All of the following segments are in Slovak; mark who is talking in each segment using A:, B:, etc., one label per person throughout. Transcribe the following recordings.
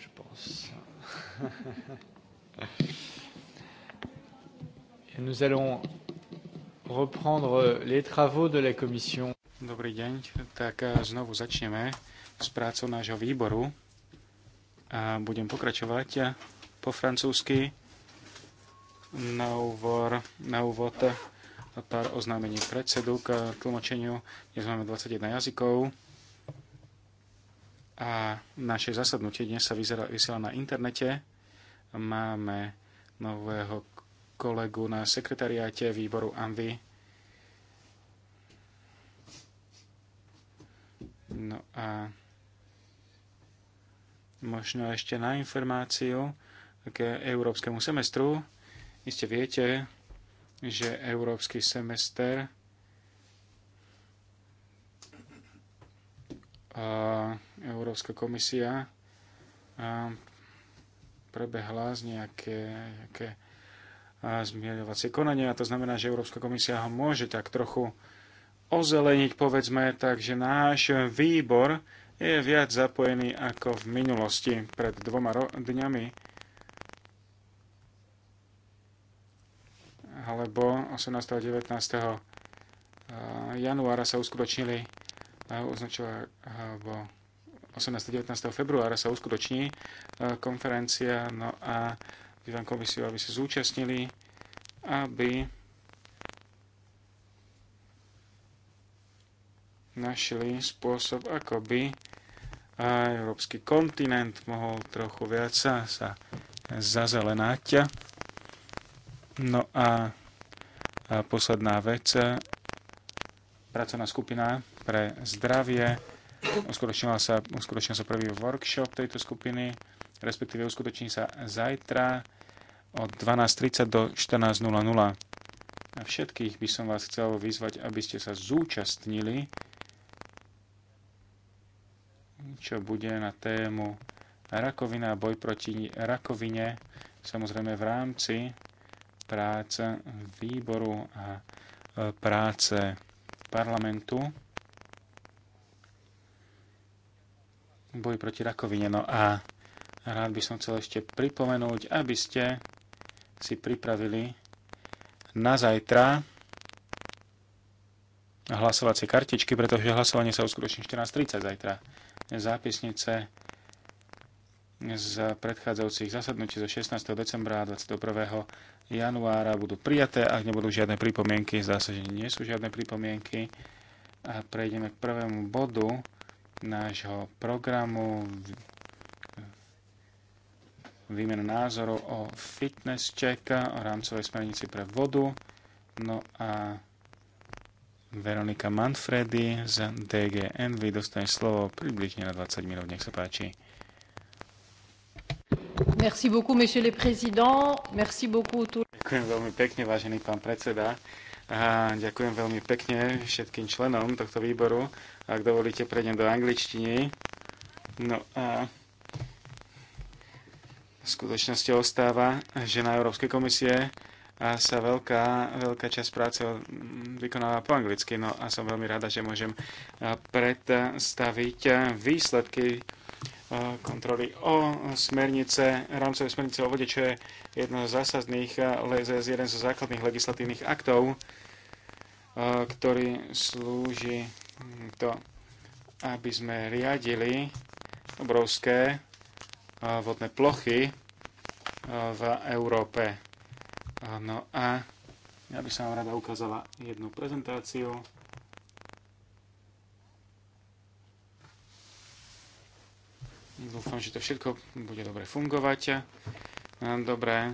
A: je pense. Et Nous allons reprendre euh, les travaux de la commission. Dobrý deň, tak eh, znovu začneme s prácou nášho výboru a budem pokračovať eh, po francúzsky na, úvor, na úvod eh, pár oznámení predsedu k tlmočeniu. Dnes máme 21 jazykov a naše zasadnutie dnes sa vysiela na internete. Máme nového kolegu na sekretariáte výboru ANVI. No a možno ešte na informáciu k európskemu semestru. Iste viete, že európsky semester Európska komisia prebehla z nejaké, nejaké zmierovacie konania. To znamená, že Európska komisia ho môže tak trochu ozeleniť, povedzme, takže náš výbor je viac zapojený ako v minulosti pred dvoma dňami. alebo 18. a 19. januára sa uskutočnili označovalo 18. 19. februára sa uskutoční e, konferencia, no a vyzvám komisiu, aby sa zúčastnili, aby našli spôsob, ako by e, európsky kontinent mohol trochu viac sa, sa No a, a posledná vec, e, pracovná skupina pre zdravie. Uskutočnil sa, uskutočnil sa prvý workshop tejto skupiny, respektíve uskutoční sa zajtra od 12.30 do 14.00. A všetkých by som vás chcel vyzvať, aby ste sa zúčastnili, čo bude na tému rakovina a boj proti rakovine, samozrejme v rámci práce výboru a e, práce parlamentu. boj proti rakovine. No a rád by som chcel ešte pripomenúť, aby ste si pripravili na zajtra hlasovacie kartičky, pretože hlasovanie sa uskutoční 14.30 zajtra. Zápisnice z predchádzajúcich zasadnutí zo 16. decembra a 21. januára budú prijaté, ak nebudú žiadne pripomienky. Zdá sa, že nie sú žiadne pripomienky. A prejdeme k prvému bodu nášho programu výmenu názorov o fitness check, o rámcovej smernici pre vodu. No a Veronika Manfredi z DGN vy dostane slovo približne na 20 minút. Nech sa páči.
B: Merci beaucoup, monsieur le président. Merci beaucoup.
A: Ďakujem veľmi pekne, vážený pán predseda. A ďakujem veľmi pekne všetkým členom tohto výboru. Ak dovolíte, prejdem do angličtiny. No a skutočnosťou ostáva, že na Európskej komisie a sa veľká, veľká časť práce vykonáva po anglicky. No a som veľmi rada, že môžem predstaviť výsledky kontroly o smernice, rámcové smernice o vode, čo je jedno z zásadných, jeden zo základných legislatívnych aktov, ktorý slúži to, aby sme riadili obrovské vodné plochy v Európe. No a ja by som vám rada ukázala jednu prezentáciu. Dúfam, že to všetko bude dobre fungovať. E, dobre, e,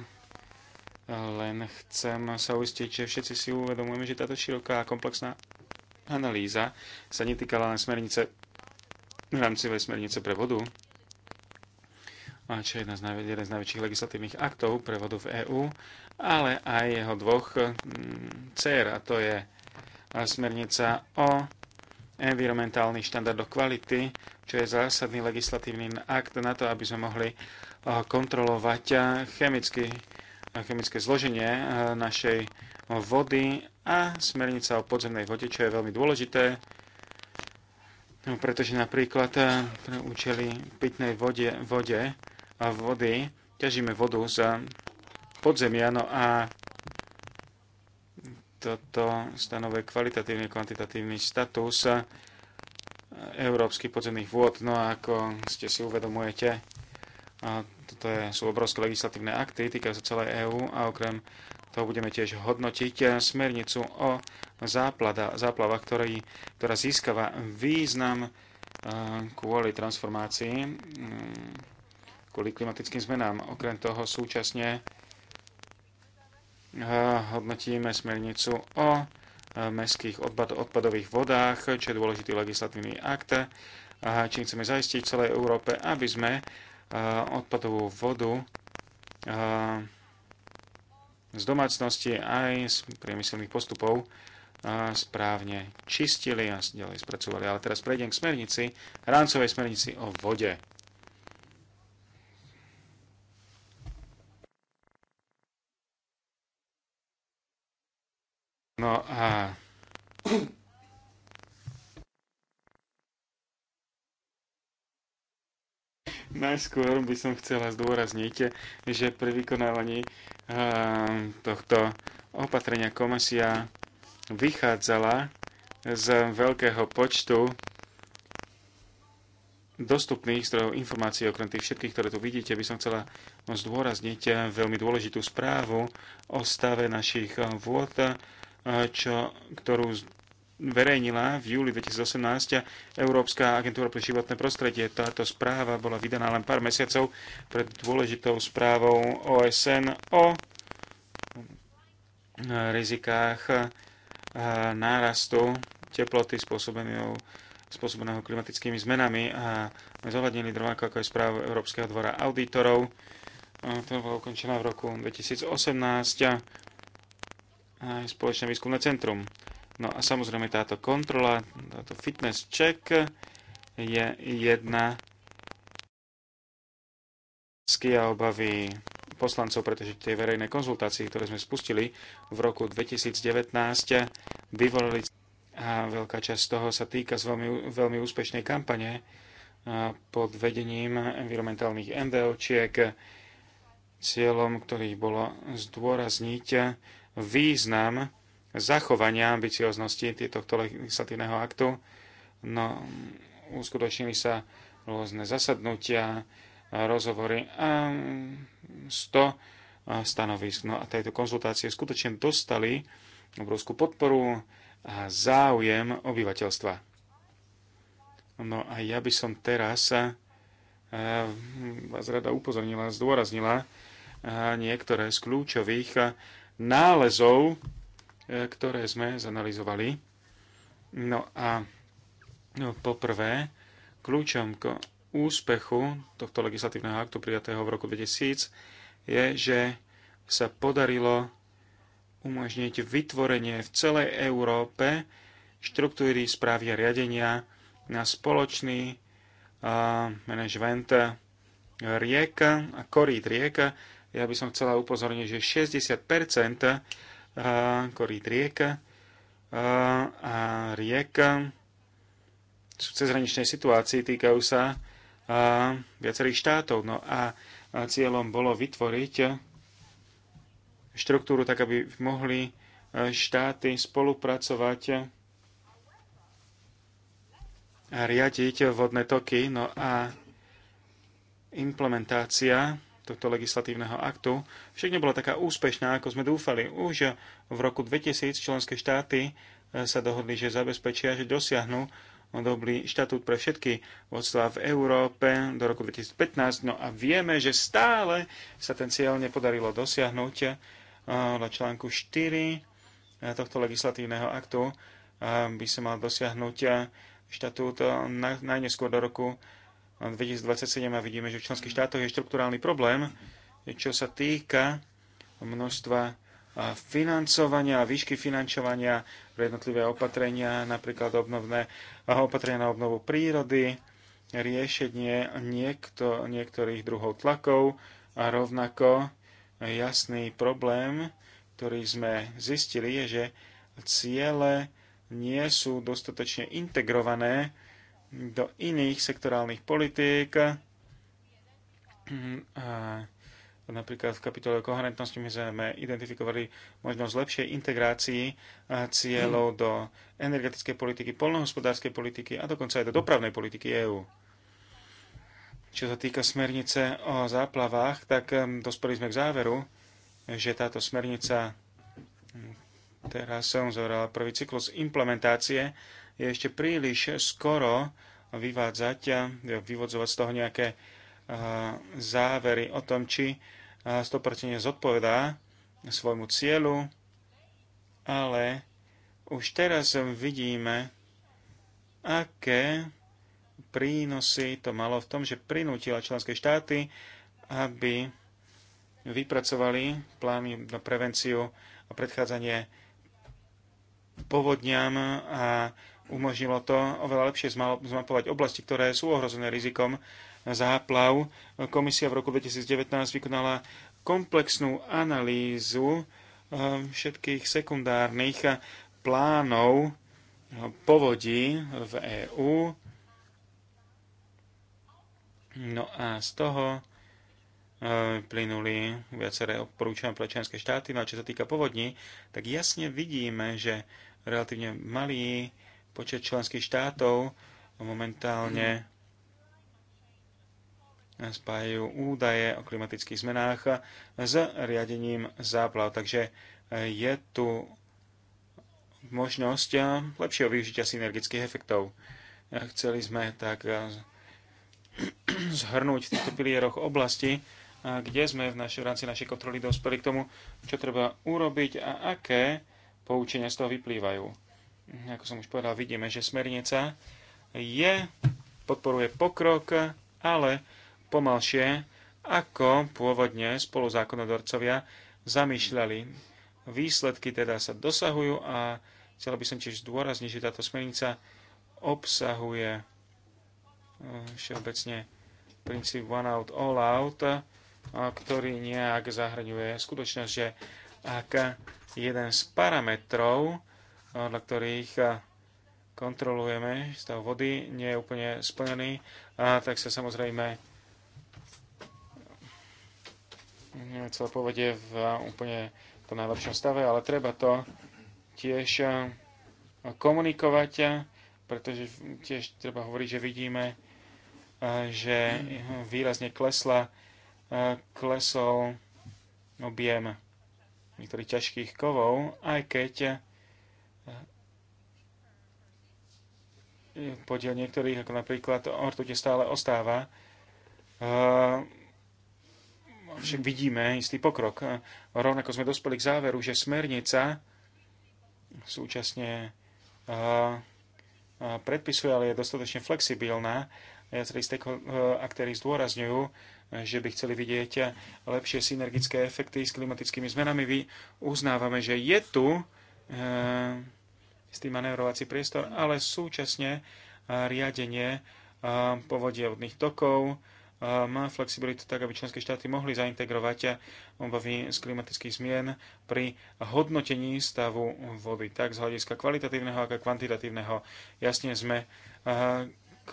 A: len chcem sa uistiť, že všetci si uvedomujeme, že táto široká a komplexná analýza sa netýkala len smernice, rámcovej smernice pre vodu, čo je jedna z najv- jeden z najväčších legislatívnych aktov pre vodu v EÚ, ale aj jeho dvoch mm, dcer, a to je smernica o environmentálnych štandardov kvality, čo je zásadný legislatívny akt na to, aby sme mohli eh, kontrolovať eh, chemicky, eh, chemické zloženie našej vody a smernica o podzemnej vode, čo je veľmi dôležité, no, pretože napríklad pre účely pitnej vode, vode a vody ťažíme vodu z podzemia, no a toto stanovuje kvalitatívny kvantitatívny status európskych podzemných vôd. No a ako ste si uvedomujete, toto je, sú obrovské legislatívne akty, týkajú sa celé EÚ a okrem toho budeme tiež hodnotiť smernicu o záplada, záplavách, ktorý, ktorá získava význam e, kvôli transformácii, kvôli klimatickým zmenám. Okrem toho súčasne hodnotíme smernicu o e, mestských odpad, odpadových vodách, čo je dôležitý legislatívny akt, čím chceme zaistiť v celej Európe, aby sme e, odpadovú vodu e, z domácnosti aj z priemyselných postupov správne čistili a ďalej spracovali. Ale teraz prejdem k smernici, rámcovej smernici o vode. No a Najskôr by som chcela zdôrazniť, že pri vykonávaní ehm, tohto opatrenia komisia vychádzala z veľkého počtu dostupných zdrojov informácií, okrem tých všetkých, ktoré tu vidíte, by som chcela zdôrazniť eh, veľmi dôležitú správu o stave našich eh, vôd čo, ktorú verejnila v júli 2018 Európska agentúra pre životné prostredie. Táto správa bola vydaná len pár mesiacov pred dôležitou správou OSN o rizikách eh, nárastu teploty spôsobeného, spôsobeného klimatickými zmenami a zohľadnili rovnako ako aj správu Európskeho dvora auditorov. To bola ukončená v roku 2018 aj spoločné výskumné centrum. No a samozrejme táto kontrola, táto fitness check je jedna z obavy poslancov, pretože tie verejné konzultácie, ktoré sme spustili v roku 2019, vyvolili a veľká časť z toho sa týka z veľmi, veľmi úspešnej kampane pod vedením environmentálnych NVOčiek, cieľom ktorých bolo zdôrazniť význam zachovania ambicioznosti tohto legislatívneho aktu. No, uskutočnili sa rôzne zasadnutia, rozhovory a 100 stanovisk. No a tieto konzultácie skutočne dostali obrovskú podporu a záujem obyvateľstva. No a ja by som teraz eh, vás rada upozornila, zdôraznila eh, niektoré z kľúčových nálezov, e, ktoré sme zanalizovali. No a no, poprvé, kľúčom k úspechu tohto legislatívneho aktu prijatého v roku 2000 je, že sa podarilo umožniť vytvorenie v celej Európe štruktúry správy a riadenia na spoločný uh, management riek a korít riek ja by som chcela upozorniť, že 60% eh, korít riek eh, a riek eh, sú v cezhraničnej situácii, týkajú sa viacerých štátov. No a cieľom bolo vytvoriť štruktúru tak, aby mohli štáty spolupracovať a riadiť vodné toky. No a implementácia tohto legislatívneho aktu však nebola taká úspešná, ako sme dúfali. Už v roku 2000 členské štáty e, sa dohodli, že zabezpečia, že dosiahnu dobrý štatút pre všetky vodstva v Európe do roku 2015. No a vieme, že stále sa ten cieľ nepodarilo dosiahnuť e, na článku 4 e, tohto legislatívneho aktu by sa mal dosiahnuť štatút najneskôr do roku 2027 a vidíme, že v členských štátoch je štruktúrálny problém, čo sa týka množstva financovania, výšky financovania pre jednotlivé opatrenia, napríklad obnovné, opatrenia na obnovu prírody, riešenie niekto, niektorých druhov tlakov a rovnako jasný problém, ktorý sme zistili, je, že ciele nie sú dostatočne integrované do iných sektorálnych politík. Mm, a napríklad v kapitole koherentnosti my sme identifikovali možnosť lepšej integrácii cieľov do energetickej politiky, polnohospodárskej politiky a dokonca aj do dopravnej politiky EÚ. Čo sa týka smernice o záplavách, tak dospeli sme k záveru, že táto smernica mm, teraz som zobrala prvý cyklus implementácie je ešte príliš skoro vyvádzať, vyvodzovať z toho nejaké závery o tom, či 100% zodpovedá svojmu cieľu, ale už teraz vidíme, aké prínosy to malo v tom, že prinútila členské štáty, aby vypracovali plány na prevenciu a predchádzanie povodňam a umožnilo to oveľa lepšie zmapovať oblasti, ktoré sú ohrozené rizikom záplav. Komisia v roku 2019 vykonala komplexnú analýzu eh, všetkých sekundárnych plánov eh, povodí v EÚ. No a z toho eh, plynuli viaceré odporúčania pre členské štáty. No a čo sa týka povodní, tak jasne vidíme, že relatívne malý Počet členských štátov momentálne spájajú údaje o klimatických zmenách s riadením záplav. Takže eh, je tu možnosť eh, lepšieho využitia synergických efektov. Eh, chceli sme tak zhrnúť v týchto pilieroch oblasti, kde sme v, našej, v rámci našej kontroly dospeli k tomu, čo treba urobiť a aké poučenia z toho vyplývajú ako som už povedal, vidíme, že smernica je, podporuje pokrok, ale pomalšie, ako pôvodne spoluzákonodorcovia zamýšľali. Výsledky teda sa dosahujú a chcel by som tiež zdôrazniť, že táto smernica obsahuje e, všeobecne princíp one out, all out, ktorý nejak zahrňuje skutočnosť, že ak jeden z parametrov podľa ktorých eh, kontrolujeme stav vody, nie je úplne splnený, a tak sa samozrejme celé povedie v eh, úplne po najlepšom stave, ale treba to tiež eh, komunikovať, pretože tiež treba hovoriť, že vidíme, že výrazne klesla, klesol objem niektorých ťažkých kovov, aj keď podiel niektorých, ako napríklad ortute stále ostáva. Však vidíme istý pokrok. Rovnako sme dospeli k záveru, že smernica súčasne predpisuje, ale je dostatočne flexibilná. Ja z tých aktéry zdôrazňujú, že by chceli vidieť lepšie synergické efekty s klimatickými zmenami. My uznávame, že je tu istý manévrovací priestor, ale súčasne eh, riadenie eh, povodievodných tokov eh, má flexibilitu tak, aby členské štáty mohli zaintegrovať obavy z klimatických zmien pri hodnotení stavu vody, tak z hľadiska kvalitatívneho, ako kvantitatívneho. Jasne sme k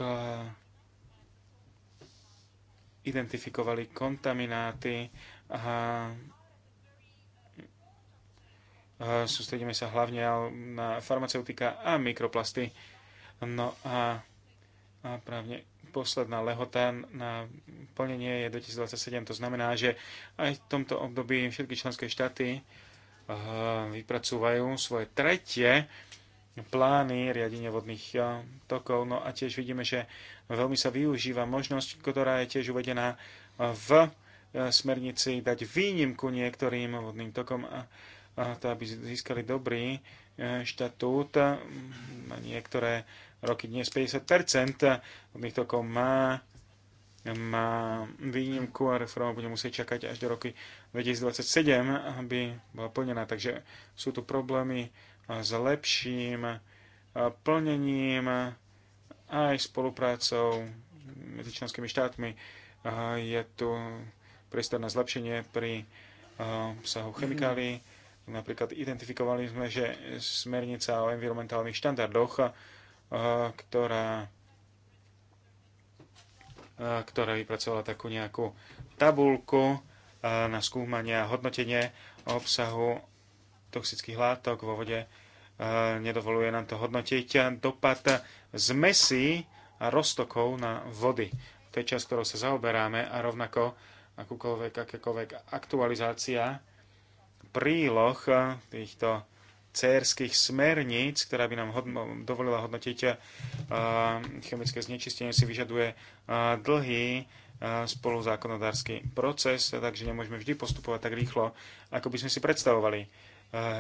A: identifikovali kontamináty a Sústredíme sa hlavne na farmaceutika a mikroplasty. No a, a právne posledná lehota na plnenie je 2027. To znamená, že aj v tomto období všetky členské štáty vypracúvajú svoje tretie plány riadenia vodných tokov. No a tiež vidíme, že veľmi sa využíva možnosť, ktorá je tiež uvedená v e, smernici, dať výnimku niektorým vodným tokom a to, aby získali dobrý e, štatút. Na niektoré roky dnes 50% od nich toko má, má výnimku a reforma bude musieť čakať až do roky 2027, aby bola plnená. Takže sú tu problémy s lepším e, plnením aj spoluprácou medzi členskými štátmi. Je tu priestor na zlepšenie pri e, obsahu chemikálií Napríklad identifikovali sme, že smernica o environmentálnych štandardoch, eh, ktorá, eh, ktorá vypracovala takú nejakú tabulku eh, na skúmanie a hodnotenie obsahu toxických látok vo vode, nedovoluje nám to hodnotiť dopad zmesí a roztokov na vody. To je časť, ktorou sa zaoberáme a rovnako akúkoľvek, akékoľvek aktualizácia príloh eh, týchto cérskych smerníc, ktorá by nám hodno, dovolila hodnotiť eh, chemické znečistenie, si vyžaduje eh, dlhý spoluzákonodársky proces, takže nemôžeme vždy postupovať tak rýchlo, ako by sme si predstavovali.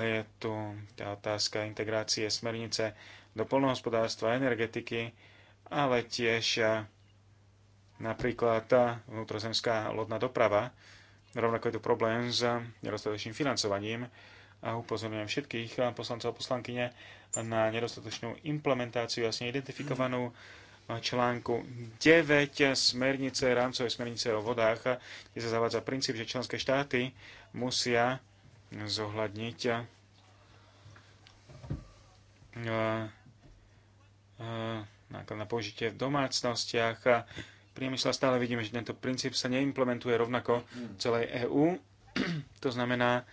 A: Je tu tá otázka integrácie smernice do polnohospodárstva, energetiky, ale tiež napríklad tá vnútrozemská lodná doprava, Rovnako je tu problém s nedostatočným financovaním a upozorňujem všetkých poslancov a poslankyne na nedostatočnú implementáciu jasne identifikovanú článku 9 smernice, rámcovej smernice o vodách, kde sa zavádza princíp, že členské štáty musia zohľadniť eh, eh, náklad na použitie v domácnostiach, priemysla stále vidíme, že tento princíp sa neimplementuje rovnako v celej EÚ. To znamená,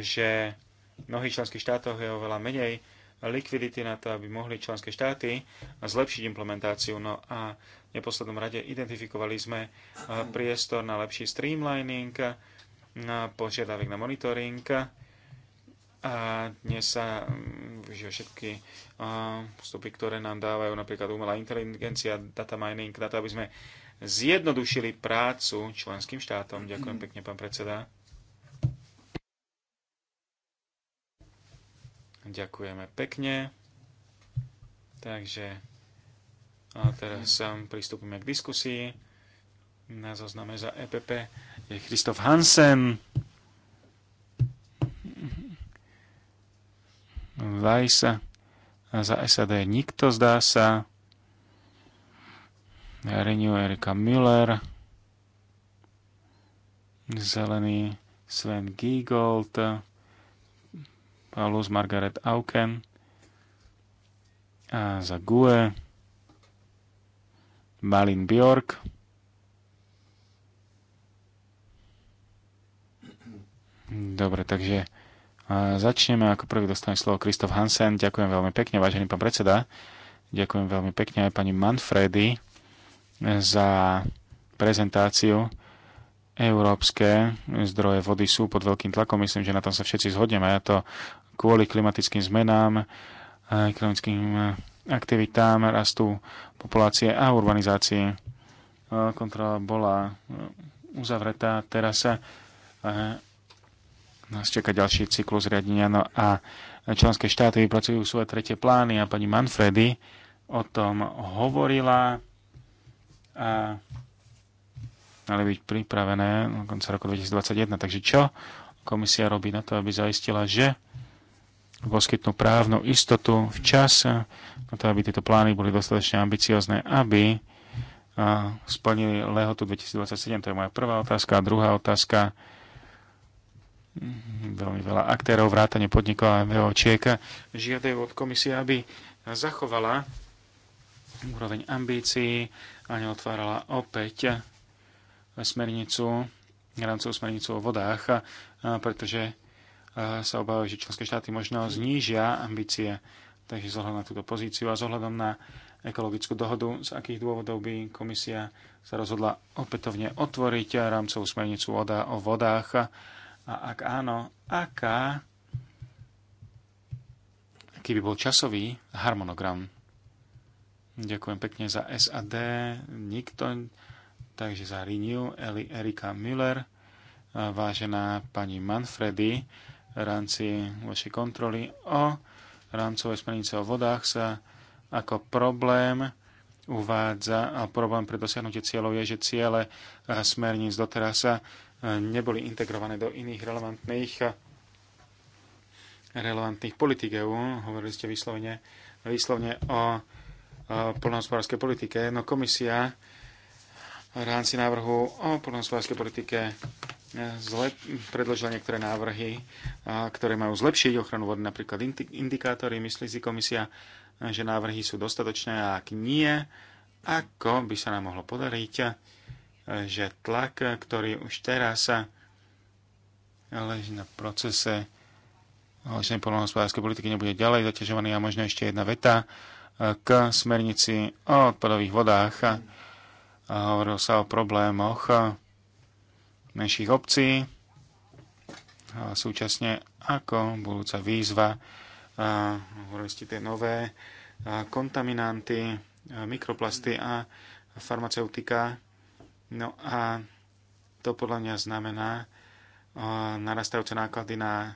A: že v mnohých členských štátoch je oveľa menej likvidity na to, aby mohli členské štáty zlepšiť implementáciu. No a v neposlednom rade identifikovali sme eh, priestor na lepší streamlining, na požiadavek na monitoring, a dnes sa mm, využívajú všetky vstupy, ktoré nám dávajú napríklad umelá inteligencia, data mining, to, aby sme zjednodušili prácu členským štátom. Ďakujem pekne, pán predseda. Ďakujeme pekne. Takže a teraz pristúpime k diskusii. Na zozname za EPP je Christoph Hansen. Vajsa za SAD nikto zdá sa. Renew Erika Müller. Zelený Sven Giegold. Paulus Margaret Auken. A za GUE Malin Bjork. Dobre, takže začneme ako prvý dostane slovo Kristof Hansen. Ďakujem veľmi pekne, vážený pán predseda. Ďakujem veľmi pekne aj pani Manfredy za prezentáciu. Európske zdroje vody sú pod veľkým tlakom. Myslím, že na tom sa všetci zhodneme. Ja to kvôli klimatickým zmenám, ekonomickým aktivitám, rastu populácie a urbanizácii. Kontrola bola uzavretá. Teraz sa eh, nás čaká ďalší cyklus riadenia. No a členské štáty vypracujú svoje tretie plány a pani Manfredy o tom hovorila a mali byť pripravené na konca roku 2021. Takže čo komisia robí na to, aby zaistila, že poskytnú právnu istotu včas na to, aby tieto plány boli dostatočne ambiciozne, aby splnili lehotu 2027. To je moja prvá otázka. A druhá otázka, veľmi veľa aktérov, vrátane podnikov a Čieka žiadajú od komisie, aby zachovala úroveň ambícií a neotvárala opäť smernicu, rámcovú smernicu o vodách, pretože sa obávajú, že členské štáty možno znížia ambície. Takže zohľadom na túto pozíciu a zohľadom na ekologickú dohodu, z akých dôvodov by komisia sa rozhodla opätovne otvoriť rámcovú smernicu o vodách a ak áno, aká, aký by bol časový harmonogram? Ďakujem pekne za SAD, nikto, takže za Renew, Eli, Erika Müller, vážená pani Manfredy, rámci vašej kontroly o rámcovej smernice o vodách sa ako problém uvádza, a problém pre dosiahnutie cieľov je, že ciele smerníc doteraz sa neboli integrované do iných relevantných relevantných politik EU. Hovorili ste vyslovene, vyslovne o, o poľnohospodárskej politike. No komisia v rámci návrhu o poľnohospodárskej politike e, zle, predložila niektoré návrhy, a, e, ktoré majú zlepšiť ochranu vody, napríklad indikátory. Myslí si komisia, že návrhy sú dostatočné a ak nie, ako by sa nám mohlo podariť že tlak, ktorý už teraz sa leží na procese hlasnej polnohospodárskej politiky, nebude ďalej zaťažovaný. A možno ešte jedna veta k smernici o odpadových vodách. A hovoril sa o problémoch menších obcí, a súčasne ako budúca výzva. A hovorili ste tie nové kontaminanty, mikroplasty a farmaceutika No a to podľa mňa znamená narastajúce náklady na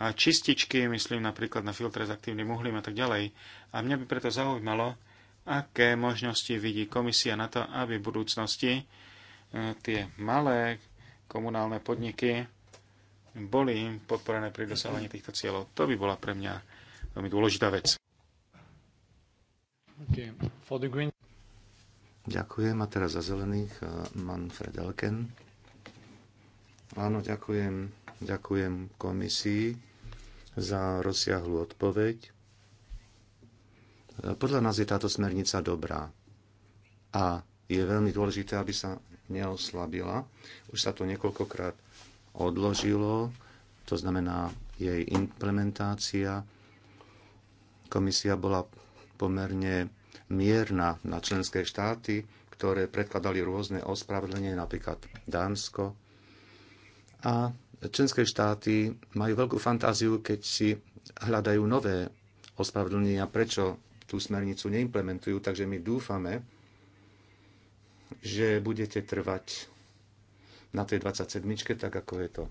A: čističky, myslím napríklad na filtre s aktívnym uhlím a tak ďalej. A mňa by preto zaujímalo, aké možnosti vidí komisia na to, aby v budúcnosti e, tie malé komunálne podniky boli podporené pri dosahovaní týchto cieľov. To by bola pre mňa veľmi dôležitá vec. Okay. For the green...
C: Ďakujem. A teraz za zelených eh, Manfred Elken. Áno, ďakujem. Ďakujem komisii za rozsiahlu odpoveď. Eh, podľa nás je táto smernica dobrá a je veľmi dôležité, aby sa neoslabila. Už sa to niekoľkokrát odložilo, to znamená jej implementácia. Komisia bola pomerne mierna na členské štáty, ktoré predkladali rôzne ospravedlenie, napríklad Dánsko. A členské štáty majú veľkú fantáziu, keď si hľadajú nové ospravedlnenia, prečo tú smernicu neimplementujú. Takže my dúfame, že budete trvať na tej 27. tak ako je to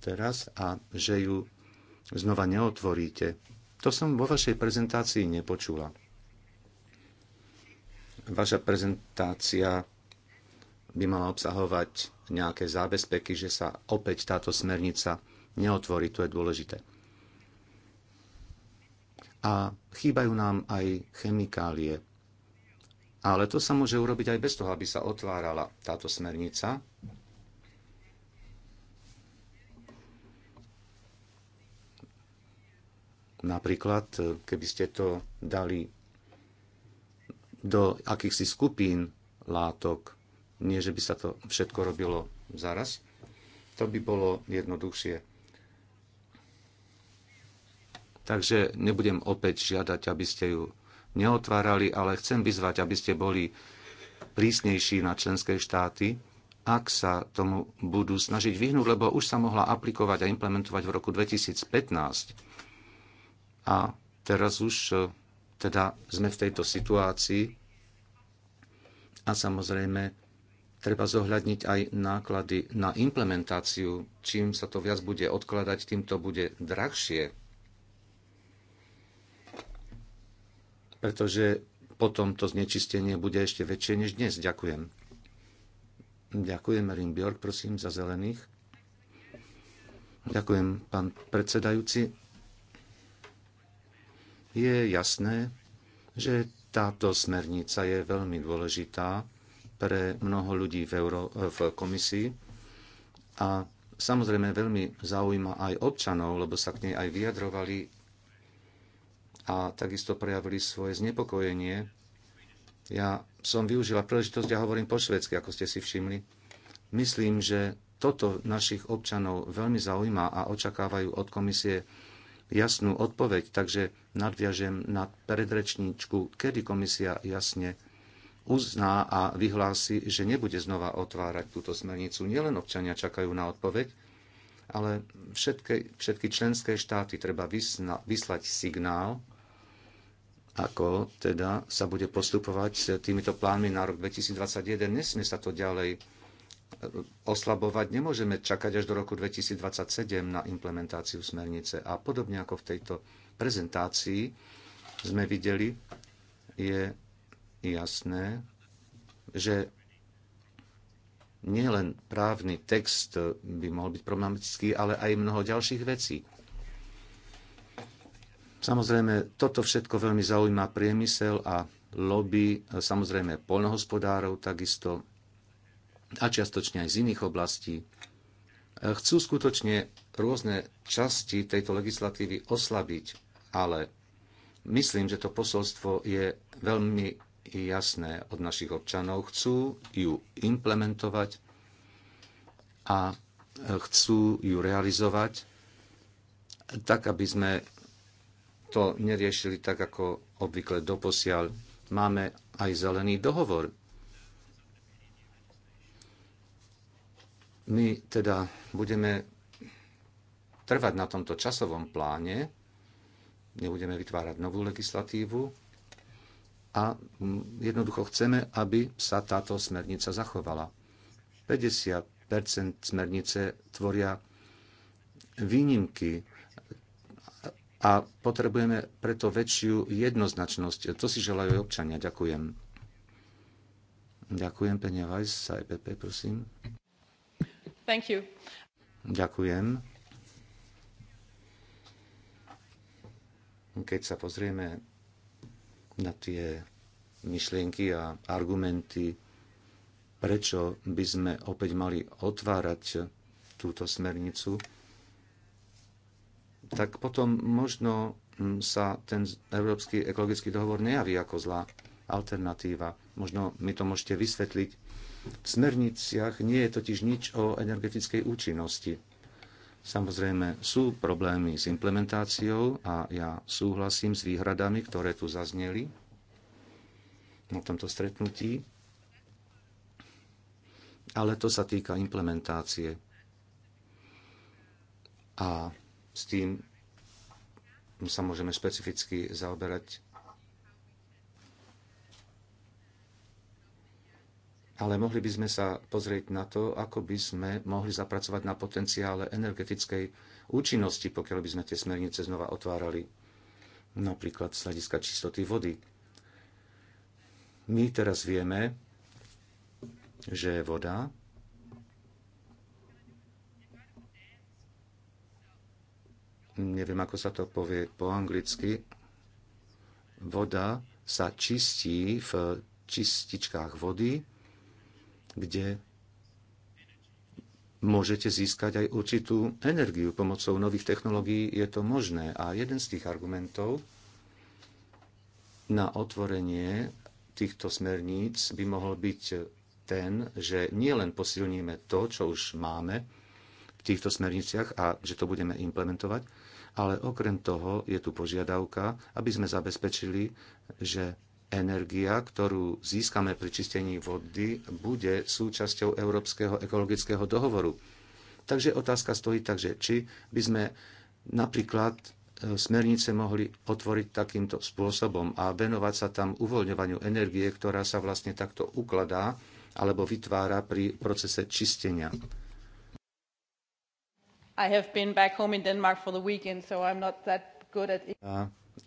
C: teraz a že ju znova neotvoríte. To som vo vašej prezentácii nepočula. Vaša prezentácia by mala obsahovať nejaké zábezpeky, že sa opäť táto smernica neotvorí, to je dôležité. A chýbajú nám aj chemikálie. Ale to sa môže urobiť aj bez toho, aby sa otvárala táto smernica. Napríklad, keby ste to dali do akýchsi skupín látok. Nie, že by sa to všetko robilo zaraz. To by bolo jednoduchšie. Takže nebudem opäť žiadať, aby ste ju neotvárali, ale chcem vyzvať, aby ste boli prísnejší na členské štáty, ak sa tomu budú snažiť vyhnúť, lebo už sa mohla aplikovať a implementovať v roku 2015. A teraz už teda sme v tejto situácii a samozrejme treba zohľadniť aj náklady na implementáciu. Čím sa to viac bude odkladať, tým to bude drahšie. Pretože potom to znečistenie bude ešte väčšie než dnes. Ďakujem. Ďakujem, Rim Bjork, prosím, za zelených. Ďakujem, pán predsedajúci je jasné, že táto smernica je veľmi dôležitá pre mnoho ľudí v, Euro, v komisii a samozrejme veľmi zaujíma aj občanov, lebo sa k nej aj vyjadrovali a takisto prejavili svoje znepokojenie. Ja som využila príležitosť a ja hovorím po švedsky, ako ste si všimli. Myslím, že toto našich občanov veľmi zaujíma a očakávajú od komisie jasnú odpoveď, takže nadviažem na predrečníčku, kedy komisia jasne uzná a vyhlási, že nebude znova otvárať túto smernicu. Nielen občania čakajú na odpoveď, ale všetky, všetky členské štáty treba vysna, vyslať signál, ako teda sa bude postupovať s týmito plánmi na rok 2021. Nesmie sa to ďalej oslabovať. Nemôžeme čakať až do roku 2027 na implementáciu smernice. A podobne ako v tejto prezentácii sme videli, je jasné, že nielen právny text by mohol byť problematický, ale aj mnoho ďalších vecí. Samozrejme, toto všetko veľmi zaujíma priemysel a lobby, samozrejme polnohospodárov takisto a čiastočne aj z iných oblastí, e, chcú skutočne rôzne časti tejto legislatívy oslabiť, ale myslím, že to posolstvo je veľmi jasné od našich občanov. Chcú ju implementovať a e, chcú ju realizovať tak, aby sme to neriešili tak, ako obvykle doposiaľ. Máme aj zelený dohovor, My teda budeme trvať na tomto časovom pláne, nebudeme vytvárať novú legislatívu a jednoducho chceme, aby sa táto smernica zachovala. 50 smernice tvoria výnimky a potrebujeme preto väčšiu jednoznačnosť. To si želajú občania. Ďakujem. Ďakujem, Penia Vajs, aj EPP, prosím. Thank you. Ďakujem. Keď sa pozrieme na tie myšlienky a argumenty, prečo by sme opäť mali otvárať túto smernicu, tak potom možno sa ten Európsky ekologický dohovor nejaví ako zlá alternatíva. Možno mi to môžete vysvetliť, v smerniciach nie je totiž nič o energetickej účinnosti. Samozrejme sú problémy s implementáciou a ja súhlasím s výhradami, ktoré tu zazneli na tomto stretnutí, ale to sa týka implementácie. A s tým sa môžeme špecificky zaoberať ale mohli by sme sa pozrieť na to, ako by sme mohli zapracovať na potenciále energetickej účinnosti, pokiaľ by sme tie smernice znova otvárali, napríklad z hľadiska čistoty vody. My teraz vieme, že voda neviem, ako sa to povie po anglicky, voda sa čistí v čističkách vody, kde môžete získať aj určitú energiu. Pomocou nových technológií je to možné. A jeden z tých argumentov na otvorenie týchto smerníc by mohol byť ten, že nielen posilníme to, čo už máme v týchto smerniciach a že to budeme implementovať, ale okrem toho je tu požiadavka, aby sme zabezpečili, že energia, ktorú získame pri čistení vody, bude súčasťou Európskeho ekologického dohovoru. Takže otázka stojí že či by sme napríklad e, smernice mohli otvoriť takýmto spôsobom a venovať sa tam uvoľňovaniu energie, ktorá sa vlastne takto ukladá alebo vytvára pri procese čistenia.
B: I have been back home in Denmark for the weekend, so I'm not that good at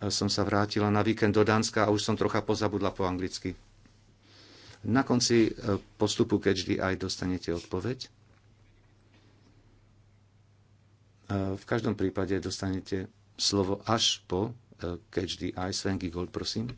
C: som sa vrátila na víkend do Dánska a už som trocha pozabudla po anglicky. Na konci e, postupu, keď vždy aj dostanete odpoveď. E, v každom prípade dostanete slovo až po e, aj Sven Gigold, prosím.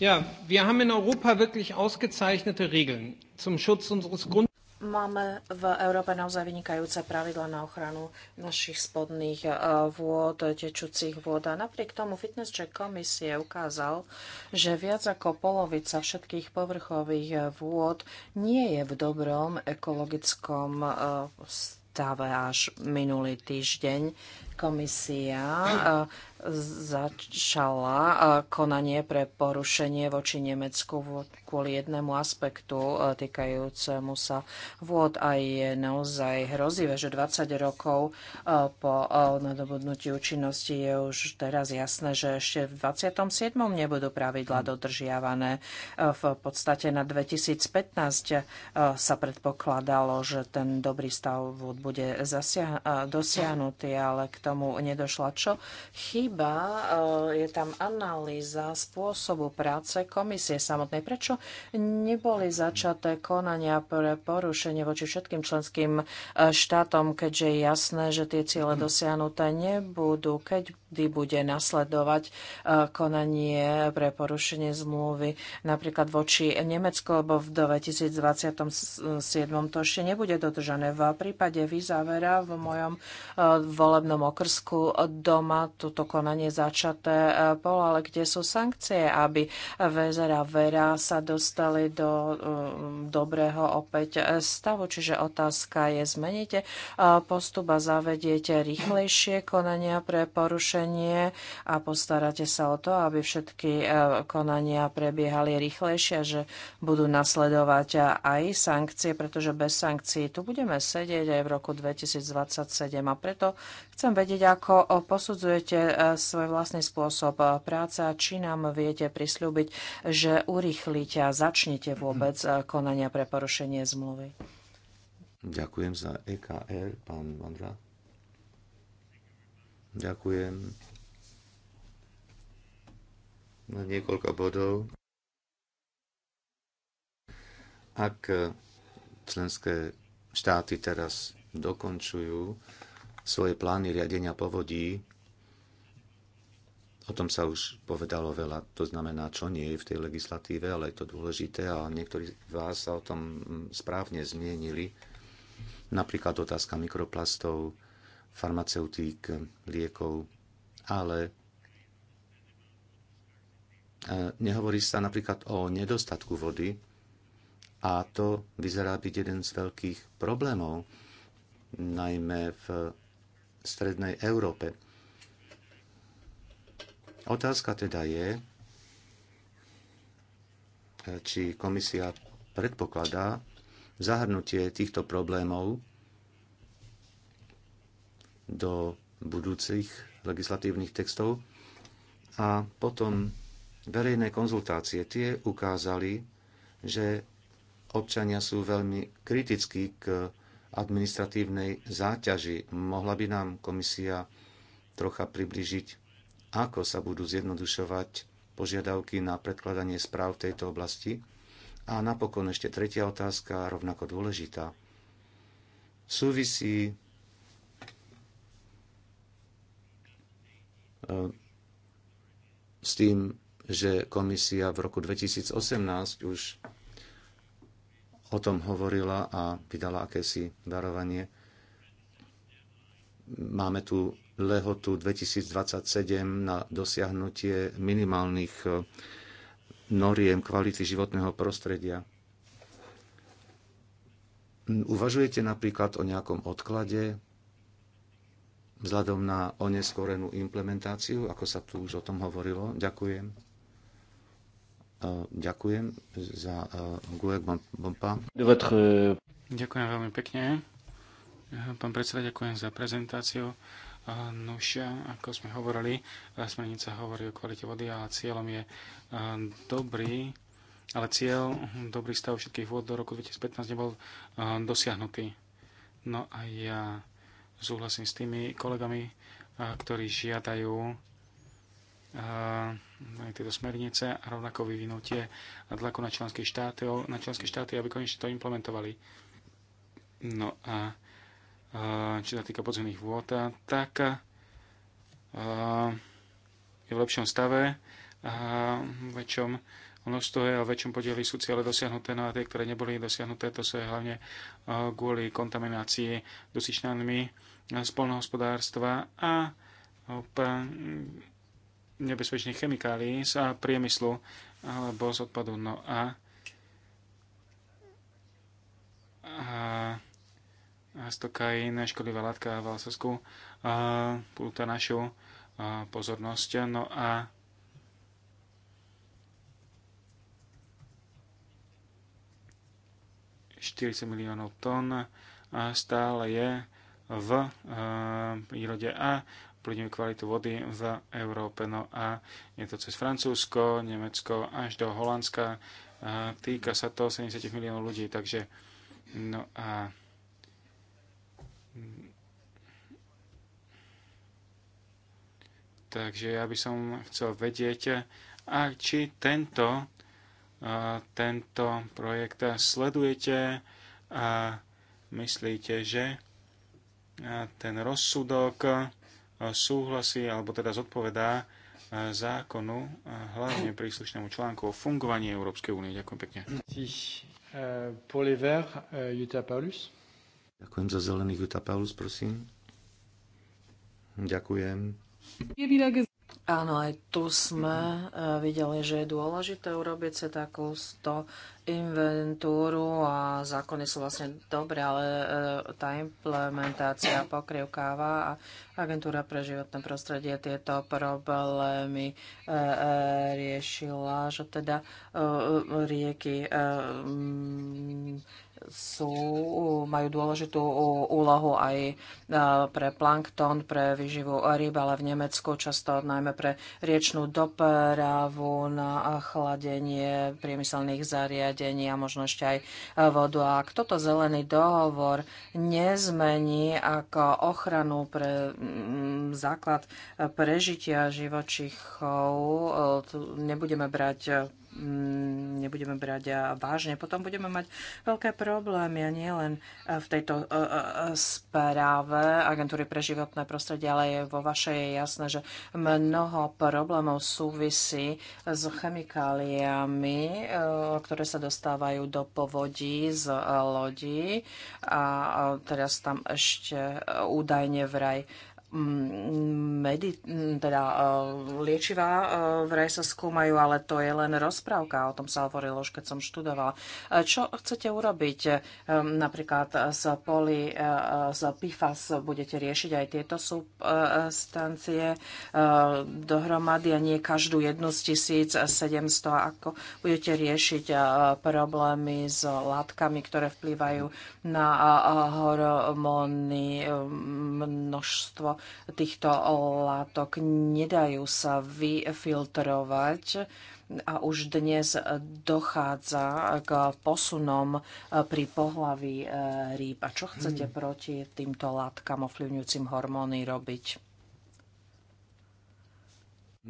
B: Ja, wir haben in Europa wirklich ausgezeichnete Regeln zum Schutz unseres Grund Máme v Európe naozaj vynikajúce pravidla na ochranu našich spodných eh, vôd, tečúcich vôd. A napriek tomu fitness check komisie ukázal, že viac ako polovica všetkých povrchových eh, vôd nie je v dobrom ekologickom eh, stave až minulý týždeň komisia začala e, konanie pre porušenie voči Nemecku kvôli jednému aspektu e, týkajúcemu sa vôd a je naozaj hrozivé, že 20 rokov e, po nadobudnutí účinnosti je už teraz jasné, že ešte v 27. nebudú pravidla hm. dodržiavané. V podstate na 2015 sa predpokladalo, že ten dobrý stav vôd bude dosiahnutý, ale k tomu nedošla. Čo chýba? chýba, eh, je tam analýza spôsobu práce komisie samotnej. Prečo neboli začaté konania pre porušenie voči všetkým členským eh, štátom, keďže je jasné, že tie ciele dosiahnuté nebudú, keď kedy bude nasledovať eh, konanie pre porušenie zmluvy napríklad voči Nemecku, lebo v 2027 to ešte nebude dodržané. V prípade výzavera v mojom volebnom okrsku doma toto konanie konanie začaté bolo, e, ale kde sú sankcie, aby a vera sa dostali do e, dobrého opäť e, stavu. Čiže otázka je, zmeníte postup a zavediete rýchlejšie konania pre porušenie a postaráte sa o to, aby všetky konania prebiehali rýchlejšie, že budú nasledovať aj sankcie, pretože bez sankcií tu budeme sedieť aj v roku 2027 a preto chcem vedieť, ako posudzujete svoj vlastný spôsob práce. Či nám viete prislúbiť, že urychlíte a začnete vôbec konania pre porušenie zmluvy?
C: Ďakujem za EKR, pán Vandra. Ďakujem. Na niekoľko bodov. Ak členské štáty teraz dokončujú svoje plány riadenia povodí, O tom sa už povedalo veľa. To znamená, čo nie je v tej legislatíve, ale je to dôležité a niektorí z vás sa o tom mm, správne zmienili. Napríklad otázka mikroplastov, farmaceutík, liekov, ale e, nehovorí sa napríklad o nedostatku vody a to vyzerá byť jeden z veľkých problémov, najmä v strednej Európe Otázka teda je, či komisia predpokladá zahrnutie týchto problémov do budúcich legislatívnych textov. A potom verejné konzultácie tie ukázali, že občania sú veľmi kritickí k administratívnej záťaži. Mohla by nám komisia trocha približiť ako sa budú zjednodušovať požiadavky na predkladanie správ v tejto oblasti. A napokon ešte tretia otázka, rovnako dôležitá. Súvisí eh, s tým, že komisia v roku 2018 už o tom hovorila a vydala akési darovanie. Máme tu lehotu 2027 na dosiahnutie minimálnych e, noriem kvality životného prostredia. Uvažujete napríklad o nejakom odklade vzhľadom na oneskorenú implementáciu, ako sa tu už o tom hovorilo? Ďakujem. E, ďakujem za e, Gulek Bompa.
A: Ďakujem veľmi pekne. Pán predseda, ďakujem za prezentáciu. Nuž, ako sme hovorili, smernica hovorí o kvalite vody a cieľom je dobrý, ale cieľ mhm, dobrý stav všetkých vôd do roku 2015 nebol dosiahnutý. No a ja súhlasím s tými kolegami, ktorí žiadajú aj tieto smernice a rovnako vyvinutie tlaku na členské štáty, na členské štáty, aby konečne to implementovali. No a čo sa týka podzemných vôd, tak je v lepšom stave a väčšom množstvo je a väčšom podieli sú ciele dosiahnuté, no a tie, ktoré neboli dosiahnuté, to sú hlavne kvôli kontaminácii dusičnanmi spolnohospodárstva a nebezpečných chemikálií z priemyslu alebo z odpadu. No a, a Astokain, škodlivá látka v Alsasku, púta našu pozornosť. No a ...40 miliónov tón stále je v prírode a plňujú kvalitu vody v Európe. No a je to cez Francúzsko, Nemecko až do Holandska. Týka sa to 70 miliónov ľudí, takže no a Takže ja by som chcel vedieť, a či tento, tento projekt sledujete a myslíte, že ten rozsudok súhlasí alebo teda zodpovedá zákonu, hlavne príslušnému článku o fungovaní Európskej únie. Ďakujem pekne. Merci. Euh, pour les Verts, euh, Jutta Paulus. Ďakujem
C: za zelených Juta Paulus, prosím. Ďakujem.
B: Áno, aj tu sme e, videli, že je dôležité urobiť si takú 100 inventúru a zákony sú vlastne dobré, ale e, tá implementácia pokrivkáva a agentúra pre životné prostredie tieto problémy e, riešila, že teda rieky sú, majú dôležitú uh, úlohu aj uh, pre plankton, pre vyživu rýb, ale v Nemecku často najmä pre riečnú dopravu na chladenie priemyselných zariadení a možno ešte aj uh, vodu. A ak toto zelený dohovor nezmení ako ochranu pre mm, základ prežitia živočichov, nebudeme brať Mm, nebudeme brať vážne, potom budeme mať veľké problémy a len eh, v tejto eh, eh, správe agentúry pre životné prostredie, ale je vo vašej je jasné, že mnoho problémov súvisí s chemikáliami, ktoré sa dostávajú do povodí z lodí a teraz tam ešte údajne vraj Mm, medi, mm, teda e, liečivá e, vraj sa skúmajú, ale to je len rozprávka, o tom sa hovorilo už keď som študovala. E, čo chcete urobiť? Napríklad z poli, z PIFAS budete riešiť aj tieto substancie dohromady a nie každú jednu z 1700. Ako budete riešiť problémy s látkami, ktoré vplývajú na hormóny, množstvo týchto látok nedajú sa vyfiltrovať a už dnes dochádza k posunom pri pohlaví eh, rýb. A čo chcete hmm. proti týmto látkam ovplyvňujúcim hormóny robiť?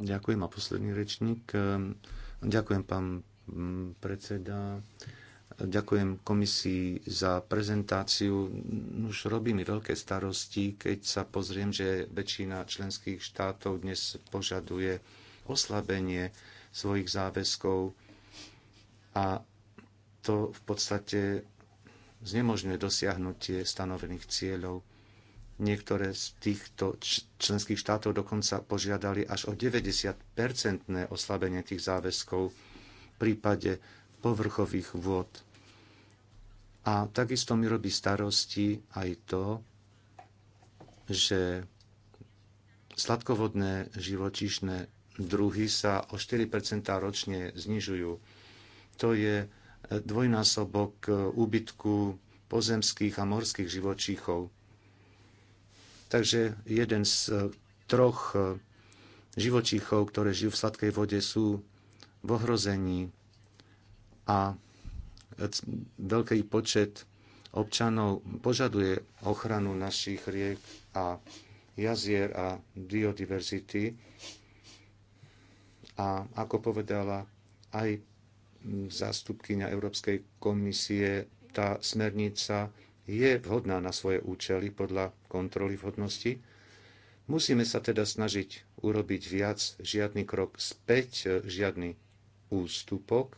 C: Ďakujem a posledný rečník. Ďakujem, pán mm, predseda. Ďakujem komisii za prezentáciu. Už robí mi veľké starosti, keď sa pozriem, že väčšina členských štátov dnes požaduje oslabenie svojich záväzkov a to v podstate znemožňuje dosiahnutie stanovených cieľov. Niektoré z týchto členských štátov dokonca požiadali až o 90-percentné oslabenie tých záväzkov v prípade povrchových vôd. A takisto mi robí starosti aj to, že sladkovodné živočíšne druhy sa o 4 ročne znižujú. To je dvojnásobok úbytku pozemských a morských živočíchov. Takže jeden z troch živočíchov, ktoré žijú v sladkej vode, sú v ohrození a veľký počet občanov požaduje ochranu našich riek a jazier a biodiverzity. A ako povedala aj zástupkynia Európskej komisie, tá smernica je vhodná na svoje účely podľa kontroly vhodnosti. Musíme sa teda snažiť urobiť viac, žiadny krok späť, žiadny ústupok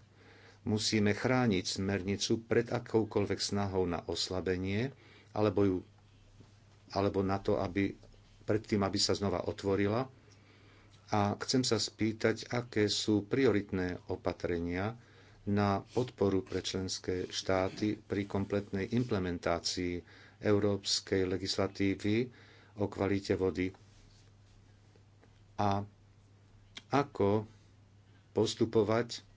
C: Musíme chrániť smernicu pred akoukoľvek snahou na oslabenie alebo, ju, alebo na to, aby predtým, aby sa znova otvorila. A chcem sa spýtať, aké sú prioritné opatrenia na podporu pre členské štáty pri kompletnej implementácii európskej legislatívy o kvalite vody. A ako postupovať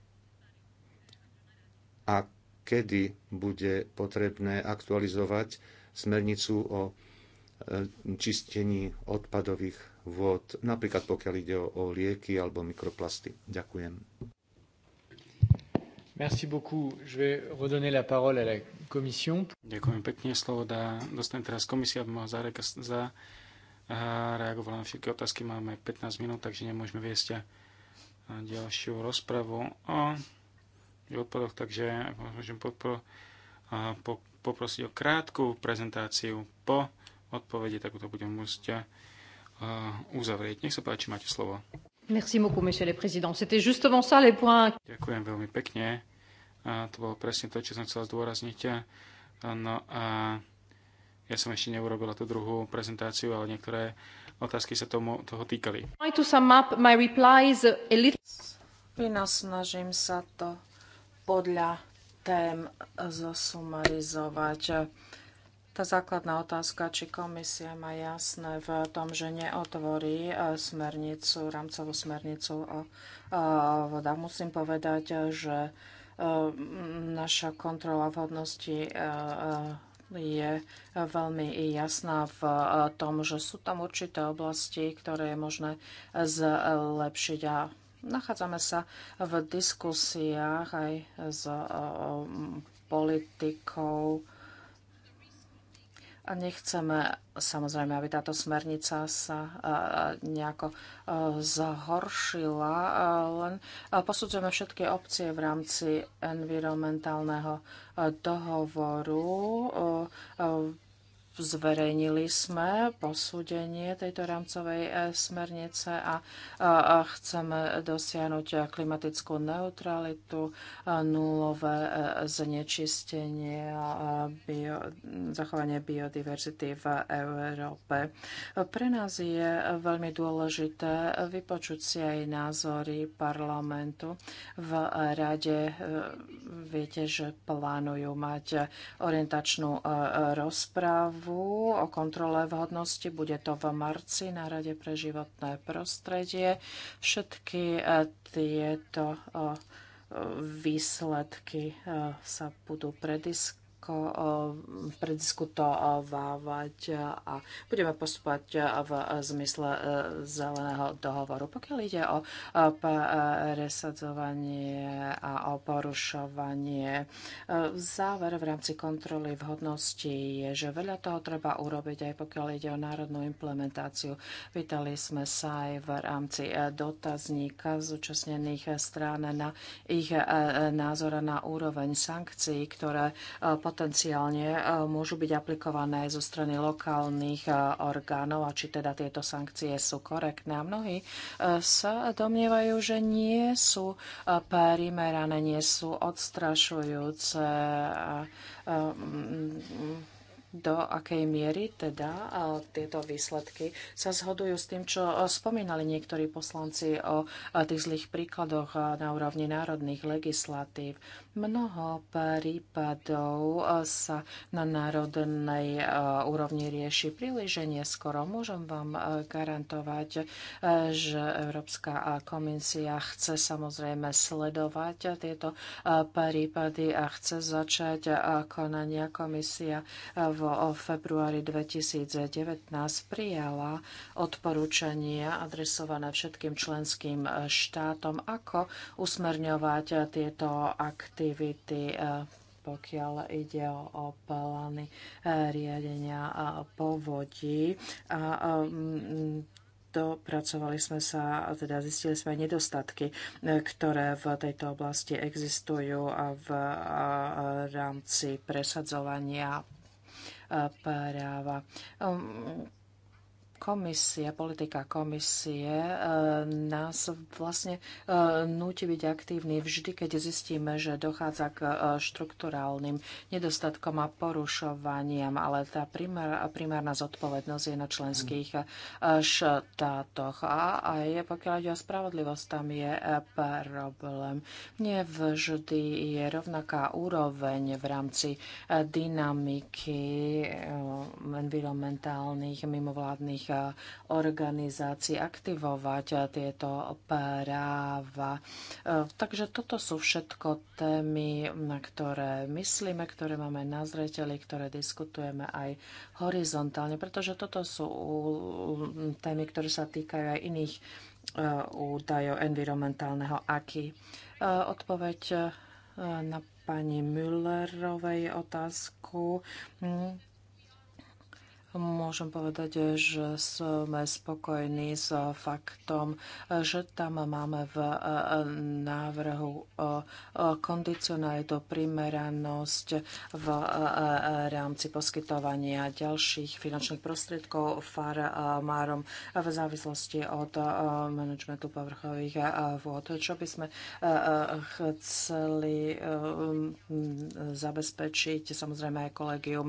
C: a kedy bude potrebné aktualizovať smernicu o e, čistení odpadových vôd, napríklad pokiaľ ide o, lieky alebo mikroplasty. Ďakujem.
A: Merci beaucoup. Je vais redonner la parole à la commission. Ďakujem pekne. Slovo dá, dostane teraz komisia, aby mohla za, reagovala na všetky otázky. Máme 15 minút, takže nemôžeme viesť ďalšiu rozpravu o odpadoch, takže ak môžem podpor, po, poprosiť o krátku prezentáciu po odpovedi, tak to budem musieť uzavrieť. Nech sa páči, máte slovo.
B: Merci beaucoup, monsieur le président. C'était justement ça les points.
A: Ďakujem veľmi pekne. A to bolo presne to, čo som chcel zdôrazniť. No a ja som ešte neurobila tú druhú prezentáciu, ale niektoré otázky sa tomu, toho týkali.
B: Vynasnažím sa to podľa tém zosumarizovať. Tá základná otázka, či komisia má jasné v tom, že neotvorí e, smernicu, rámcovú smernicu o e, voda. Musím povedať, že e, naša kontrola vhodnosti je veľmi jasná v tom, že sú tam určité oblasti, ktoré je možné zlepšiť a Nachádzame sa v diskusiách aj s eh, politikou a nechceme samozrejme, aby táto smernica sa eh, nejako eh, zhoršila, len posudzujeme všetky opcie v rámci environmentálneho dohovoru Zverejnili sme posúdenie tejto rámcovej e, smernice a, chceme dosiahnuť klimatickú neutralitu, e, nulové e, znečistenie a bio, zachovanie biodiverzity v Európe. Pre nás je veľmi dôležité vypočuť si aj názory parlamentu. V rade viete, že plánujú mať orientačnú rozprávu správu o kontrole vhodnosti. Bude to v marci na Rade pre životné prostredie. Všetky e, tieto e, e, výsledky sa budú prediskutovať Eh, prediskutovávať a budeme postupovať v zmysle eh, zeleného dohovoru. Pokiaľ ide o eh, presadzovanie a o porušovanie, záver v rámci kontroly vhodnosti je, že veľa toho treba urobiť, aj pokiaľ ide o národnú implementáciu. Pýtali sme sa aj v rámci dotazníka zúčastnených strán na ich názor na úroveň sankcií, ktoré potom potenciálne e, môžu byť aplikované zo strany lokálnych e, orgánov a či teda tieto sankcie sú korektné. A mnohí e, sa domnievajú, že nie sú primerané, nie sú odstrašujúce do akej miery teda tieto výsledky sa zhodujú s tým, čo spomínali niektorí poslanci o tých zlých príkladoch na úrovni národných legislatív. Mnoho prípadov sa na národnej úrovni rieši príliš neskoro. Môžem vám garantovať, že Európska komisia chce samozrejme sledovať tieto prípady a chce začať konania komisia v v februári 2019 prijala odporúčania adresované všetkým členským štátom, ako usmerňovať tieto aktivity e, pokiaľ ide o, plány e, riadenia povodí. A, mm, dopracovali sme sa, teda zistili sme nedostatky, e, ktoré v tejto oblasti existujú a v rámci presadzovania práva. Ehm, komisia, politika komisie e, nás vlastne e, núti byť aktívni vždy, keď zistíme, že dochádza k e, štrukturálnym nedostatkom a porušovaniam, ale tá primár, primárna zodpovednosť je na členských štátoch. A aj pokiaľ ide o spravodlivosť, tam je problém. Nie vždy je rovnaká úroveň v rámci dynamiky environmentálnych mimovládnych mimovládnych organizácií aktivovať tieto práva. E, takže toto sú všetko témy, na ktoré myslíme, ktoré máme na zreteli, ktoré diskutujeme aj horizontálne, pretože toto sú témy, ktoré sa týkajú aj iných e, údajov environmentálneho aký. E, odpoveď na pani Müllerovej otázku. Hm, Môžem povedať, že sme spokojní s faktom, že tam máme v eh, návrhu eh, eh, kondicionalitu primeranosť v rámci poskytovania ďalších finančných prostriedkov farmárom v závislosti od manažmentu povrchových vôd. Čo by sme chceli zabezpečiť, samozrejme aj kolegium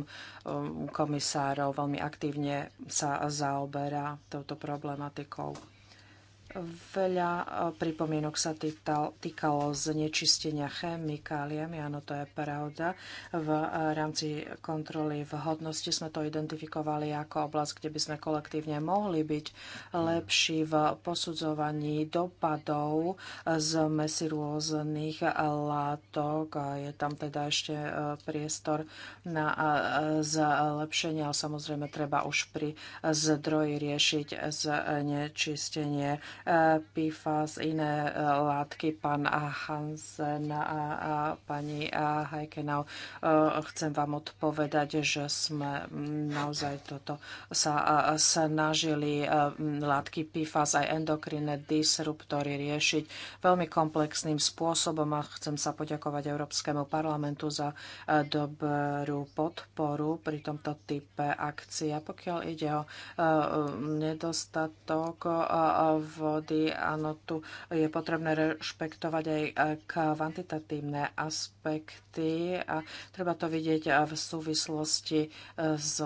B: komisárov veľmi veľmi aktívne sa zaoberá touto problematikou. Veľa e, pripomienok sa týkalo znečistenia chemikáliami, áno, to je pravda. V e, rámci kontroly v hodnosti sme to identifikovali ako oblasť, kde by sme kolektívne mohli byť lepší v posudzovaní dopadov e, z mesi rôznych látok. Je tam teda ešte priestor na zlepšenie, ale samozrejme treba už pri zdroji riešiť znečistenie PFAS, iné e, látky. Pán Hansen a pani e, Hajkenau, e, chcem vám odpovedať, že sme naozaj toto sa snažili látky PFAS aj endokrinné disruptory riešiť veľmi komplexným spôsobom a chcem sa poďakovať Európskemu parlamentu za dobrú podporu pri tomto type akcie. pokiaľ ide o nedostatok v vody. Áno, tu je potrebné rešpektovať aj e, kvantitatívne aspekty a treba to vidieť e, v súvislosti e, s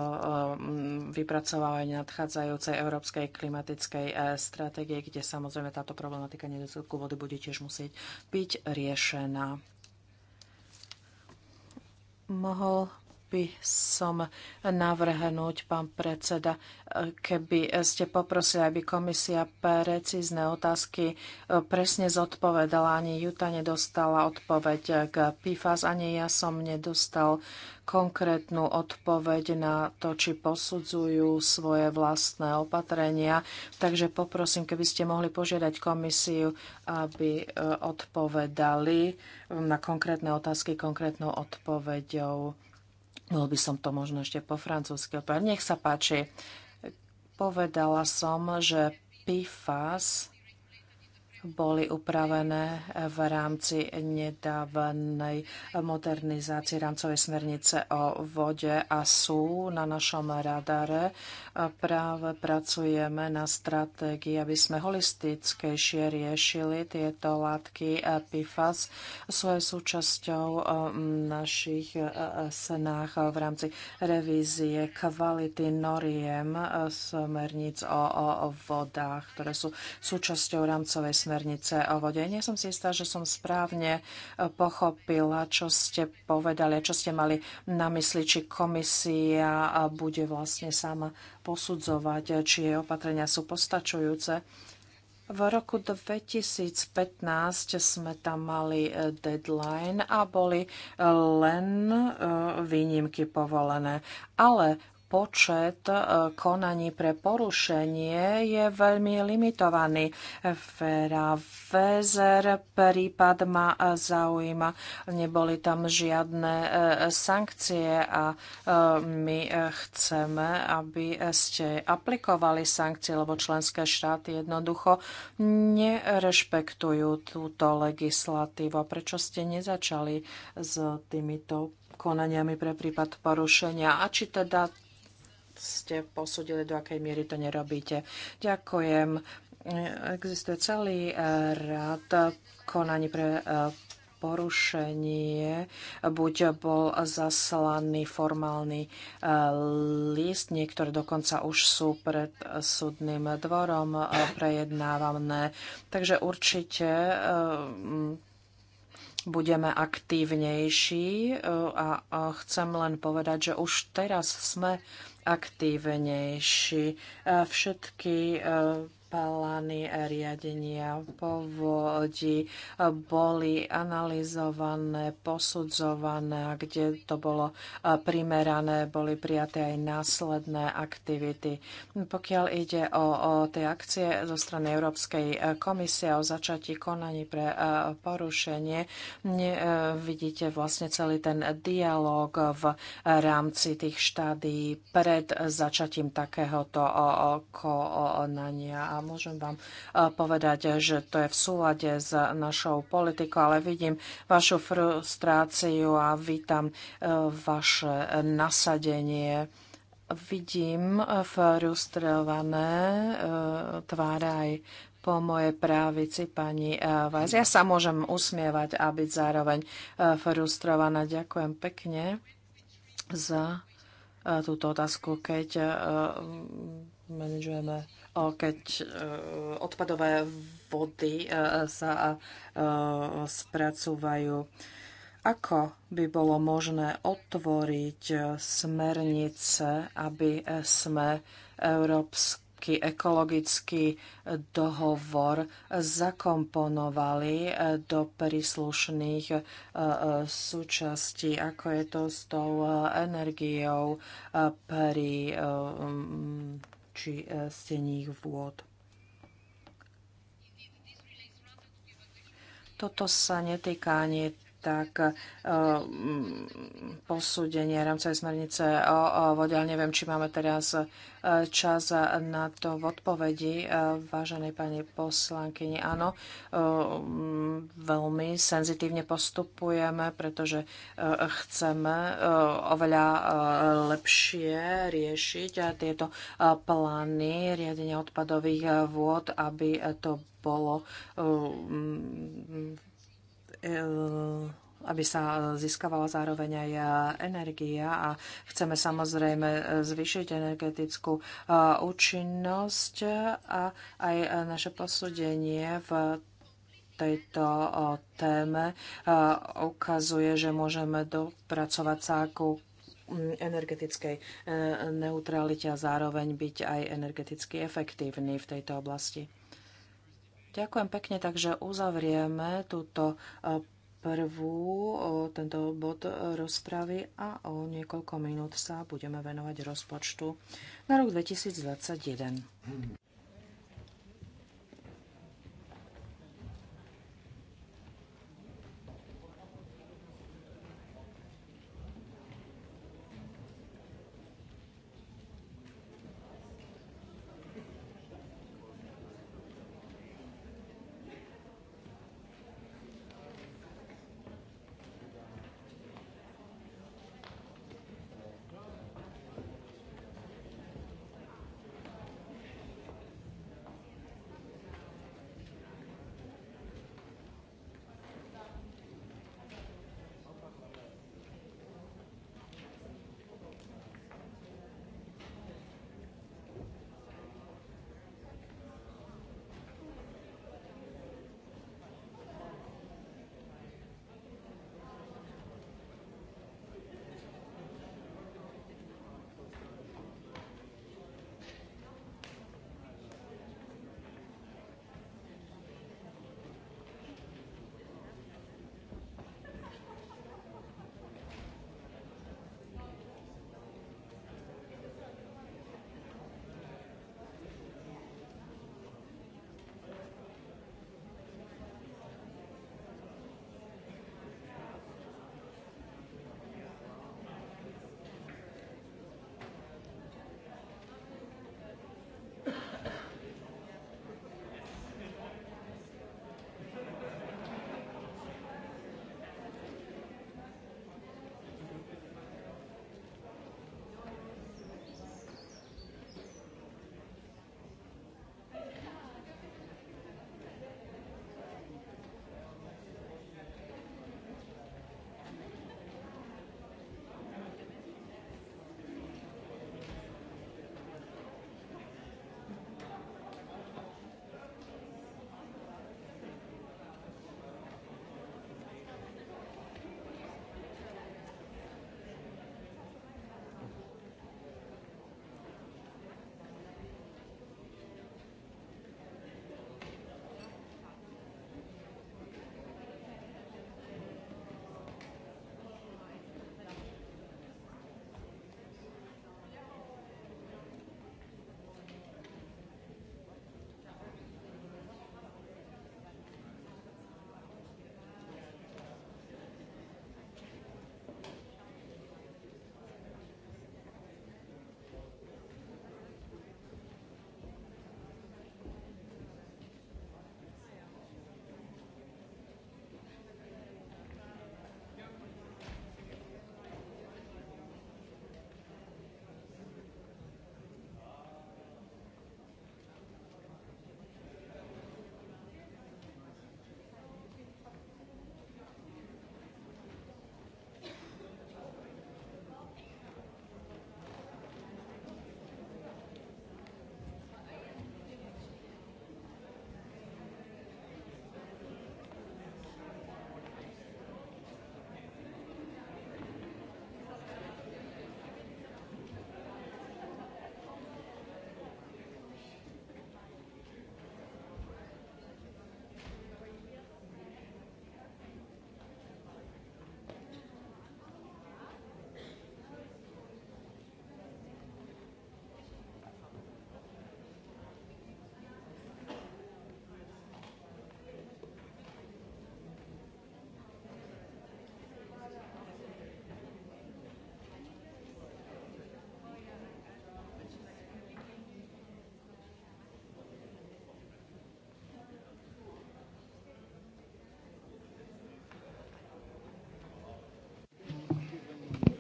B: vypracovaním nadchádzajúcej európskej klimatickej stratégie, kde samozrejme táto problematika nedostatku vody bude tiež musieť byť riešená. Mohol by som navrhnúť, pán predseda, keby ste poprosili, aby komisia precízne otázky e, presne zodpovedala. Ani Juta nedostala odpoveď k PFAS, ani ja som nedostal konkrétnu odpoveď na to, či posudzujú svoje vlastné opatrenia. Takže poprosím, keby ste mohli požiadať komisiu, aby e, odpovedali na konkrétne otázky konkrétnou odpoveďou. Bol by som to možno ešte po francúzsky. Nech sa páči. Povedala som, že PFAS boli upravené v rámci nedávnej modernizácie rámcovej smernice o vode a sú na našom radare. Práve pracujeme na stratégii, aby sme holistickejšie riešili tieto látky PFAS. Sú aj súčasťou eh, našich eh, snách v rámci revízie kvality noriem eh, smerníc o vodách, ktoré sú súčasťou rámcovej smernice smernice o vode. Nie som si istá, že som správne e, pochopila, čo ste povedali, čo ste mali na mysli, či komisia e, bude vlastne sama posudzovať, e, či jej opatrenia sú postačujúce. V roku 2015 sme tam mali deadline a boli len výnimky povolené. Ale počet e, konaní pre porušenie je veľmi limitovaný. Vera Vezer prípad ma e, zaujíma. Neboli tam žiadne e, sankcie a my chceme, aby ste aplikovali sankcie, lebo členské štáty jednoducho nerešpektujú túto legislatívu. A prečo ste nezačali s týmito konaniami pre prípad porušenia a či teda ste posudili, do akej miery to nerobíte. Ďakujem. Existuje celý eh, rád konaní pre eh, porušenie, buď bol zaslaný formálny eh, list, niektoré dokonca už sú pred súdnym dvorom prejednávané. Takže určite budeme aktívnejší a chcem len povedať, že už teraz sme aktívnejší. Všetky eh, plány riadenia povodí boli analyzované, posudzované a kde to bolo primerané, boli prijaté aj následné aktivity. Pokiaľ ide o, o tie akcie zo strany Európskej komisie o začatí konaní pre porušenie, vidíte vlastne celý ten dialog v rámci tých štádií pred začatím takéhoto konania môžem vám povedať, že to je v súlade s našou politikou, ale vidím vašu frustráciu a vítam e, vaše nasadenie vidím e, frustrované e, tváre aj po mojej právici pani Vajs. Ja sa môžem usmievať a byť zároveň frustrovaná. Ďakujem pekne za túto otázku, keď manažujeme keď e, odpadové vody e, sa e, spracúvajú. Ako by bolo možné otvoriť smernice, aby sme európsky ekologický dohovor zakomponovali do príslušných súčastí, ako je to s tou energiou pri či e, stených vôd. Toto sa netýka ani tak eh, mm, posúdenie rámcovej smernice o vode, ale neviem, či máme teraz eh, čas na to v odpovedi eh, váženej pani poslankyni. Áno, mm, veľmi senzitívne postupujeme, pretože chceme oveľa lepšie riešiť tieto plány riadenia odpadových vôd, aby to bolo mm, Eh, aby sa získavala zároveň aj eh, energia a chceme samozrejme eh, zvýšiť energetickú účinnosť a aj naše posúdenie v tejto téme ukazuje, že môžeme dopracovať sa ku mm, energetickej neutralite a zároveň byť aj energeticky efektívny v tejto oblasti. Ďakujem pekne, takže uzavrieme túto e, prvú, tento bod e, rozpravy a o niekoľko minút sa budeme venovať rozpočtu na rok 2021.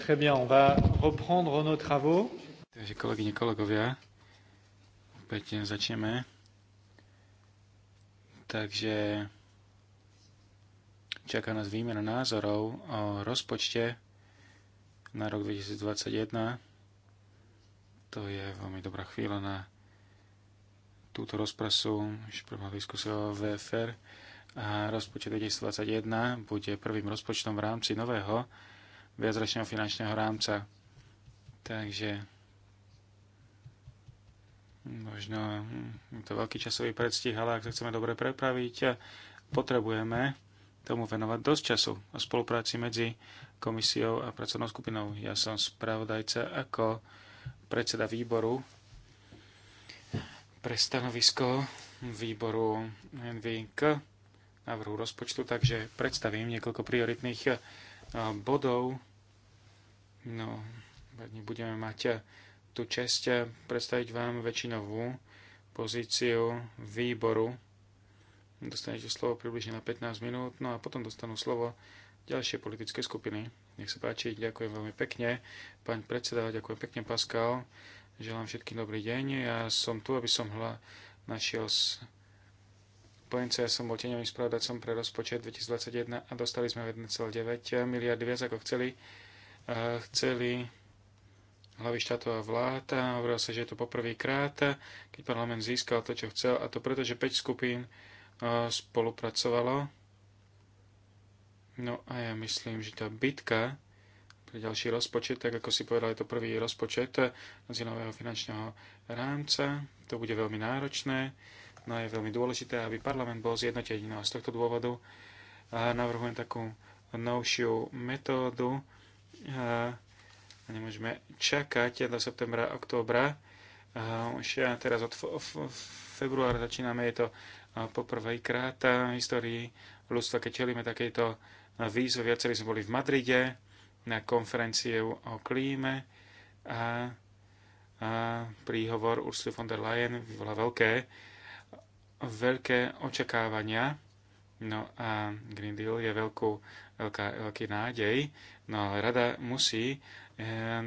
A: Très bien, on va reprendre nos travaux. Takže kolegyne, kolegovia, opäť začneme. Takže čaká nás výmena názorov o rozpočte na rok 2021. To je veľmi dobrá chvíľa na túto rozprasu, ešte prvá diskusia o VFR a rozpočet 2021 bude prvým rozpočtom v rámci nového viacročného finančného rámca. Takže možno je to veľký časový predstih, ale ak sa chceme dobre prepraviť, potrebujeme tomu venovať dosť času o spolupráci medzi komisiou a pracovnou skupinou. Ja som spravodajca ako predseda výboru pre stanovisko výboru NVK návrhu rozpočtu, takže predstavím niekoľko prioritných bodov. No, budeme mať eh, tú čest eh, predstaviť vám väčšinovú pozíciu výboru. Dostanete slovo približne na 15 minút, no a potom dostanú slovo ďalšie politické skupiny. Nech sa páči, ďakujem veľmi pekne. Pán predseda, ďakujem pekne, Pascal. Želám všetkým dobrý deň. Ja som tu, aby som hla našiel spojence. Ja som bol teňovým spravodacom pre rozpočet 2021 a dostali sme 1,9 miliardy viac ako chceli. Chceli hlavy štátov a vlád. Hovorilo sa, že je to poprvýkrát, keď parlament získal to, čo chcel, a to preto, že 5 skupín spolupracovalo. No a ja myslím, že tá bitka pre ďalší rozpočet, tak ako si povedal, je to prvý rozpočet z nového finančného rámca. To bude veľmi náročné. No a je veľmi dôležité, aby parlament bol zjednotený. No a z tohto dôvodu navrhujem takú novšiu metódu. Nemôžeme čakať do septembra, októbra. Už teraz od februára začíname, je to poprvýkrát v histórii ľudstva, keď čelíme takejto výzvy. Viacerí sme boli v Madride na konferenciu o klíme a, a príhovor Ursula von der Leyen bola veľké veľké očakávania. No a Green Deal je veľkú, veľká, veľký nádej, no ale rada musí eh,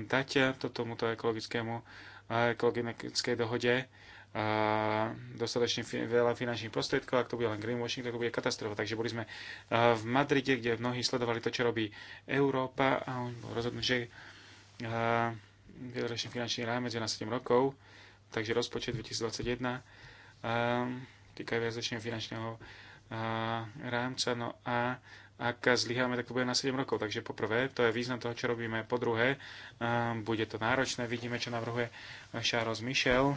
A: dať to tomuto ekologickému eh, ekologickej dohode eh, dostatočne veľa finančných prostriedkov, ak to bude len greenwashing, tak to bude katastrofa. Takže boli sme v Madride, kde mnohí sledovali to, čo robí Európa a on bol rozhodnutý, že vydračný finančný rámec je na 7 rokov, takže rozpočet 2021 týka viacročného finančného rámca. No a ak zlyháme, tak to bude na 7 rokov. Takže poprvé, to je význam toho, čo robíme. Po druhé, bude to náročné. Vidíme, čo navrhuje Charles Michel.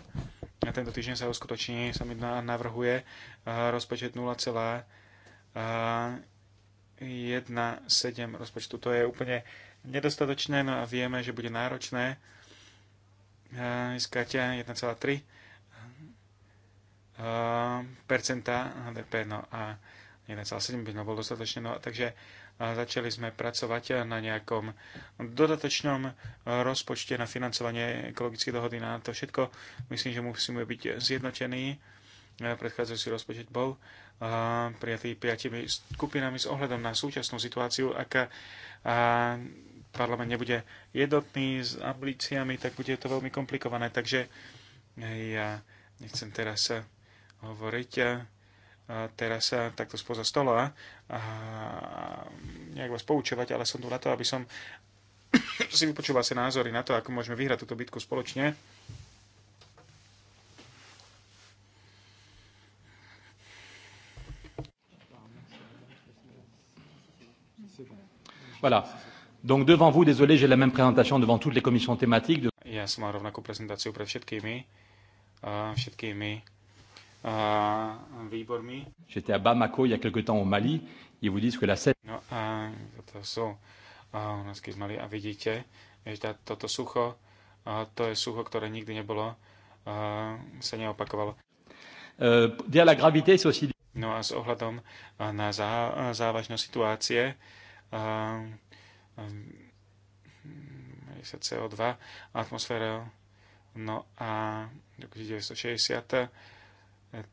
A: A tento týždeň sa uskutoční, sa mi navrhuje rozpočet 0,17 rozpočtu. To je úplne nedostatočné, no a vieme, že bude náročné Dneska 1,3 HDP, ehm, no a 1,7 by bolo dostatočné. No, takže e, začali sme pracovať na nejakom dodatočnom e, rozpočte na financovanie ekologických dohody na no to všetko. Myslím, že musíme byť zjednotení. E, predchádzajúci rozpočet bol prijatý piatimi skupinami s ohľadom na súčasnú situáciu, ak parlament nebude jednotný s ablíciami, tak bude to veľmi komplikované. Takže ja nechcem teraz hovoriť teraz takto spoza stola a nejak vás poučovať, ale som tu na to, aby som si vypočúval sa názory na to, ako môžeme vyhrať túto bitku spoločne. Voilà.
C: Donc devant vous, désolé, j'ai la même présentation devant toutes les commissions thématiques. De...
A: Ja som mal rovnakú prezentáciu pre všetkými, uh, všetkými výbormi. J'étais à Bamako il y a quelque temps au Mali. Ils vous disent que la Seine... No a toto sú a, keď mali a vidíte, že tá, toto sucho, a, to je sucho, ktoré nikdy nebolo, a, sa neopakovalo. Uh, la gravité, c'est aussi... No a s ohľadom na zá, závažnosť situácie, a, a, sa CO2 atmosféra, no a 1960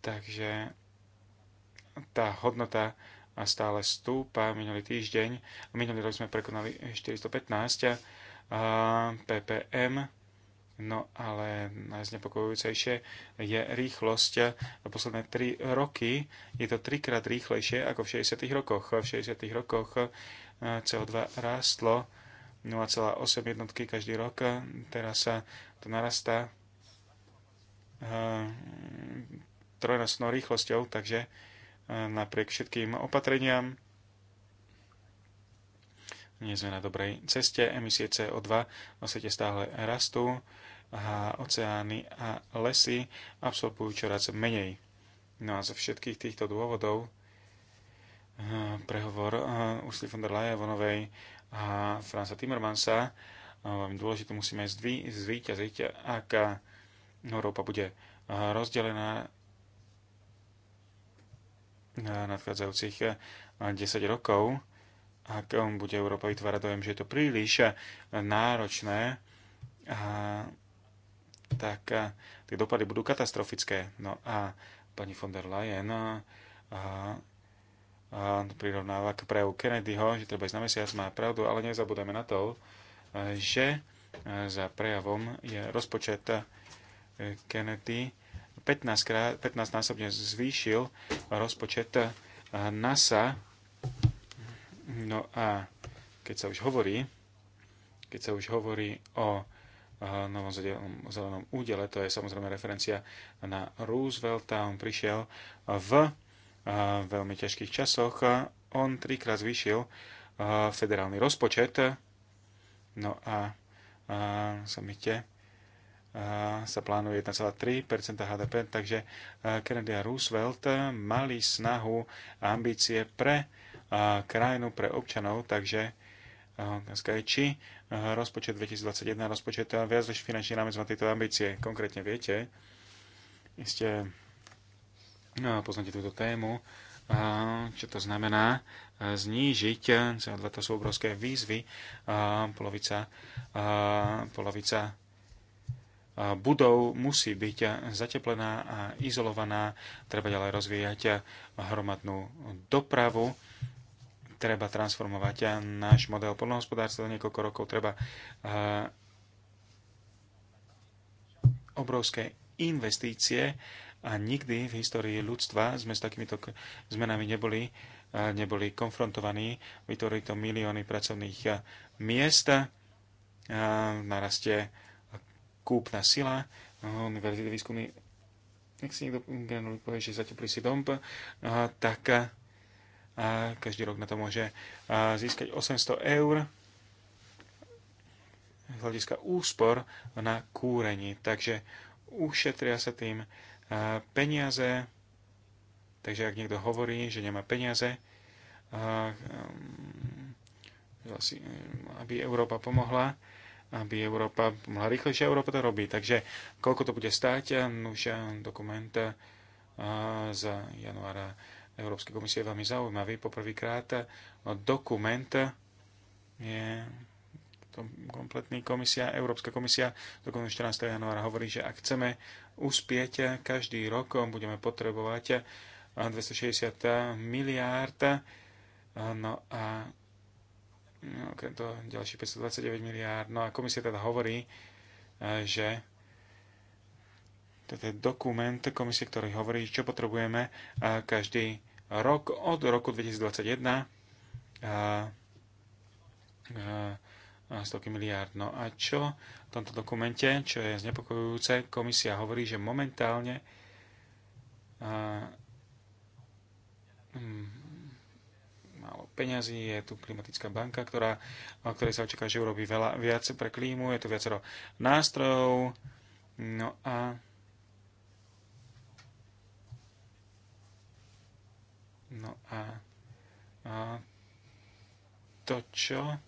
A: Takže tá hodnota stále stúpa. Minulý týždeň, minulý rok sme prekonali 415 eh, ppm, no ale najznepokojujúcejšie je rýchlosť. posledné 3 roky je to trikrát rýchlejšie ako v 60. rokoch. V 60. rokoch eh, CO2 rástlo 0,8 jednotky každý rok, teraz sa to narastá eh, trojrastnou rýchlosťou, takže e, napriek všetkým opatreniam nie sme na dobrej ceste. Emisie CO2 vo svete stále rastú a oceány a lesy absolvujú čoraz menej. No a zo všetkých týchto dôvodov e, prehovor e, Ursula von der Leyenovej a Franza Timmermansa veľmi dôležité musíme zvý, zvýťaziť, aká Európa bude rozdelená, nadchádzajúcich 10 eh, rokov, ak bude Európa vytvárať dojem, že je to príliš eh, náročné, tak eh, tie dopady budú katastrofické. No a pani von der Leyen a, a prirovnáva k prejavu Kennedyho, že treba ísť na mesiac, má pravdu, ale nezabudeme na to, že za prejavom je rozpočet Kennedy 15, krát, 15 násobne zvýšil rozpočet eh, NASA. No a keď sa už hovorí, keď sa už hovorí o eh, novom zelenom, údele, to je samozrejme referencia na Roosevelta, on prišiel v eh, veľmi ťažkých časoch, on trikrát zvýšil federálny rozpočet, no a samite sa plánuje 1,3 HDP, takže eh, Kennedy a Roosevelt eh, mali snahu a ambície pre eh, krajinu, pre občanov, takže je, či rozpočet 2021, rozpočet viac než finančný rámec má tieto ambície. Konkrétne viete, ste, no, poznáte túto tému, čo to znamená znížiť CO2, to sú obrovské výzvy, polovica, polovica budov musí byť zateplená a izolovaná. Treba ďalej rozvíjať hromadnú dopravu. Treba transformovať náš model poľnohospodárstva do niekoľko rokov. Treba e, obrovské investície a nikdy v histórii ľudstva sme s takýmito zmenami neboli, e, neboli konfrontovaní. Vytvorili to milióny pracovných e, miest, narastie kúpna sila, univerzity výskumy, ak si niekto povie, že zateplí si dom, tak každý rok na to môže získať 800 eur z hľadiska úspor na kúrení. Takže ušetria sa tým peniaze. Takže ak niekto hovorí, že nemá peniaze, um, um, aby Európa pomohla, aby Európa mohla rýchlejšie, Európa to robí. Takže koľko to bude stáť, už eh, dokument eh, z januára Európskej komisie je veľmi zaujímavý. Poprvýkrát eh, dokument je kompletný komisia, Európska komisia dokonca 14. januára hovorí, že ak chceme uspieť každý rok, budeme potrebovať 260 miliárd. No a No, okrem toho ďalších 529 miliárd. No a komisia teda hovorí, e, že toto je dokument komisie, ktorý hovorí, čo potrebujeme e, každý rok od roku 2021 a, e, a, stovky miliárd. No a čo v tomto dokumente, čo je znepokojujúce, komisia hovorí, že momentálne peňazí, je tu klimatická banka, ktorá, o ktorej sa očaká, že urobí veľa, viac pre klímu, je tu viacero nástrojov, no a no a, a to, čo a,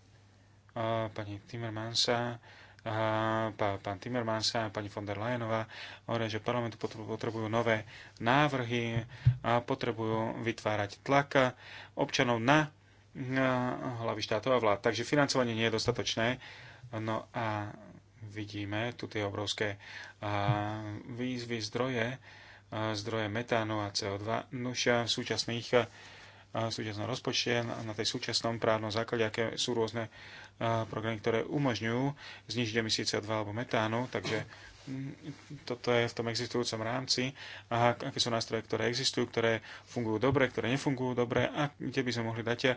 A: pani Timmermansa a pán Timmermansa a pani von der Leyenová hovoria, že parlamentu potrebujú nové návrhy a potrebujú vytvárať tlak občanov na hlavy štátov a vlád. Takže financovanie nie je dostatočné. No a vidíme tu tie obrovské výzvy, zdroje, zdroje metánu a CO2. Nuž v súčasných súčasnom rozpočte, na tej súčasnom právnom základe, aké sú rôzne programy, ktoré umožňujú znižiť emisie CO2 alebo metánu, takže toto je v tom existujúcom rámci, a aké sú nástroje, ktoré existujú, ktoré fungujú dobre, ktoré nefungujú dobre a kde by sme mohli dať eh,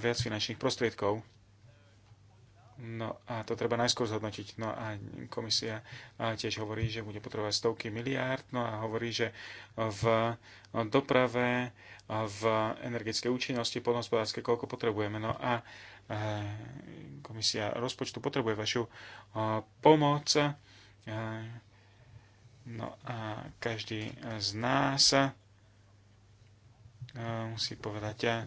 A: viac finančných prostriedkov. No a to treba najskôr zhodnotiť. No a komisia eh, tiež hovorí, že bude potrebovať stovky miliárd, no a hovorí, že v doprave, eh, v energetickej účinnosti, podnospodárske, koľko potrebujeme. No a komisia rozpočtu potrebuje vašu pomoc No a každý z nás musí povedať,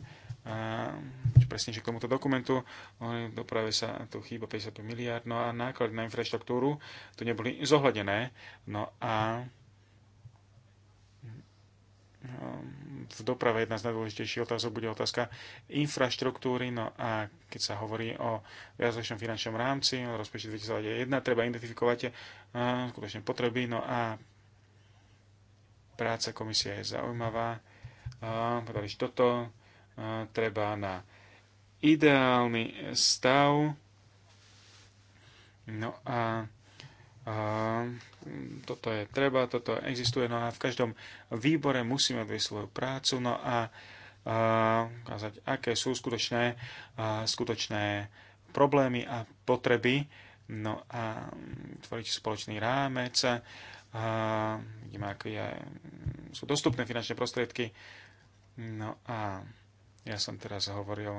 A: presne, že k tomuto dokumentu v doprave sa tu chýba 55 miliard, no a náklady na infraštruktúru tu neboli zohľadené. No a v doprave jedna z najdôležitejších otázok bude otázka infraštruktúry. No a keď sa hovorí o viacročnom finančnom rámci, o rozpočte 2021, treba identifikovať eh, skutočne potreby. No a práca komisie je zaujímavá. Eh, Podali, že toto eh, treba na ideálny stav. No a a toto je treba, toto existuje, no a v každom výbore musíme odvieť svoju prácu, no a, a ukázať, aké sú skutočné, a, skutočné problémy a potreby, no a tvoriť spoločný rámec, a, vidíme, aké je, sú dostupné finančné prostriedky, no a ja som teraz hovoril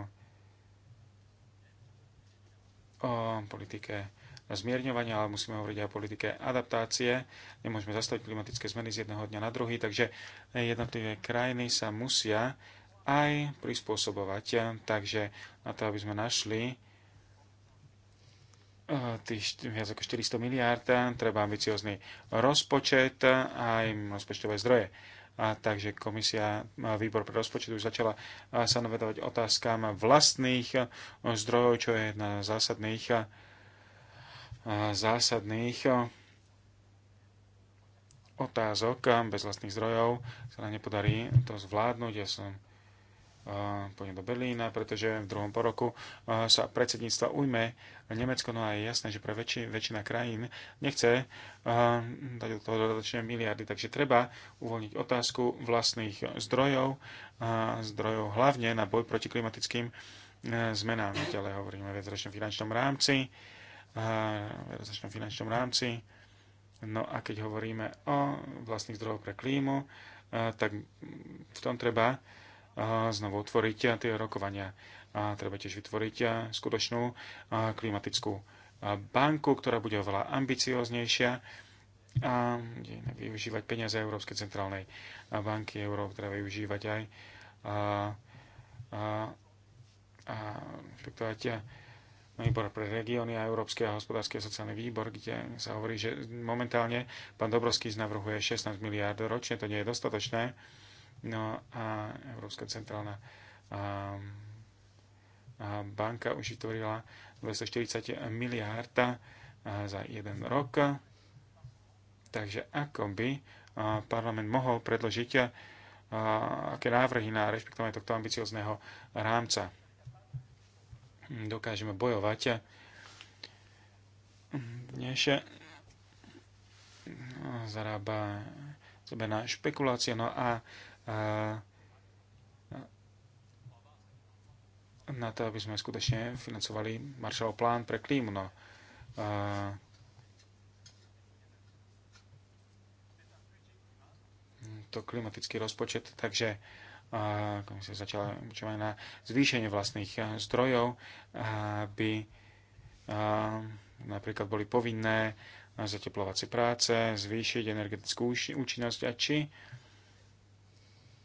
A: o politike zmierňovania, ale musíme hovoriť aj o politike adaptácie. Nemôžeme zastaviť klimatické zmeny z jedného dňa na druhý, takže jednotlivé krajiny sa musia aj prispôsobovať. Takže na to, aby sme našli eh, tých viac ako 400 miliárd, treba ambiciózny rozpočet a aj rozpočtové zdroje. A takže komisia, výbor pre rozpočet už začala eh, sa navedovať otázkam vlastných eh, zdrojov, čo je jedna z zásadných zásadných eh, otázok eh, bez vlastných zdrojov sa nám nepodarí to zvládnuť. Ja som eh, pôjdem do Berlína, pretože v druhom poroku sa predsedníctva ujme Nemecko, no a je jasné, že pre väčši, väčšina krajín nechce dať do toho dodatočné miliardy, takže treba uvoľniť otázku vlastných zdrojov, zdrojov hlavne na boj proti klimatickým zmenám. Ďalej hovoríme o viacročnom finančnom rámci, v rozličnom finančnom rámci. No a keď hovoríme o vlastných zdrojoch pre klímu, eh, tak v tom treba eh, znovu otvoriť tie rokovania. A treba tiež vytvoriť eh, skutočnú klimatickú banku, ktorá bude oveľa ambicioznejšia a využívať peniaze Európskej centrálnej banky Euró, treba využívať aj a, a, a, výbor pre regióny a Európsky a hospodársky a sociálny výbor, kde sa hovorí, že momentálne pán Dobrovský navrhuje 16 miliárd ročne, to nie je dostatočné. No a Európska centrálna a, um, a banka už vytvorila 240 miliárd uh, za jeden rok. Takže ako by uh, parlament mohol predložiť uh, aké návrhy na rešpektovanie tohto ambiciozného rámca dokážeme bojovať. Dnes eh, zarába sebe na špekulácie. No a, a eh, na to, aby sme skutočne financovali Marshallov plán pre klímu. No, a, eh, to klimatický rozpočet, takže komisia začala obučovať na zvýšenie vlastných eh, zdrojov, aby eh, napríklad boli povinné si práce, zvýšiť energetickú účinnosť a či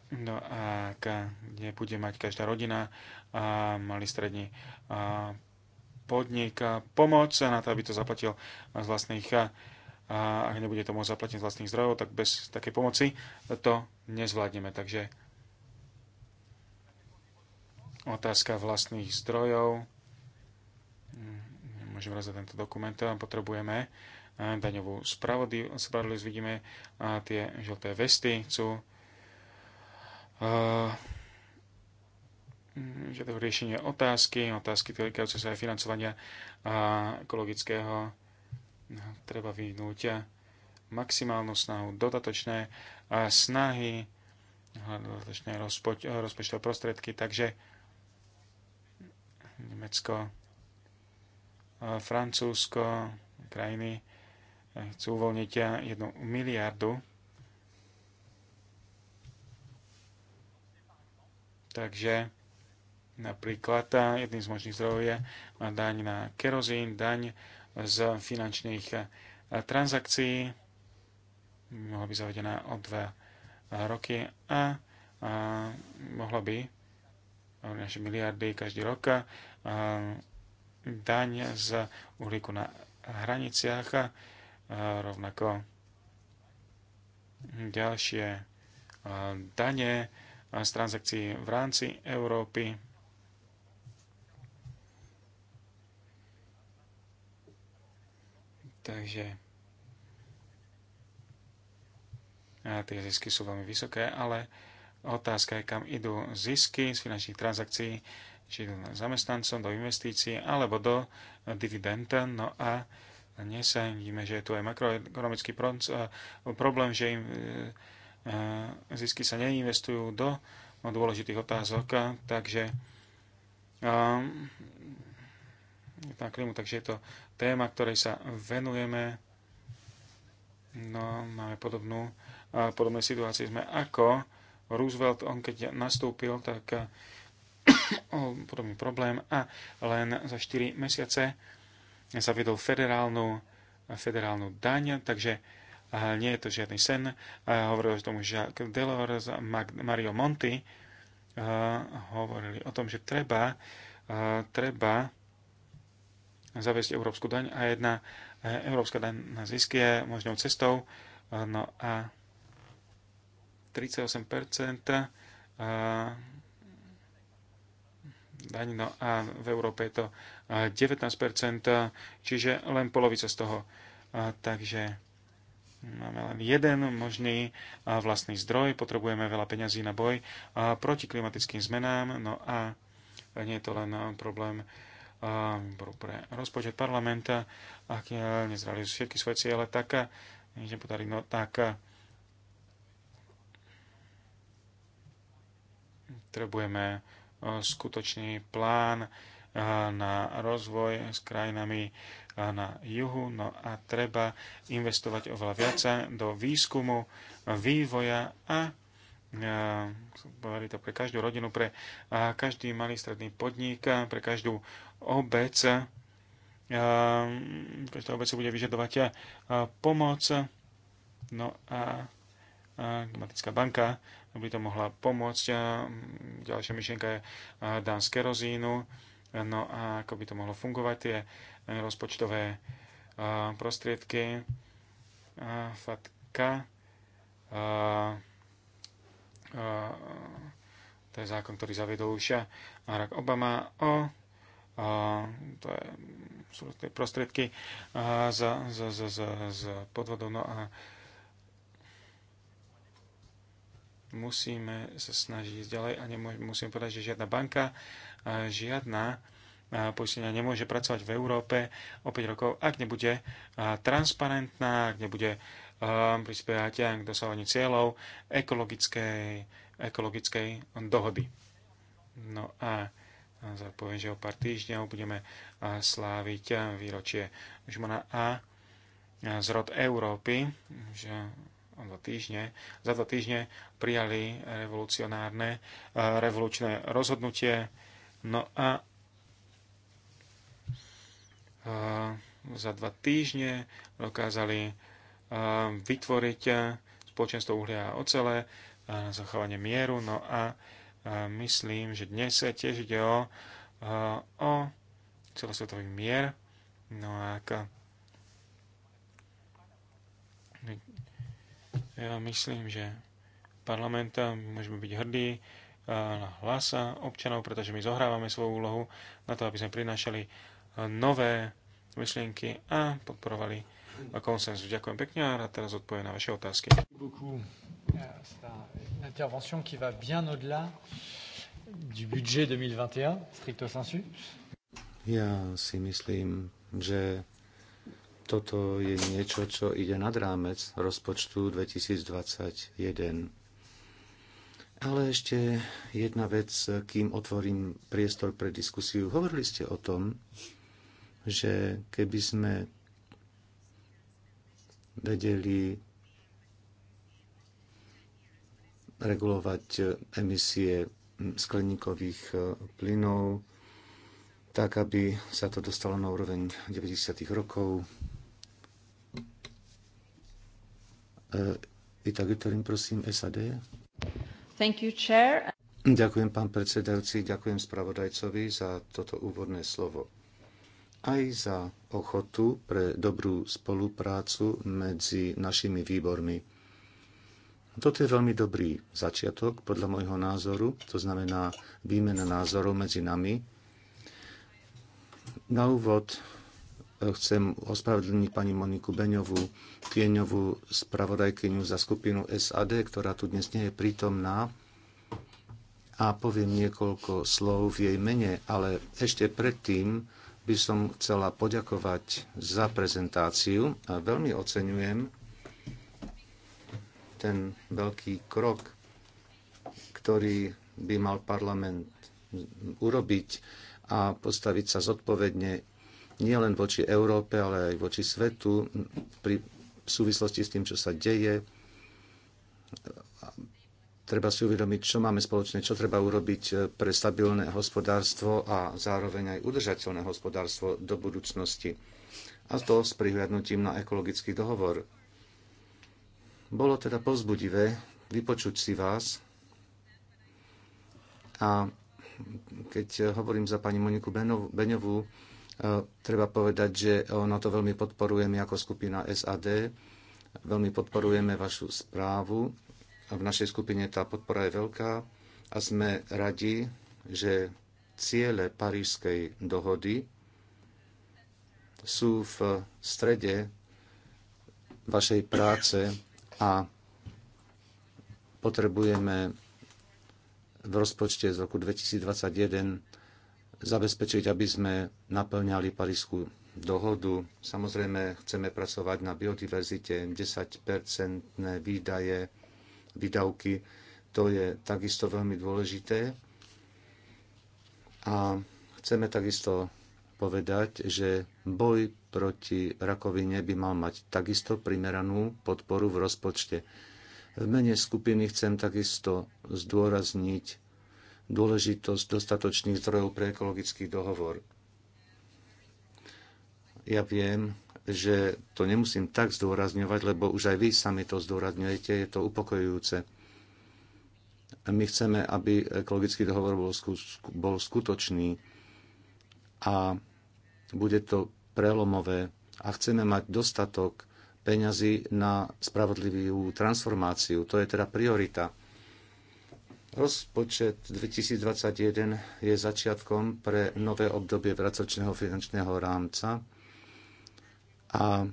A: No a kde bude mať každá rodina a eh, malý stredný a podnik a pomoc na to, aby to zaplatil z vlastných a ak nebude to môcť zaplatiť z vlastných zdrojov, tak bez takej pomoci to nezvládneme. Takže Otázka vlastných zdrojov. Mm, Môžem raz za tento dokument. Potrebujeme daňovú spravodlivosť. Vidíme tie žlté vesty. Chcú mm, že to riešenie otázky, otázky týkajúce sa aj financovania ekologického, no, treba vyhnúť maximálnu snahu, dodatočné snahy, dodatočné rozpočtové prostriedky, takže Nemecko, eh, Francúzsko, krajiny eh, chcú uvoľniť eh, jednu miliardu. Takže napríklad jedným z možných zdrojov je daň na kerozín, daň z finančných transakcií, mohla by zavedená o dva roky a, a mohla by naše miliardy každý rok Ehm, daň z uhlíku na hraniciach, ehm, rovnako ďalšie ehm, dane z transakcií v rámci Európy. Takže tie zisky sú veľmi vysoké, ale otázka je, kam idú zisky z finančných transakcií či zamestnancom, do investícií alebo do dividenda. No a dnes sa vidíme, že je tu aj makroekonomický problém, že im e, e, zisky sa neinvestujú do dôležitých otázok, takže na klimu, takže je to téma, ktorej sa venujeme. No, máme podobnú, podobné situácie sme ako Roosevelt, on keď nastúpil, tak o podobný problém a len za 4 mesiace zaviedol federálnu, federálnu daň, takže nie je to žiadny sen. Hovoril o tom Jacques Delors a Mario Monti hovorili o tom, že treba, treba zaviesť európsku daň a jedna e, európska daň na zisk je možnou cestou. No a 38% daň, no a v Európe je to 19%, eh, eh, čiže len polovica z toho. Eh, takže máme len jeden možný vlastný zdroj, potrebujeme veľa peňazí na boj proti klimatickým zmenám, no a nie je to len problém pre rozpočet parlamenta, ak nezrali všetky svoje ciele, tak nepodarí, no tak potrebujeme skutočný plán na rozvoj s krajinami na juhu. No a treba investovať oveľa viac do výskumu, vývoja a to pre každú rodinu, pre každý malý stredný podnik, pre každú obec. Každá obec bude vyžadovať pomoc. No a klimatická banka by to mohla pomôcť. Ďalšia myšlienka je dám z kerozínu. No a ako by to mohlo fungovať, tie e, rozpočtové prostriedky. Fatka. To je zákon, ktorý zaviedol už Barack Obama o to je, sú tie prostriedky z, z, z, z, z podvodov. No a musíme sa snažiť ďalej a musíme povedať, že žiadna banka, žiadna poistenia nemôže pracovať v Európe o 5 rokov, ak nebude transparentná, ak nebude prispievať k dosahovaní cieľov ekologickej, ekologickej dohody. No a zapoviem že o pár týždňov budeme sláviť výročie Žmona A z rod Európy, že dva týždne, za dva týždne prijali revolucionárne, eh, revolučné rozhodnutie. No a eh, za dva týždne dokázali eh, vytvoriť spoločenstvo uhlia a ocele na zachovanie mieru. No a myslím, že dnes sa tiež ide o, o celosvetový mier. No a ak Ja myslím, že parlamenta môžeme byť hrdí eh, na hlas občanov, pretože my zohrávame svoju úlohu na to, aby sme prinášali eh, nové myšlienky a podporovali konsenzus. Ďakujem pekne a rád teraz odpoviem na vaše otázky. Intervention qui va bien au-delà du budget 2021, stricto sensu.
C: Ja si myslím, že toto je niečo, čo ide nad rámec rozpočtu 2021. Ale ešte jedna vec, kým otvorím priestor pre diskusiu. Hovorili ste o tom, že keby sme vedeli regulovať emisie skleníkových e, plynov, tak aby sa to dostalo na úroveň 90. rokov. E, Ita Gitorin, prosím, SAD.
B: Thank you, chair.
C: Ďakujem, pán predsedajúci, ďakujem spravodajcovi za toto úvodné slovo. Aj za ochotu pre dobrú spoluprácu medzi našimi výbormi. Toto je veľmi dobrý začiatok, podľa môjho názoru, to znamená výmena názorov medzi nami. Na úvod chcem ospravedlniť pani Moniku Beňovú, tieňovú spravodajkyňu za skupinu SAD, ktorá tu dnes nie je prítomná a poviem niekoľko slov v jej mene, ale ešte predtým by som chcela poďakovať za prezentáciu. A veľmi oceňujem ten veľký krok, ktorý by mal parlament urobiť a postaviť sa zodpovedne nie len voči Európe, ale aj voči svetu pri v súvislosti s tým, čo sa deje. Treba si uvedomiť, čo máme spoločné, čo treba urobiť eh, pre stabilné hospodárstvo a zároveň aj udržateľné hospodárstvo do budúcnosti. A to s prihľadnutím na ekologický dohovor. Bolo teda povzbudivé vypočuť si vás a keď eh, hovorím za pani Moniku Beňovú, E, treba povedať, že ono to veľmi podporujeme ako skupina SAD. Veľmi podporujeme vašu správu. V našej skupine tá podpora je veľká a sme radi, že ciele Parížskej dohody sú v strede vašej práce a potrebujeme v rozpočte z roku 2021 zabezpečiť, aby sme naplňali Parísku dohodu. Samozrejme, chceme pracovať na biodiverzite, 10-percentné výdaje, výdavky, to je takisto veľmi dôležité. A chceme takisto povedať, že boj proti rakovine by mal mať takisto primeranú podporu v rozpočte. V mene skupiny chcem takisto zdôrazniť dôležitosť dostatočných zdrojov pre ekologický dohovor. Ja viem, že to nemusím tak zdôrazňovať, lebo už aj vy sami to zdôrazňujete, je to upokojujúce. My chceme, aby ekologický dohovor bol, bol skutočný a bude to prelomové a chceme mať dostatok peňazí na spravodlivú transformáciu. To je teda priorita Rozpočet 2021 je začiatkom pre nové obdobie vracočného finančného rámca a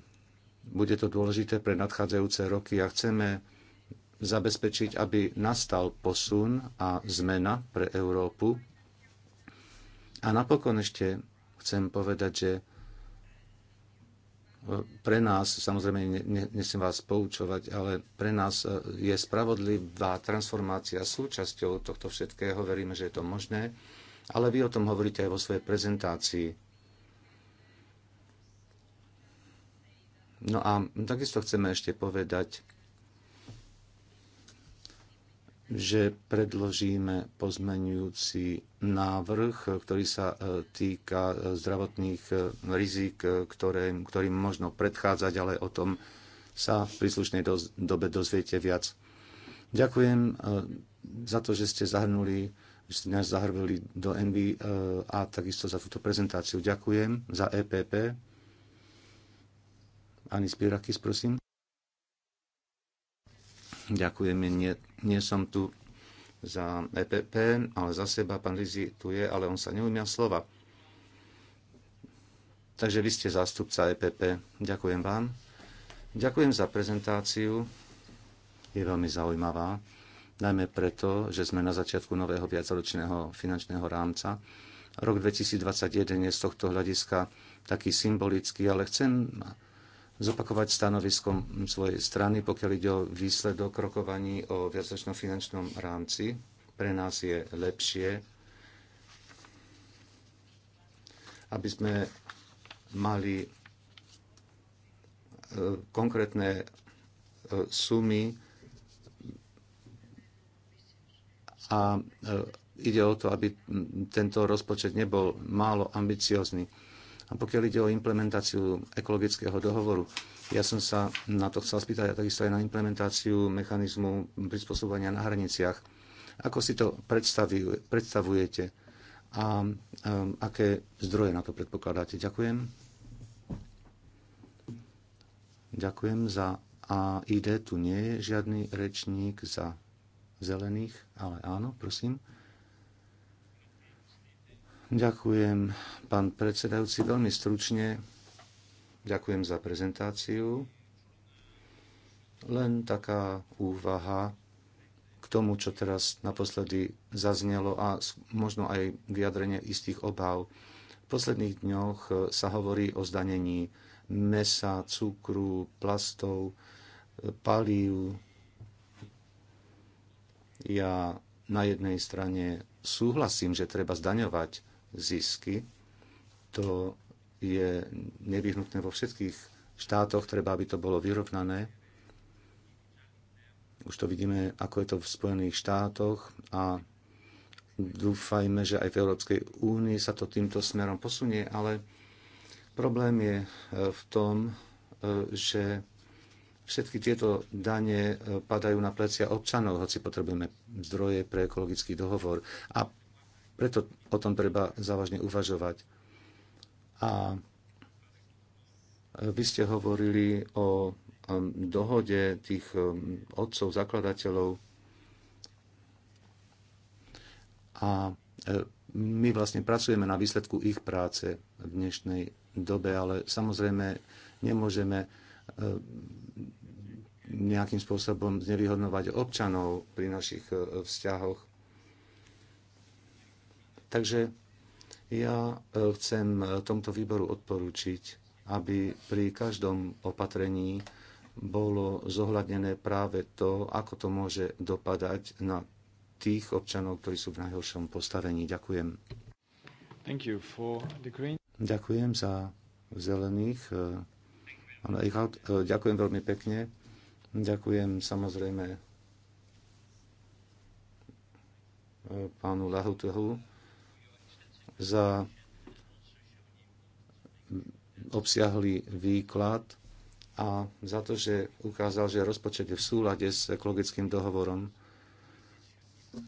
C: bude to dôležité pre nadchádzajúce roky a chceme zabezpečiť, aby nastal posun a zmena pre Európu. A napokon ešte chcem povedať, že pre nás, samozrejme nesem vás poučovať, ale pre nás e, je spravodlivá transformácia súčasťou tohto všetkého. Veríme, že je to možné. Ale vy o tom hovoríte aj vo svojej prezentácii. No a takisto chceme ešte povedať, že predložíme pozmenujúci návrh, ktorý sa e, týka e, zdravotných e, rizik, ktorým, ktorým možno predchádzať, ale o tom sa v príslušnej dobe dozviete viac. Ďakujem za to, že ste zahrnuli, že ste nás zahrnuli do Envy a takisto za túto prezentáciu. Ďakujem za EPP. Ani Spirakis, prosím. Ďakujem, nie nie som tu za EPP, ale za seba pán Lizi tu je, ale on sa neumia slova. Takže vy ste zástupca EPP. Ďakujem vám. Ďakujem za prezentáciu. Je veľmi zaujímavá, najmä preto, že sme na začiatku nového viacročného finančného rámca. Rok 2021 je z tohto hľadiska taký symbolický, ale chcem zopakovať stanovisko svojej strany, pokiaľ ide o výsledok rokovaní o viacročnom finančnom rámci. Pre nás je lepšie, aby sme mali e, konkrétne e, sumy a e, ide o to, aby tento rozpočet nebol málo ambiciozný a pokiaľ ide o implementáciu ekologického dohovoru, ja som sa na to chcel spýtať a takisto aj na implementáciu mechanizmu prispôsobovania na hraniciach. Ako si to predstavujete a um, aké zdroje na to predpokladáte? Ďakujem. Ďakujem za a tu nie je žiadny rečník za zelených, ale áno, prosím. Ďakujem, pán predsedajúci, veľmi stručne. Ďakujem za prezentáciu. Len taká úvaha k tomu, čo teraz naposledy zaznelo a možno aj vyjadrenie istých obáv. V posledných dňoch e, sa hovorí o zdanení mesa, cukru, plastov, e, palív. Ja na jednej strane súhlasím, že treba zdaňovať zisky. To je nevyhnutné vo všetkých štátoch, treba, aby to bolo vyrovnané. Už to vidíme, ako je to v Spojených štátoch a dúfajme, že aj v Európskej únii sa to týmto smerom posunie, ale problém je e, v tom, e, že všetky tieto dane e, padajú na plecia občanov, hoci potrebujeme zdroje pre ekologický dohovor. A preto o tom treba závažne uvažovať. A vy ste hovorili o dohode tých um, otcov, zakladateľov. A e, my vlastne pracujeme na výsledku ich práce v dnešnej dobe, ale samozrejme nemôžeme e, nejakým spôsobom znevýhodnovať občanov pri našich e, vzťahoch Takže ja e, chcem e, tomto výboru odporúčiť, aby pri každom opatrení bolo zohľadnené práve to, ako to môže dopadať na tých občanov, ktorí sú v najhoršom postavení. Ďakujem.
A: Thank you for the green.
C: Ďakujem za zelených. E, ďakujem veľmi pekne. Ďakujem samozrejme pánu Lahutehu za obsiahlý výklad a za to, že ukázal, že rozpočet je v súlade s ekologickým dohovorom.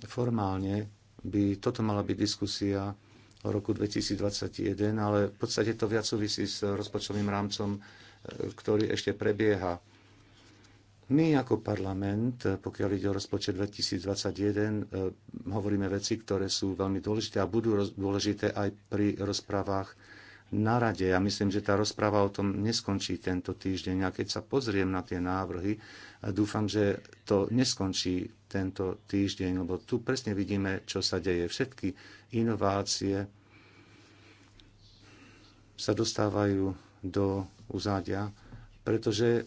C: Formálne by toto mala byť diskusia o roku 2021, ale v podstate to viac súvisí s rozpočtovým rámcom, ktorý ešte prebieha my ako parlament, eh, pokiaľ ide o rozpočet 2021, eh, hovoríme veci, ktoré sú veľmi dôležité a budú dôležité aj pri rozprávach na rade. Ja myslím, že tá rozpráva o tom neskončí tento týždeň. A keď sa pozriem na tie návrhy, eh, dúfam, že to neskončí tento týždeň, lebo tu presne vidíme, čo sa deje. Všetky inovácie sa dostávajú do uzádia, pretože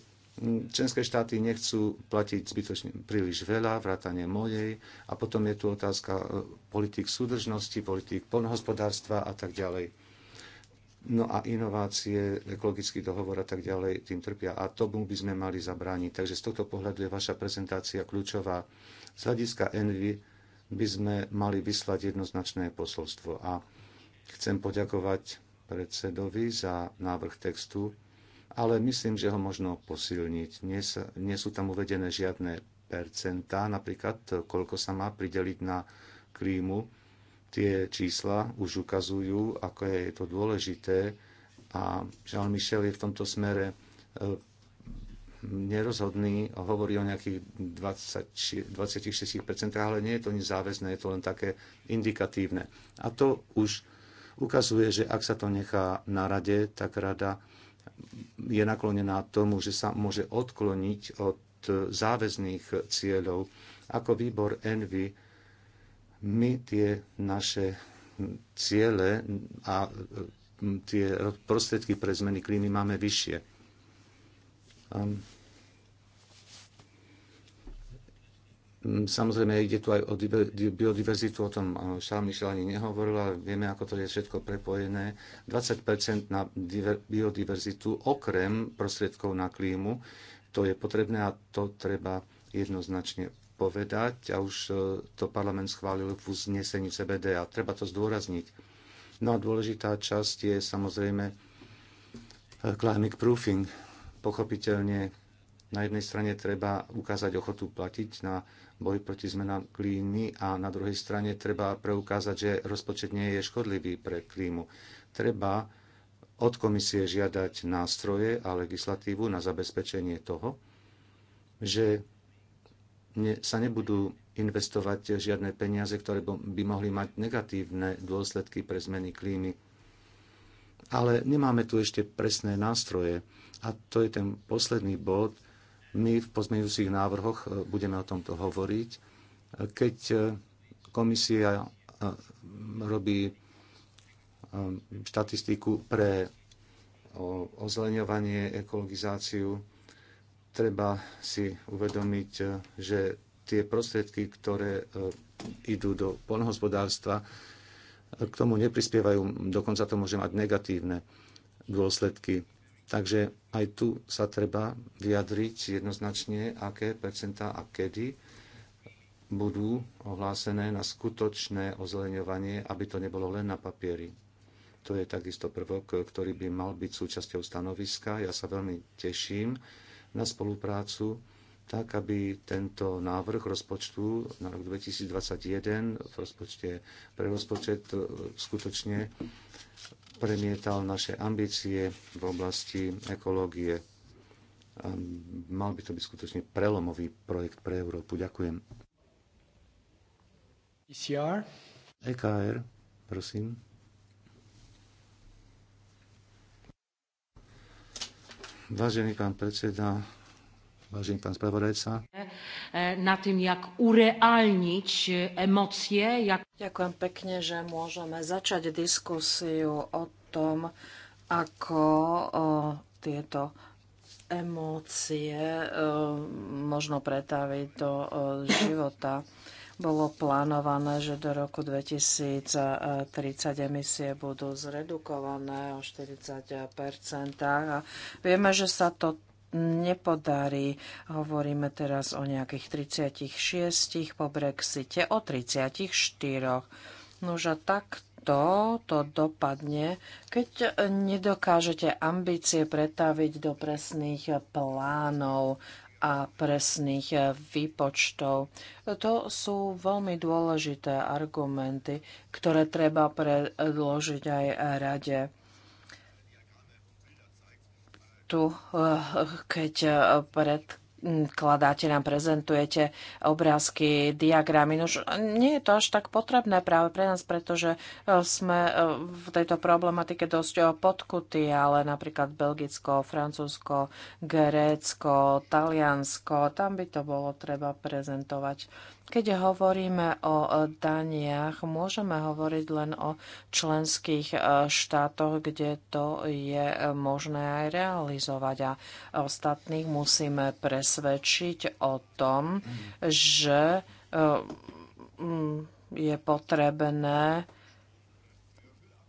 C: členské štáty nechcú platiť zbytočne príliš veľa, vrátane mojej, a potom je tu otázka e, politik súdržnosti, politik polnohospodárstva a tak ďalej. No a inovácie, ekologický dohovor a tak ďalej tým trpia. A tomu by sme mali zabrániť. Takže z tohto pohľadu je vaša prezentácia kľúčová. Z hľadiska Envy by sme mali vyslať jednoznačné posolstvo. A chcem poďakovať predsedovi za návrh textu ale myslím, že ho možno posilniť. Nie, sa, nie sú tam uvedené žiadne percentá, napríklad koľko sa má prideliť na klímu. Tie čísla už ukazujú, ako je to dôležité a Jean-Michel je v tomto smere e, nerozhodný, hovorí o nejakých 20, 26%, ale nie je to nič záväzné, je to len také indikatívne. A to už ukazuje, že ak sa to nechá na rade, tak rada je naklonená tomu, že sa môže odkloniť od záväzných cieľov. Ako výbor Envy my tie naše ciele a tie prostriedky pre zmeny klímy máme vyššie. Mm, samozrejme, ide tu aj o biodiverzitu, o tom Charles Michel ani ale vieme, ako to je všetko prepojené. 20% na biodiverzitu okrem prostriedkov na klímu, to je potrebné a to treba jednoznačne povedať a už e, to parlament schválil v uznesení CBD a treba to zdôrazniť. No a dôležitá časť je samozrejme e, climate proofing. Pochopiteľne na jednej strane treba ukázať ochotu platiť na boj proti zmenám klímy a na druhej strane treba preukázať, že rozpočet nie je škodlivý pre klímu. Treba od komisie žiadať nástroje a legislatívu na zabezpečenie toho, že sa nebudú investovať žiadne peniaze, ktoré by mohli mať negatívne dôsledky pre zmeny klímy. Ale nemáme tu ešte presné nástroje. A to je ten posledný bod – my v pozmeňujúcich návrhoch e, budeme o tomto hovoriť. E, Keď e, komisia robí štatistiku pre ozleňovanie, ekologizáciu, treba si uvedomiť, že tie prostriedky, ktoré idú do poľnohospodárstva, k tomu neprispievajú, dokonca to môže mať negatívne dôsledky. Takže aj tu sa treba vyjadriť jednoznačne, aké percentá a kedy budú ohlásené na skutočné ozeleňovanie, aby to nebolo len na papieri. To je takisto prvok, ktorý by mal byť súčasťou stanoviska. Ja sa veľmi teším na spoluprácu, tak aby tento návrh rozpočtu na rok 2021 v rozpočte pre rozpočet skutočne premietal naše ambície v oblasti ekológie. Mal by to byť skutočne prelomový projekt pre Európu. Ďakujem. ECR. EKR, prosím. Vážený pán predseda, vážený pán spravodajca.
B: E, na tým, jak ureálniť e, emócie. Jak... Ďakujem pekne, že môžeme začať diskusiu o tom, ako o, tieto emócie e, možno pretaviť do života. Bolo plánované, že do roku 2030 emisie budú zredukované o 40 a vieme, že sa to nepodarí. Hovoríme teraz o nejakých 36 po Brexite, o 34. Nož a tak to, to dopadne, keď nedokážete ambície pretaviť do presných plánov a presných výpočtov. To sú veľmi dôležité argumenty, ktoré treba predložiť aj rade tu, eh, keď eh, pred kladáte nám, prezentujete obrázky, diagramy. No, nie je to až tak potrebné práve pre nás, pretože eh, sme v tejto problematike dosť podkutí, ale napríklad Belgicko, Francúzsko, Grécko, Taliansko, tam by to bolo treba prezentovať keď hovoríme o e, daniach, môžeme hovoriť len o členských e, štátoch, kde to je e, možné aj realizovať. A ostatných musíme presvedčiť o tom, že je potrebné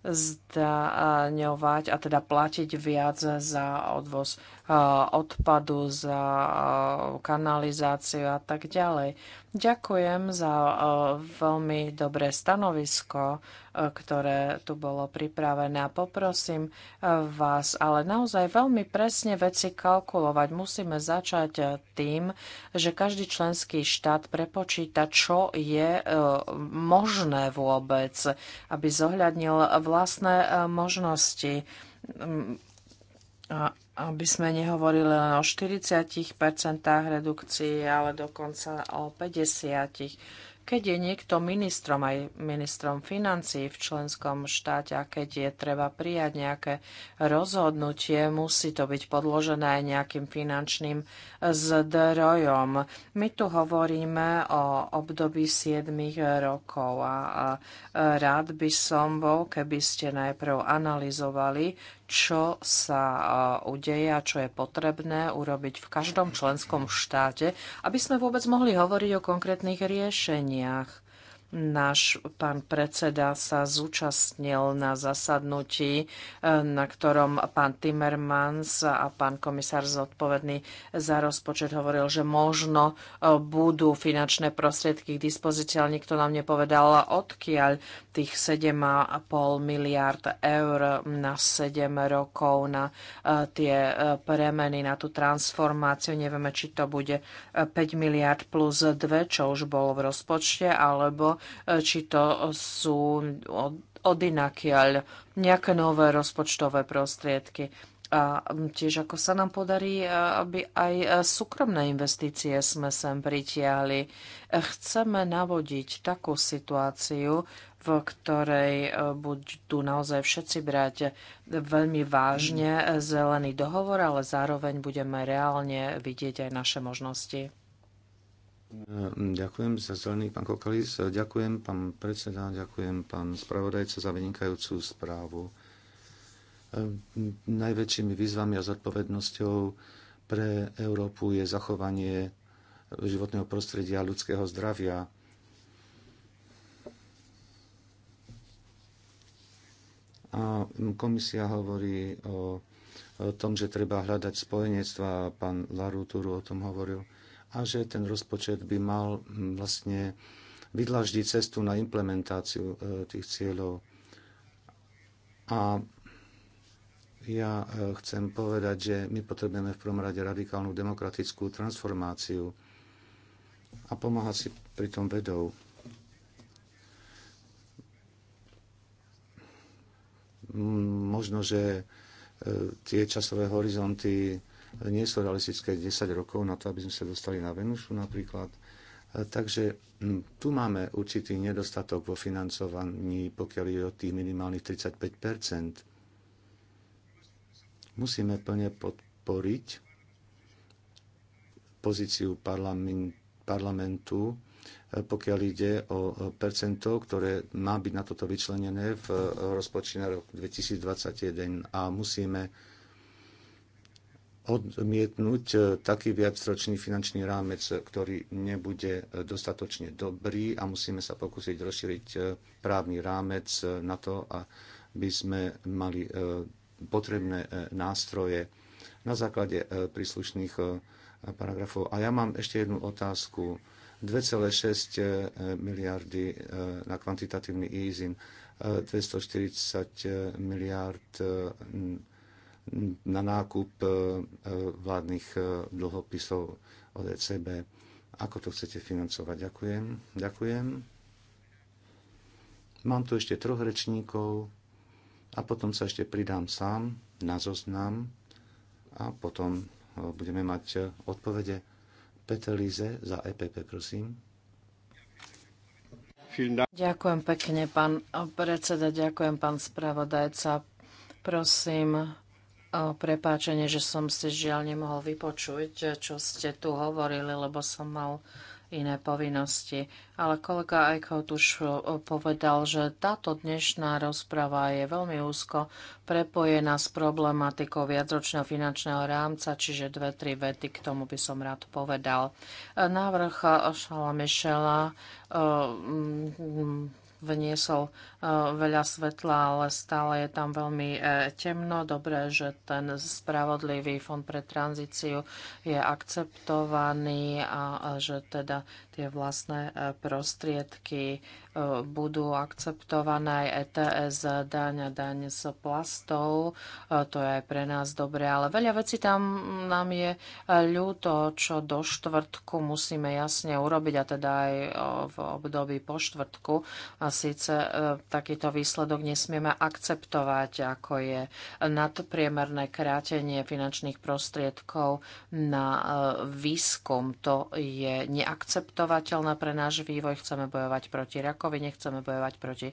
B: zdaňovať a teda platiť viac za odvoz odpadu, za kanalizáciu a tak ďalej. Ďakujem za veľmi dobré stanovisko, ktoré tu bolo pripravené a poprosím vás ale naozaj veľmi presne veci kalkulovať. Musíme začať tým, že každý členský štát prepočíta, čo je e, možné vôbec, aby zohľadnil vlastné e, možnosti a aby sme nehovorili len o 40% redukcii, ale dokonca o 50%. Keď je niekto ministrom, aj ministrom financií v členskom štáte a keď je treba prijať nejaké rozhodnutie, musí to byť podložené aj nejakým finančným zdrojom. My tu hovoríme o období 7 rokov a rád by som bol, keby ste najprv analyzovali, čo sa eh, udeje a čo je potrebné urobiť v každom členskom štáte, aby sme vôbec mohli hovoriť o konkrétnych riešeniach. Náš pán predseda sa zúčastnil na zasadnutí, e, na ktorom pán Timmermans a pán komisár zodpovedný za rozpočet hovoril, že možno e, budú finančné prostriedky k dispozícii, ale nikto nám nepovedal, odkiaľ tých 7,5 miliard eur na 7 rokov na e, tie premeny, na tú transformáciu. Nevieme, či to bude 5 miliard plus 2, čo už bolo v rozpočte, alebo Eh, či to sú odinakiaľ nejaké nové rozpočtové prostriedky. A mm, tiež ako sa nám podarí, eh, aby aj eh, súkromné investície sme sem pritiahli. Chceme navodiť takú situáciu, v ktorej budú naozaj všetci brať veľmi vážne zelený dohovor, ale zároveň budeme reálne vidieť aj naše možnosti.
C: Hm, ďakujem za zelený, pán Kokalis. Ďakujem, pán predseda, ďakujem, pán spravodajca, za vynikajúcu správu. Hm, najväčšími výzvami a zodpovednosťou pre Európu je zachovanie životného prostredia a ľudského zdravia. A komisia hovorí o, o tom, že treba hľadať spojenectva. Pán Larutúru o tom hovoril a že ten rozpočet by mal mm, vlastne vydlaždiť cestu na implementáciu e, tých cieľov. A ja e, chcem povedať, že my potrebujeme v prvom rade radikálnu demokratickú transformáciu a pomáhať si pri tom vedou. Možno, že e, tie časové horizonty nie sú realistické 10 rokov na to, aby sme sa dostali na Venušu napríklad. Takže hm, tu máme určitý nedostatok vo financovaní, pokiaľ je o tých minimálnych 35 Musíme plne podporiť pozíciu parlamentu, e, pokiaľ ide o percento, ktoré má byť na toto vyčlenené v e, rozpočte na rok 2021 a musíme odmietnúť e, taký viacročný finančný rámec, e, ktorý nebude e, dostatočne dobrý a musíme sa pokúsiť rozšíriť právny rámec na to, aby sme mali potrebné nástroje na základe príslušných paragrafov. A ja mám ešte jednu otázku. 2,6 miliardy na kvantitatívny easing, 240 miliard na nákup e, e, vládnych e, dlhopisov od ECB. Ako to chcete financovať? Ďakujem. Ďakujem. Mám tu ešte troch rečníkov a potom sa ešte pridám sám na zoznam a potom budeme mať odpovede. Peter Líze za EPP, prosím.
B: Ďakujem pekne, pán predseda, ďakujem, pán spravodajca. Prosím, prepáčenie, že som si žiaľ nemohol vypočuť, čo ste tu hovorili, lebo som mal iné povinnosti. Ale kolega Eichhout už povedal, že táto dnešná rozprava je veľmi úzko prepojená s problematikou viacročného finančného rámca, čiže dve, tri vety k tomu by som rád povedal. Návrh Šala Mišela vniesol e, veľa svetla, ale stále je tam veľmi e, temno. Dobré, že ten spravodlivý fond pre tranzíciu je akceptovaný a že teda tie vlastné e, prostriedky e, budú akceptované aj e ETS, daň a daň z plastov. To je aj pre nás dobre, ale veľa vecí tam nám je ľúto, čo do štvrtku musíme jasne urobiť, a teda aj v období po štvrtku. A síce takýto výsledok nesmieme akceptovať, ako je nadpriemerné krátenie finančných prostriedkov na výskum. To je neakceptovateľné neakceptovateľné pre náš vývoj. Chceme bojovať proti rakovine, chceme bojovať proti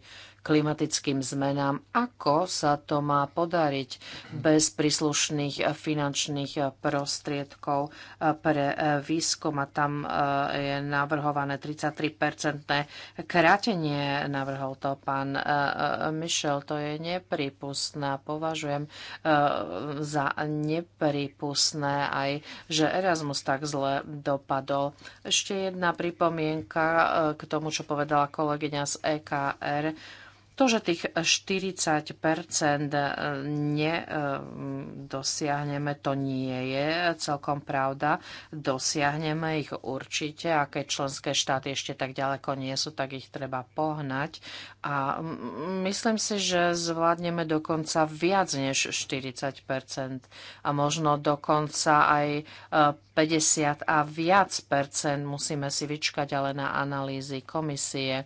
B: klimatickým zmenám. Ako sa to má podariť bez príslušných finančných prostriedkov pre výskum a tam e, je navrhované 33-percentné krátenie navrhol to pán e, e, Michel. To je nepripustné. Považujem za nepripustné aj, že Erasmus tak zle dopadol. Ešte jedna pripomienka k tomu, čo povedala kolegyňa z EKR. To, že tých 40 e, nedosiahneme, to nie je celkom pravda. Dosiahneme ich určite a keď členské štáty ešte tak ďaleko nie sú, tak ich treba pohnať. A myslím si, že zvládneme dokonca viac než 40 a možno dokonca aj 50 e, a viac percent. Musíme si vyčkať ale na analýzy komisie. E,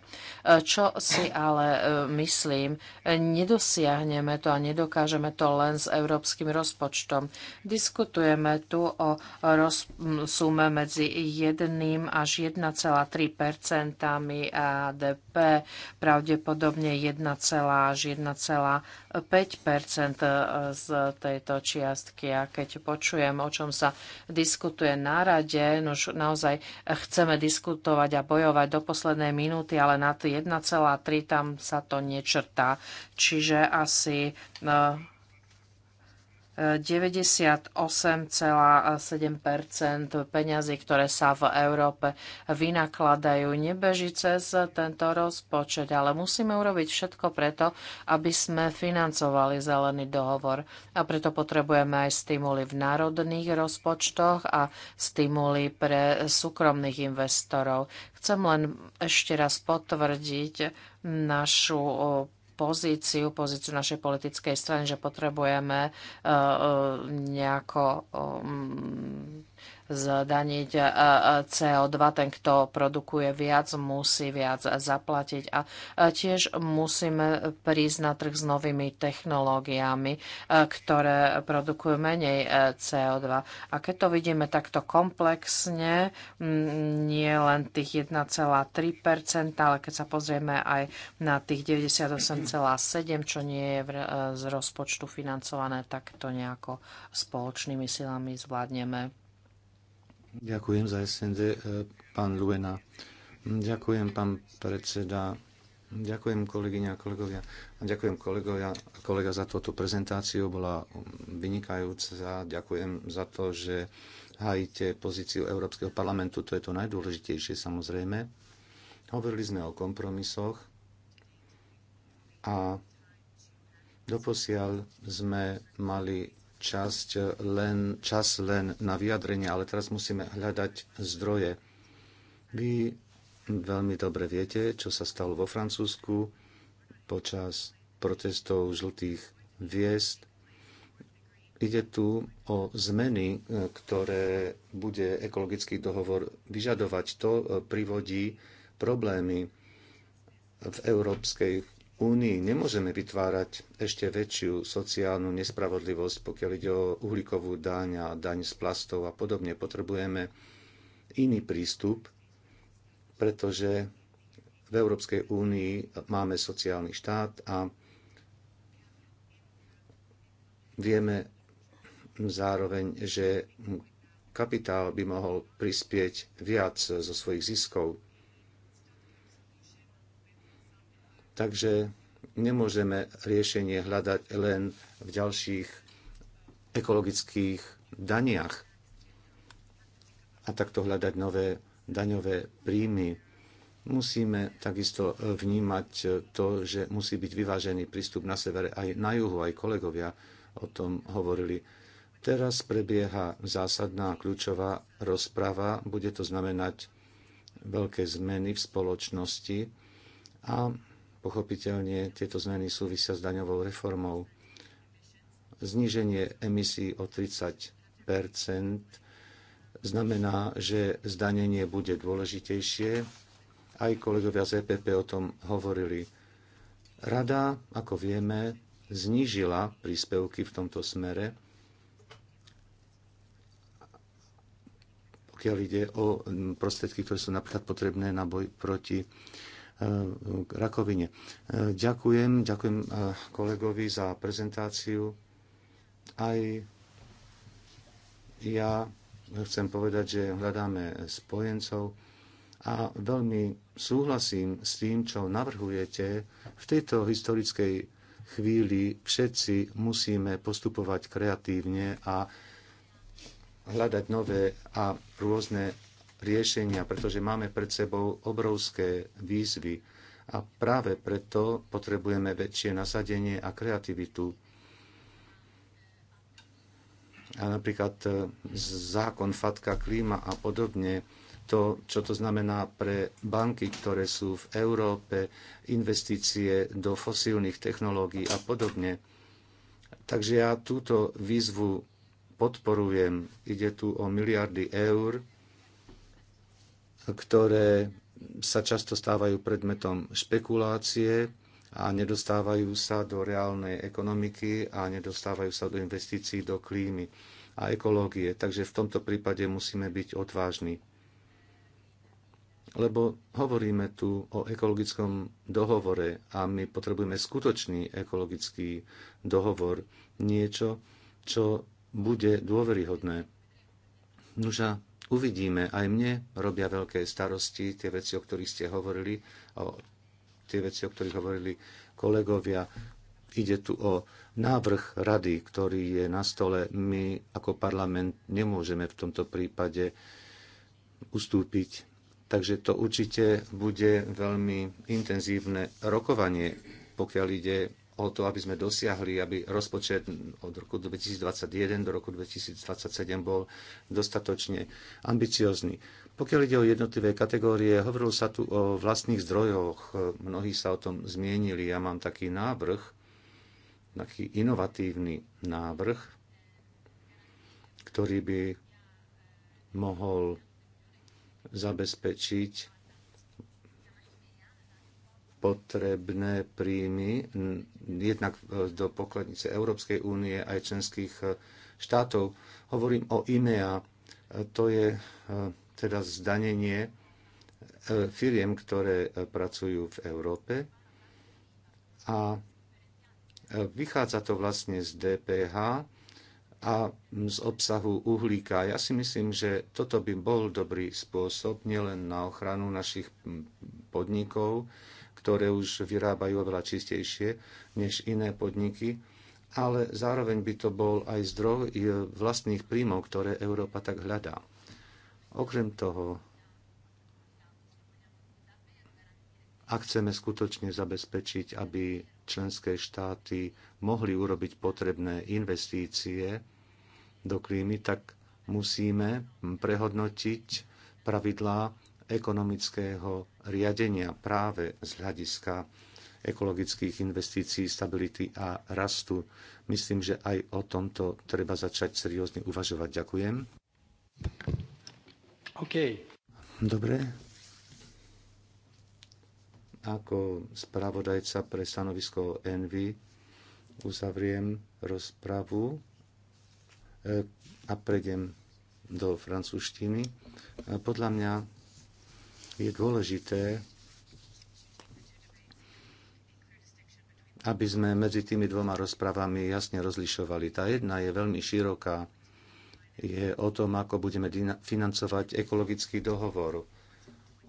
B: čo si ale my myslím, nedosiahneme to a nedokážeme to len s európskym rozpočtom. Diskutujeme tu o roz, sume medzi 1 až 1,3 ADP, pravdepodobne 1, až 1,5 z tejto čiastky. A keď počujem, o čom sa diskutuje na rade, no už naozaj chceme diskutovať a bojovať do poslednej minúty, ale na 1,3 tam sa to nečrtá. Čiže asi 98,7 e, peňazí, ktoré sa v Európe vynakladajú, nebeží cez tento rozpočet, ale musíme urobiť všetko preto, aby sme financovali zelený dohovor. A preto potrebujeme aj stimuly v národných rozpočtoch a stimuly pre súkromných investorov. Chcem len ešte raz potvrdiť, našu pozíciu, pozíciu našej politickej strany, že potrebujeme e, e, nejako zdaniť CO2. Ten, kto produkuje viac, musí viac zaplatiť. A tiež musíme prísť na trh s novými technológiami, ktoré produkujú menej e, CO2. A keď to vidíme takto komplexne, nie len tých 1,3%, ale keď sa pozrieme aj na tých 98,7%, čo nie je e, z rozpočtu financované, tak to nejako spoločnými silami zvládneme.
C: Ďakujem za SND, e, pán Luena. Ďakujem, pán predseda. Ďakujem kolegyňa a kolegovia. A ďakujem kolegovia a kolega za túto prezentáciu, bola vynikajúca. Ďakujem za to, že hájite pozíciu Európskeho parlamentu, to je to najdôležitejšie samozrejme. Hovorili sme o kompromisoch a doposiaľ sme mali časť len, čas len na vyjadrenie, ale teraz musíme hľadať zdroje. Vy veľmi dobre viete, čo sa stalo vo Francúzsku počas protestov žltých hviezd. Ide tu o zmeny, ktoré bude ekologický dohovor vyžadovať. To privodí problémy v Európskej únii nemôžeme vytvárať ešte väčšiu sociálnu nespravodlivosť, pokiaľ ide o uhlíkovú daň a daň z plastov a podobne. Potrebujeme iný prístup, pretože v Európskej únii máme sociálny štát a vieme zároveň, že kapitál by mohol prispieť viac zo svojich ziskov Takže nemôžeme riešenie hľadať len v ďalších ekologických daniach a takto hľadať nové daňové príjmy. Musíme takisto vnímať to, že musí byť vyvážený prístup na severe aj na juhu, aj kolegovia o tom hovorili. Teraz prebieha zásadná kľúčová rozprava, bude to znamenať veľké zmeny v spoločnosti a Pochopiteľne tieto zmeny súvisia s daňovou reformou. Zníženie emisí o 30 znamená, že zdanenie bude dôležitejšie. Aj kolegovia z EPP o tom hovorili. Rada, ako vieme, znížila príspevky v tomto smere, pokiaľ ide o prostriedky, ktoré sú napríklad potrebné na boj proti rakovine. Ďakujem, ďakujem eh, kolegovi za prezentáciu. Aj ja chcem povedať, že hľadáme spojencov a veľmi súhlasím s tým, čo navrhujete. V tejto historickej chvíli všetci musíme postupovať kreatívne a hľadať nové a rôzne riešenia, pretože máme pred sebou obrovské výzvy a práve preto potrebujeme väčšie nasadenie a kreativitu. A napríklad e, zákon FATKA, klíma a podobne, to, čo to znamená pre banky, ktoré sú v Európe, investície do fosílnych technológií a podobne. Takže ja túto výzvu podporujem. Ide tu o miliardy eur, ktoré sa často stávajú predmetom špekulácie a nedostávajú sa do reálnej ekonomiky a nedostávajú sa do investícií do klímy a ekológie. Takže v tomto prípade musíme byť odvážni. Lebo hovoríme tu o ekologickom dohovore a my potrebujeme skutočný ekologický dohovor, niečo, čo bude dôveryhodné. Nuža, Uvidíme, aj mne robia veľké starosti tie veci, o ktorých ste hovorili, o tie veci, o ktorých hovorili kolegovia. Ide tu o návrh rady, ktorý je na stole. My ako parlament nemôžeme v tomto prípade ustúpiť. Takže to určite bude veľmi intenzívne rokovanie, pokiaľ ide o to, aby sme dosiahli, aby rozpočet od roku 2021 do roku 2027 bol dostatočne ambiciozný. Pokiaľ ide o jednotlivé kategórie, hovorilo sa tu o vlastných zdrojoch, mnohí sa o tom zmienili. Ja mám taký návrh, taký inovatívny návrh, ktorý by mohol zabezpečiť potrebné príjmy jednak e, do pokladnice Európskej únie aj členských e, štátov. Hovorím o IMEA, e, to je teda zdanenie firiem, ktoré pracujú v Európe a vychádza to vlastne z DPH a z obsahu uhlíka. Ja si myslím, že toto by bol dobrý spôsob nielen na ochranu našich podnikov, ktoré už vyrábajú oveľa čistejšie než iné podniky, ale zároveň by to bol aj zdroj vlastných príjmov, ktoré Európa tak hľadá. Okrem toho, ak chceme skutočne zabezpečiť, aby členské štáty mohli urobiť potrebné investície do klímy, tak musíme prehodnotiť pravidlá ekonomického riadenia práve z hľadiska ekologických investícií, stability a rastu. Myslím, že aj o tomto treba začať seriózne uvažovať. Ďakujem. OK. Dobre. Ako spravodajca pre stanovisko Envy uzavriem rozpravu e, a prejdem do francúzštiny. E, podľa mňa je dôležité, aby sme medzi tými dvoma rozprávami jasne rozlišovali. Tá jedna je veľmi široká, je o tom, ako budeme financovať ekologický dohovor.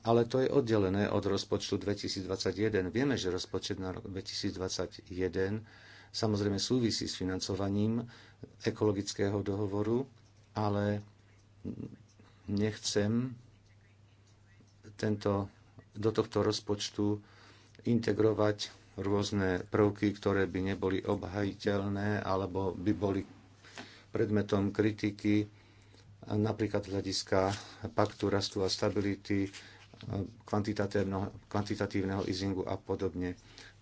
C: Ale to je oddelené od rozpočtu 2021. Vieme, že rozpočet na rok 2021 samozrejme súvisí s financovaním ekologického dohovoru, ale nechcem tento, do tohto rozpočtu integrovať rôzne prvky, ktoré by neboli obhajiteľné alebo by boli predmetom kritiky, napríklad hľadiska paktu rastu a stability, kvantitatívneho, kvantitatívneho easingu a podobne.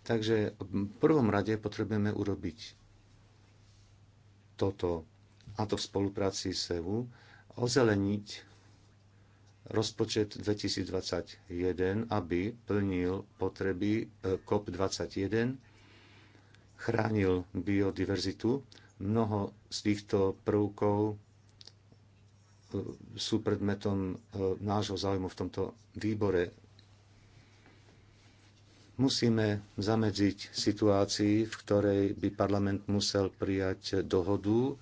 C: Takže v prvom rade potrebujeme urobiť toto, a to v spolupráci s EU, ozeleniť rozpočet 2021, aby plnil potreby COP21, e, chránil biodiverzitu. Mnoho z týchto prvkov e, sú predmetom e, nášho záujmu v tomto výbore. Musíme zamedziť situácii, v ktorej by parlament musel prijať dohodu,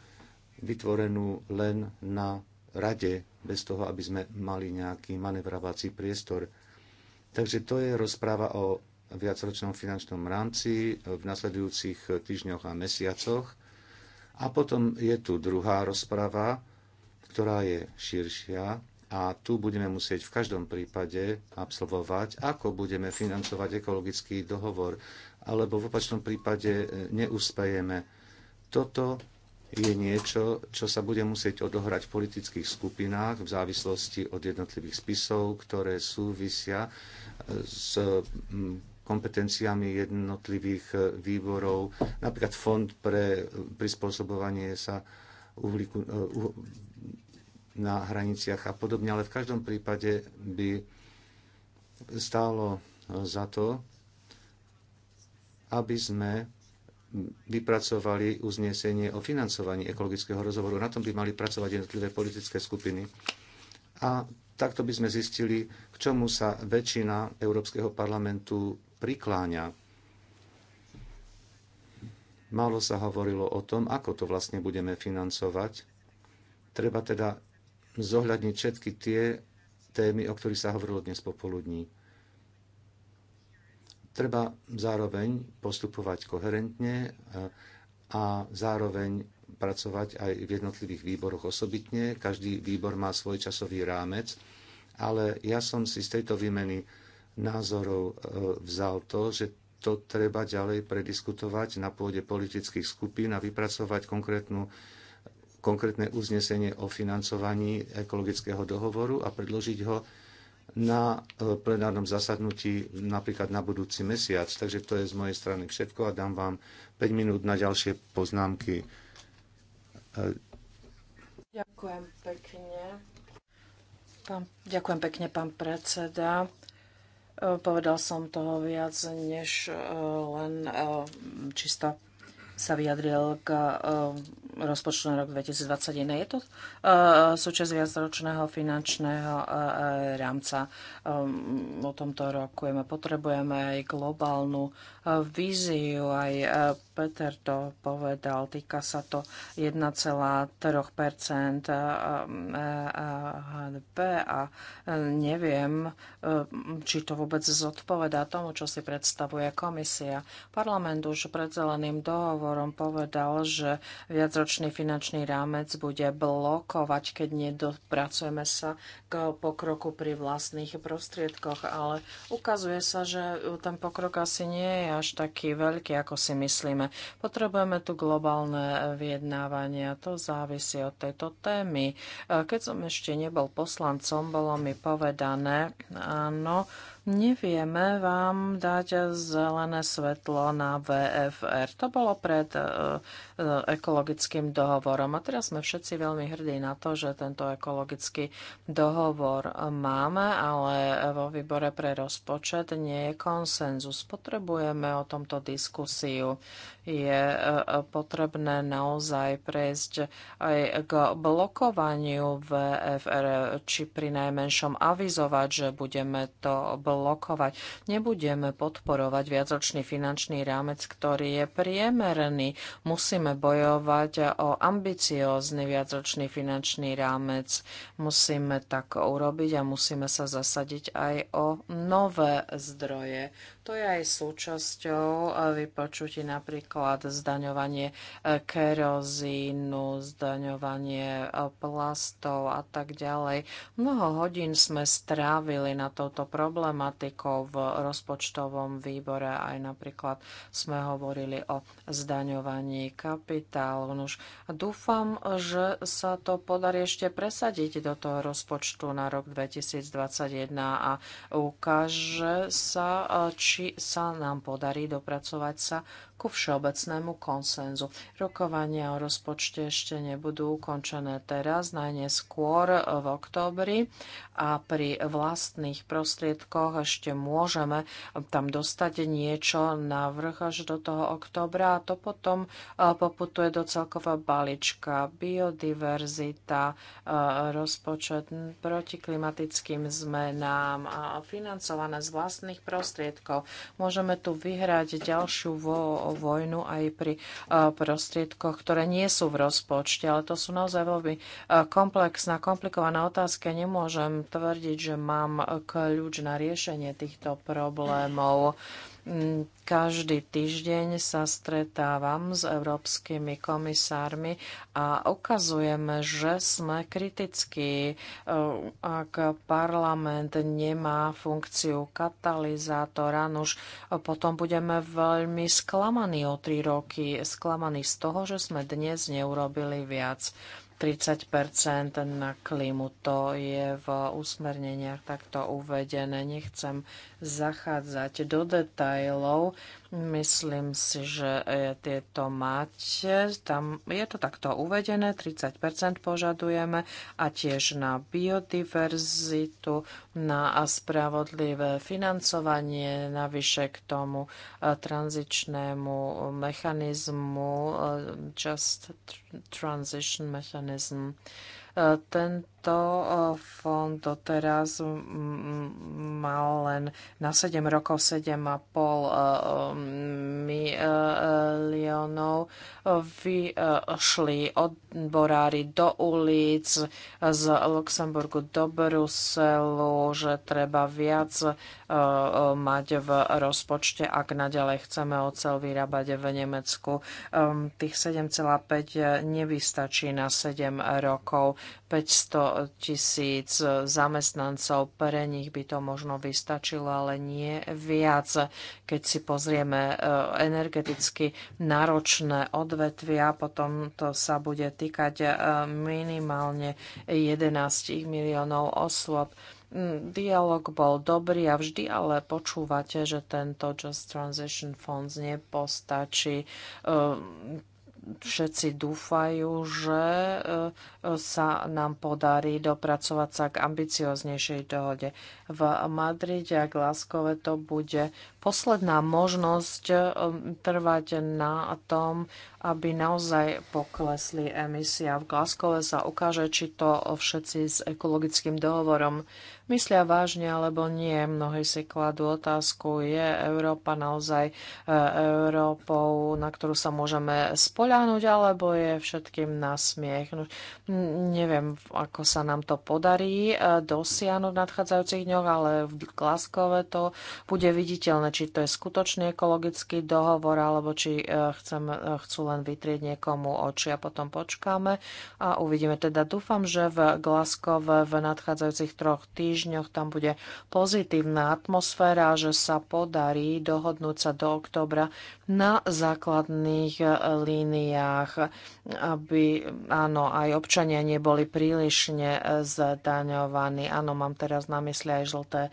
C: vytvorenú len na rade, bez toho, aby sme mali nejaký manevrovací priestor. Takže to je rozpráva o viacročnom finančnom rámci v nasledujúcich týždňoch a mesiacoch. A potom je tu druhá rozprava, ktorá je širšia a tu budeme musieť v každom prípade absolvovať, ako budeme financovať ekologický dohovor, alebo v opačnom prípade e, neúspejeme. Toto je niečo, čo sa bude musieť odohrať v politických skupinách v závislosti od jednotlivých spisov, ktoré súvisia eh, s mm, kompetenciami jednotlivých eh, výborov. Napríklad Fond pre eh, prispôsobovanie sa uhlíku, na hraniciach a podobne, ale v každom prípade by stálo za to, aby sme vypracovali uznesenie o financovaní ekologického rozhovoru. Na tom by mali pracovať jednotlivé politické skupiny. A takto by sme zistili, k čomu sa väčšina Európskeho parlamentu prikláňa. Málo sa hovorilo o tom, ako to vlastne budeme financovať. Treba teda zohľadniť všetky tie témy, o ktorých sa hovorilo dnes popoludní. Treba zároveň postupovať koherentne a zároveň pracovať aj v jednotlivých výboroch osobitne. Každý výbor má svoj časový rámec, ale ja som si z tejto výmeny názorov e, vzal to, že to treba ďalej prediskutovať na pôde politických skupín a vypracovať konkrétnu, konkrétne uznesenie o financovaní ekologického dohovoru a predložiť ho na e, plenárnom zasadnutí napríklad na budúci mesiac. Takže to je z mojej strany všetko a dám vám 5 minút na ďalšie poznámky. E,
B: ďakujem pekne. Pán, ďakujem pekne, pán predseda. E, povedal som toho viac než len čisto sa vyjadril k eh, rozpočtu na rok 2021. Je to eh, súčasť viacročného finančného eh, rámca. Ehm, o tomto roku potrebujeme aj globálnu víziu. Aj eh, Peter to povedal. Týka sa to 1,3 eh, eh, HDP a neviem, či to vôbec zodpovedá tomu, čo si predstavuje komisia. Parlament už pred zeleným dohovorom povedal, že viacročný finančný rámec bude blokovať, keď nedopracujeme sa k pokroku pri vlastných prostriedkoch, ale ukazuje sa, že ten pokrok asi nie je až taký veľký, ako si myslíme. Potrebujeme tu globálne vyjednávania. To závisí od tejto témy. E, keď som ešte nebol poslancom, bolo mi povedané, áno, nevieme vám dať zelené svetlo na VFR. To bolo pred e, e, ekologickým dohovorom. A teraz sme všetci veľmi hrdí na to, že tento ekologický dohovor máme, ale vo výbore pre rozpočet nie je konsenzus. Potrebujeme o tomto diskusiu je e, potrebné naozaj prejsť aj k blokovaniu VFR, či pri najmenšom avizovať, že budeme to blokovať. Nebudeme podporovať viacročný finančný rámec, ktorý je priemerný. Musíme bojovať o ambiciózny viacročný finančný rámec. Musíme tak urobiť a musíme sa zasadiť aj o nové zdroje to je aj súčasťou eh, vypočutí napríklad zdaňovanie eh, kerozínu, zdaňovanie eh, plastov a tak ďalej. Mnoho hodín sme strávili na touto problematikou v rozpočtovom výbore. Aj napríklad sme hovorili o zdaňovaní kapitálu. Nož dúfam, že sa to podarí ešte presadiť do toho rozpočtu na rok 2021 a ukáže sa, či či sa nám podarí dopracovať sa ku všeobecnému konsenzu. Rokovania o rozpočte ešte nebudú ukončené teraz, najneskôr v októbri a pri vlastných prostriedkoch ešte môžeme tam dostať niečo na vrch až do toho októbra a to potom e, poputuje do celkového balíčka biodiverzita, e, rozpočet proti klimatickým zmenám a financované z vlastných prostriedkov. Môžeme tu vyhrať ďalšiu vo- vojnu aj pri prostriedkoch, ktoré nie sú v rozpočte, ale to sú naozaj veľmi komplexná, komplikovaná otázka. Nemôžem tvrdiť, že mám kľúč na riešenie týchto problémov. Každý týždeň sa stretávam s európskymi komisármi a ukazujeme, že sme kritickí. Eh, ak parlament nemá funkciu katalizátora, už potom budeme veľmi sklamaní o tri roky. Sklamaní z toho, že sme dnes neurobili viac. 30 na klímu. To je v usmerneniach takto uvedené. Nechcem zachádzať do detajlov. Myslím si, že e, tieto máte. Tam je to takto uvedené, 30 požadujeme a tiež na biodiverzitu, na spravodlivé financovanie, navyše k tomu e, tranzičnému mechanizmu, e, just transition mechanism. Tento e, fond doteraz mal len na 7 rokov 7,5 e, milióna regiónov vyšli e, odborári do ulic z Luxemburgu do Bruselu, že treba viac e, e, mať v rozpočte, ak naďalej chceme ocel vyrábať v Nemecku. Tých 7,5 nevystačí na 7 rokov. 500 tisíc zamestnancov, pre nich by to možno vystačilo, ale nie viac. Keď si pozrieme e, energeticky náročné odvetvia, potom to sa bude týkať e, minimálne 11 miliónov osôb. Mm, Dialóg bol dobrý a vždy ale počúvate, že tento Just Transition Funds nepostačí e, všetci dúfajú, že e, sa nám podarí dopracovať sa k ambicioznejšej dohode. V Madride a Glaskove to bude posledná možnosť e, trvať na tom, aby naozaj poklesli emisia. V Glaskove sa ukáže, či to všetci s ekologickým dohovorom myslia vážne alebo nie. Mnohí si kladú otázku, je Európa naozaj e, Európou, na ktorú sa môžeme spoľahnúť, alebo je všetkým na smiech. No, neviem, ako sa nám to podarí e, dosiahnuť v nadchádzajúcich dňoch, ale v Glaskove to bude viditeľné, či to je skutočný ekologický dohovor, alebo či e, chcem, chcú len vytrieť niekomu oči a potom počkáme a uvidíme. Teda dúfam, že v Glaskove v nadchádzajúcich troch týždňoch týždňoch tam bude pozitívna atmosféra, že sa podarí dohodnúť sa do oktobra na základných e, líniách, aby áno, aj občania neboli prílišne e, zdaňovaní. Áno, mám teraz na mysli aj žlté e,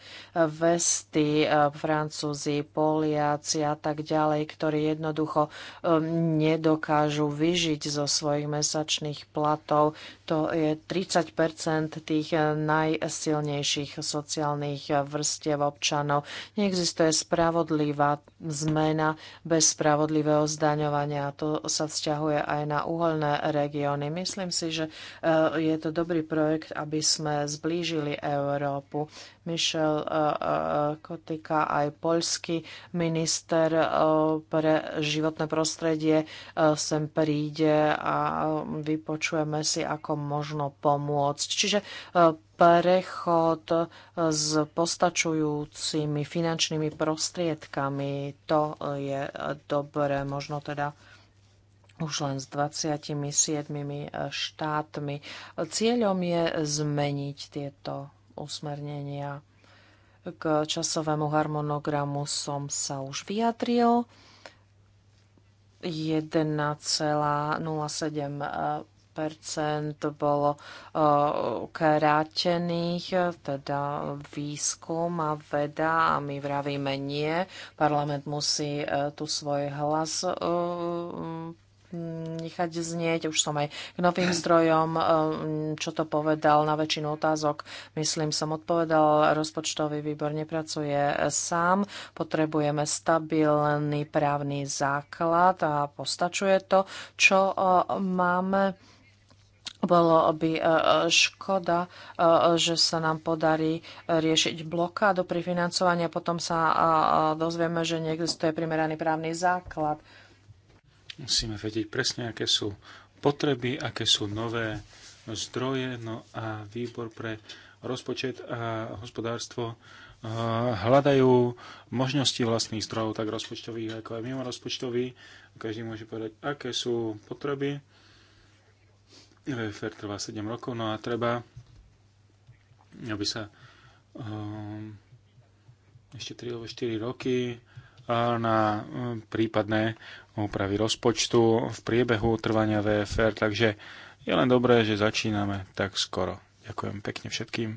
B: vesty, Francúzi, Poliaci a tak ďalej, ktorí jednoducho nedokážu vyžiť zo svojich mesačných platov. To je 30 tých najsilnejších najslabších sociálnych vrstiev občanov. Neexistuje spravodlivá zmena bez spravodlivého zdaňovania. To sa vzťahuje aj na uholné regióny. Myslím si, že eh, je to dobrý projekt, aby sme zblížili Európu. Michel eh, eh, Kotika, aj poľský minister pre životné prostredie sem príde a vypočujeme si, ako možno pomôcť. Čiže prechod e, s postačujúcimi finančnými prostriedkami. To je dobré. Možno teda už len s 27 e, štátmi. Cieľom je zmeniť tieto usmernenia. K časovému harmonogramu som sa už vyjadril. 1,07 percent bolo krátených, teda výskum a veda a my vravíme nie. Parlament musí e, tu svoj hlas e, nechať znieť. Už som aj k novým zdrojom, e, čo to povedal na väčšinu otázok, myslím, som odpovedal. Rozpočtový výbor nepracuje sám. Potrebujeme stabilný právny základ a postačuje to, čo máme bolo by e, e, škoda, e, že sa nám podarí riešiť blokádu pri financovaní a potom sa dozvieme, že neexistuje primeraný právny základ.
A: Musíme vedieť presne, aké sú potreby, aké sú nové zdroje, no a výbor pre rozpočet a hospodárstvo hľadajú možnosti vlastných zdrojov, tak rozpočtových ako aj mimo rozpočtových. Každý môže povedať, aké sú potreby refer trvá 7 rokov, no a treba, aby sa um, ešte 3 alebo 4 roky na um, prípadné úpravy rozpočtu v priebehu trvania VFR, takže je len dobré, že začíname tak skoro. Ďakujem pekne všetkým.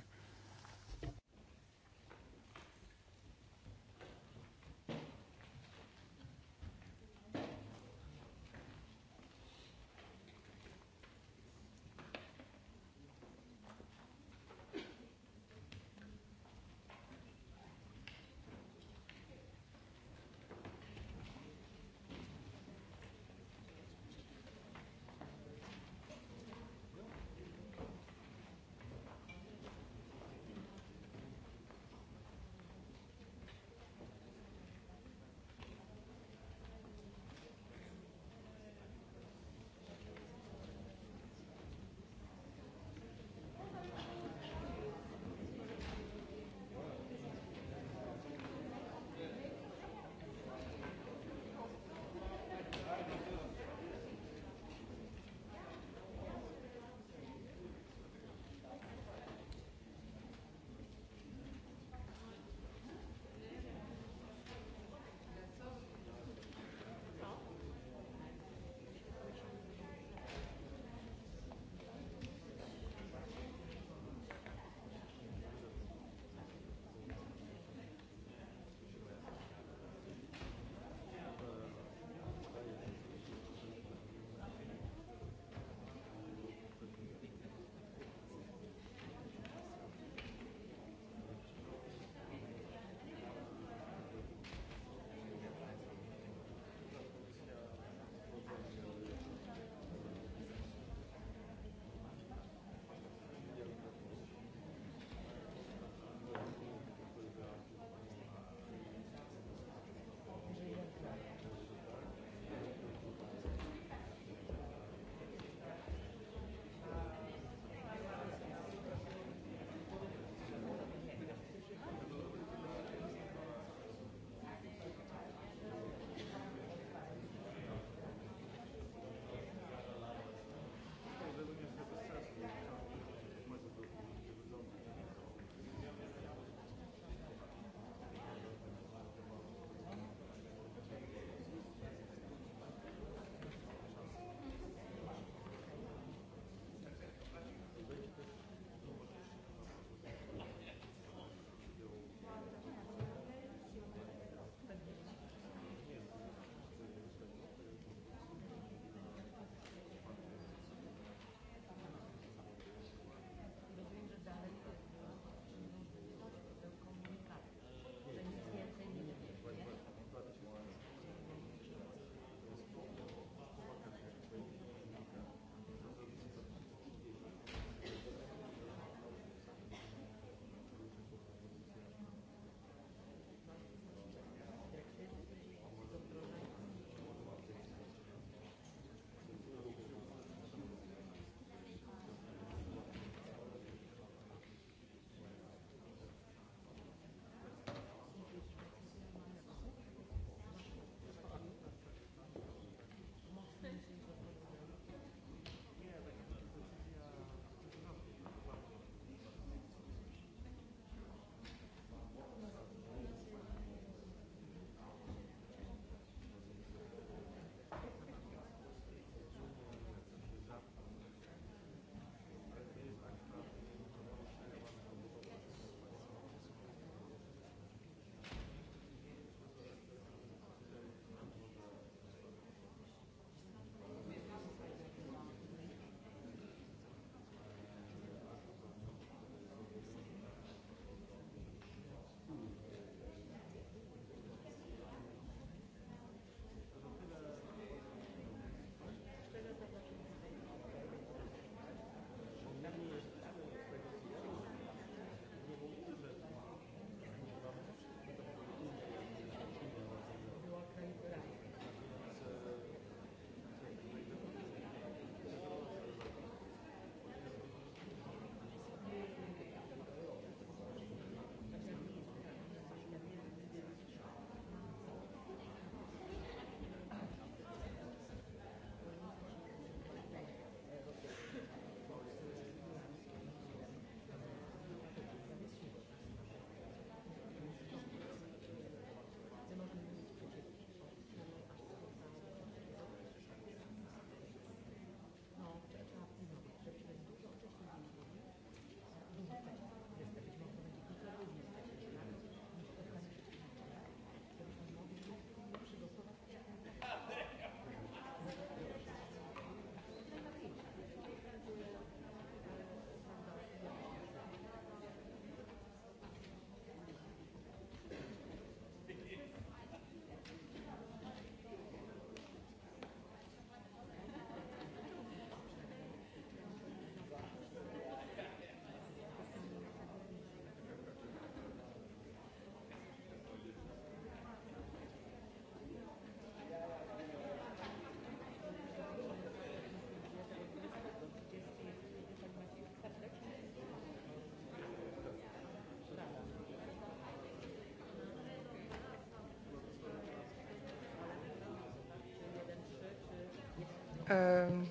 B: Um,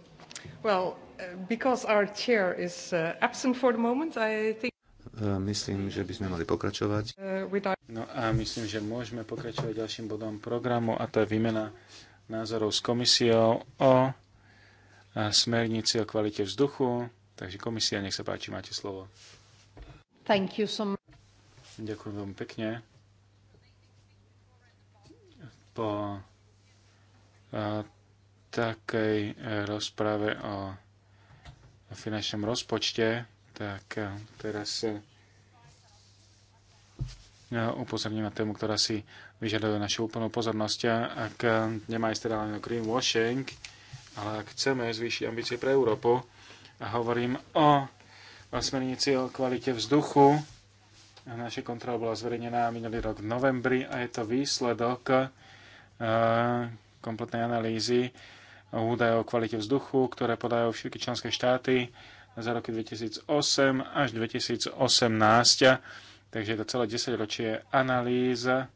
B: well, uh, because our chair is uh, absent for the moment, I think...
A: Uh, myslím, že by sme mali pokračovať. No a myslím, že môžeme pokračovať ďalším bodom programu a to je výmena názorov s komisiou o smernici o kvalite vzduchu. Takže komisia, nech sa páči, máte slovo.
B: Thank you so much.
A: Ďakujem veľmi pekne. Po takej e, rozprave o finančnom rozpočte, tak e, teraz e, upozorním na tému, ktorá si vyžaduje našu úplnú pozornosť. Ak nemá ísť teda len o greenwashing, ale ak chceme zvýšiť ambície pre Európu, a hovorím o, o smernici o kvalite vzduchu, naša kontrola bola zverejnená minulý rok v novembri a je to výsledok kompletnej analýzy údaje o kvalite vzduchu, ktoré podajú všetky členské štáty za roky 2008 až 2018. Takže je to celé 10 ročie analýza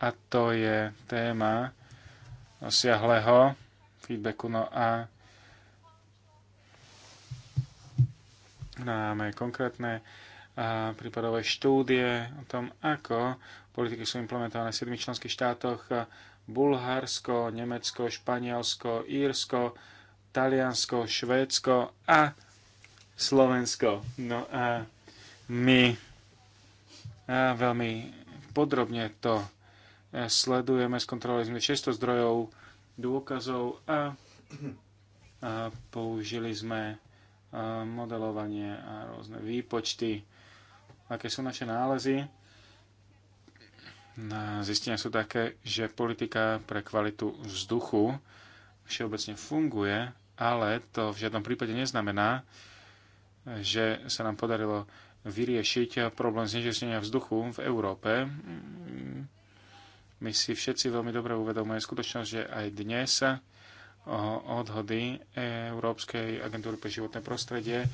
A: a to je téma siahleho feedbacku. No a máme konkrétne a prípadové štúdie o tom, ako politiky sú implementované v 7 členských štátoch Bulharsko, Nemecko, Španielsko, Írsko, Taliansko, Švédsko a Slovensko. No a my a veľmi podrobne to e, sledujeme, skontrolovali sme 600 zdrojov dôkazov a, a použili sme e, modelovanie a rôzne výpočty, aké sú naše nálezy Zistenia sú také, že politika pre kvalitu vzduchu všeobecne funguje, ale to v žiadnom prípade neznamená, že sa nám podarilo vyriešiť problém znečistenia vzduchu v Európe. My si všetci veľmi dobre uvedomujeme skutočnosť, že aj dnes odhody Európskej agentúry pre životné prostredie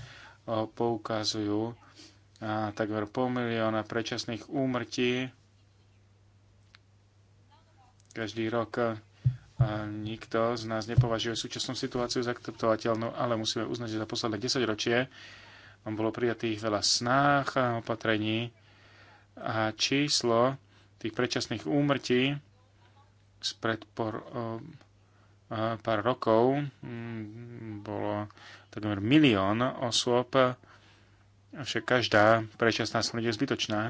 A: poukazujú takmer pol milióna predčasných úmrtí každý rok. nikto z nás nepovažuje súčasnú situáciu za akceptovateľnú, ale musíme uznať, že za posledné 10 ročie bolo prijatých veľa snách a opatrení a číslo tých predčasných úmrtí spred por, pár rokov mm, bolo takmer milión osôb, avšak každá predčasná smrť je zbytočná.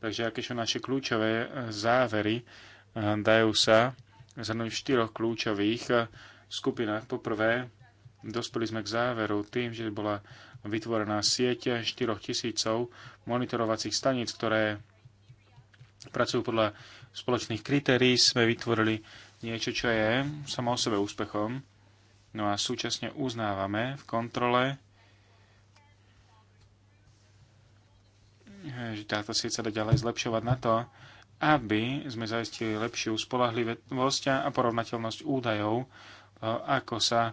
A: Takže aké sú naše kľúčové závery dajú sa zhrnúť v štyroch kľúčových eh, skupinách. Poprvé, dospeli sme k záveru tým, že bola vytvorená sieť 4 tisícov monitorovacích staníc, ktoré pracujú podľa spoločných kritérií. Sme vytvorili niečo, čo je samo o sebe úspechom. No a súčasne uznávame v kontrole, že táto sieť sa dá ďalej zlepšovať na to, aby sme zaistili lepšiu spolahlivosť a porovnateľnosť údajov, e, ako sa e,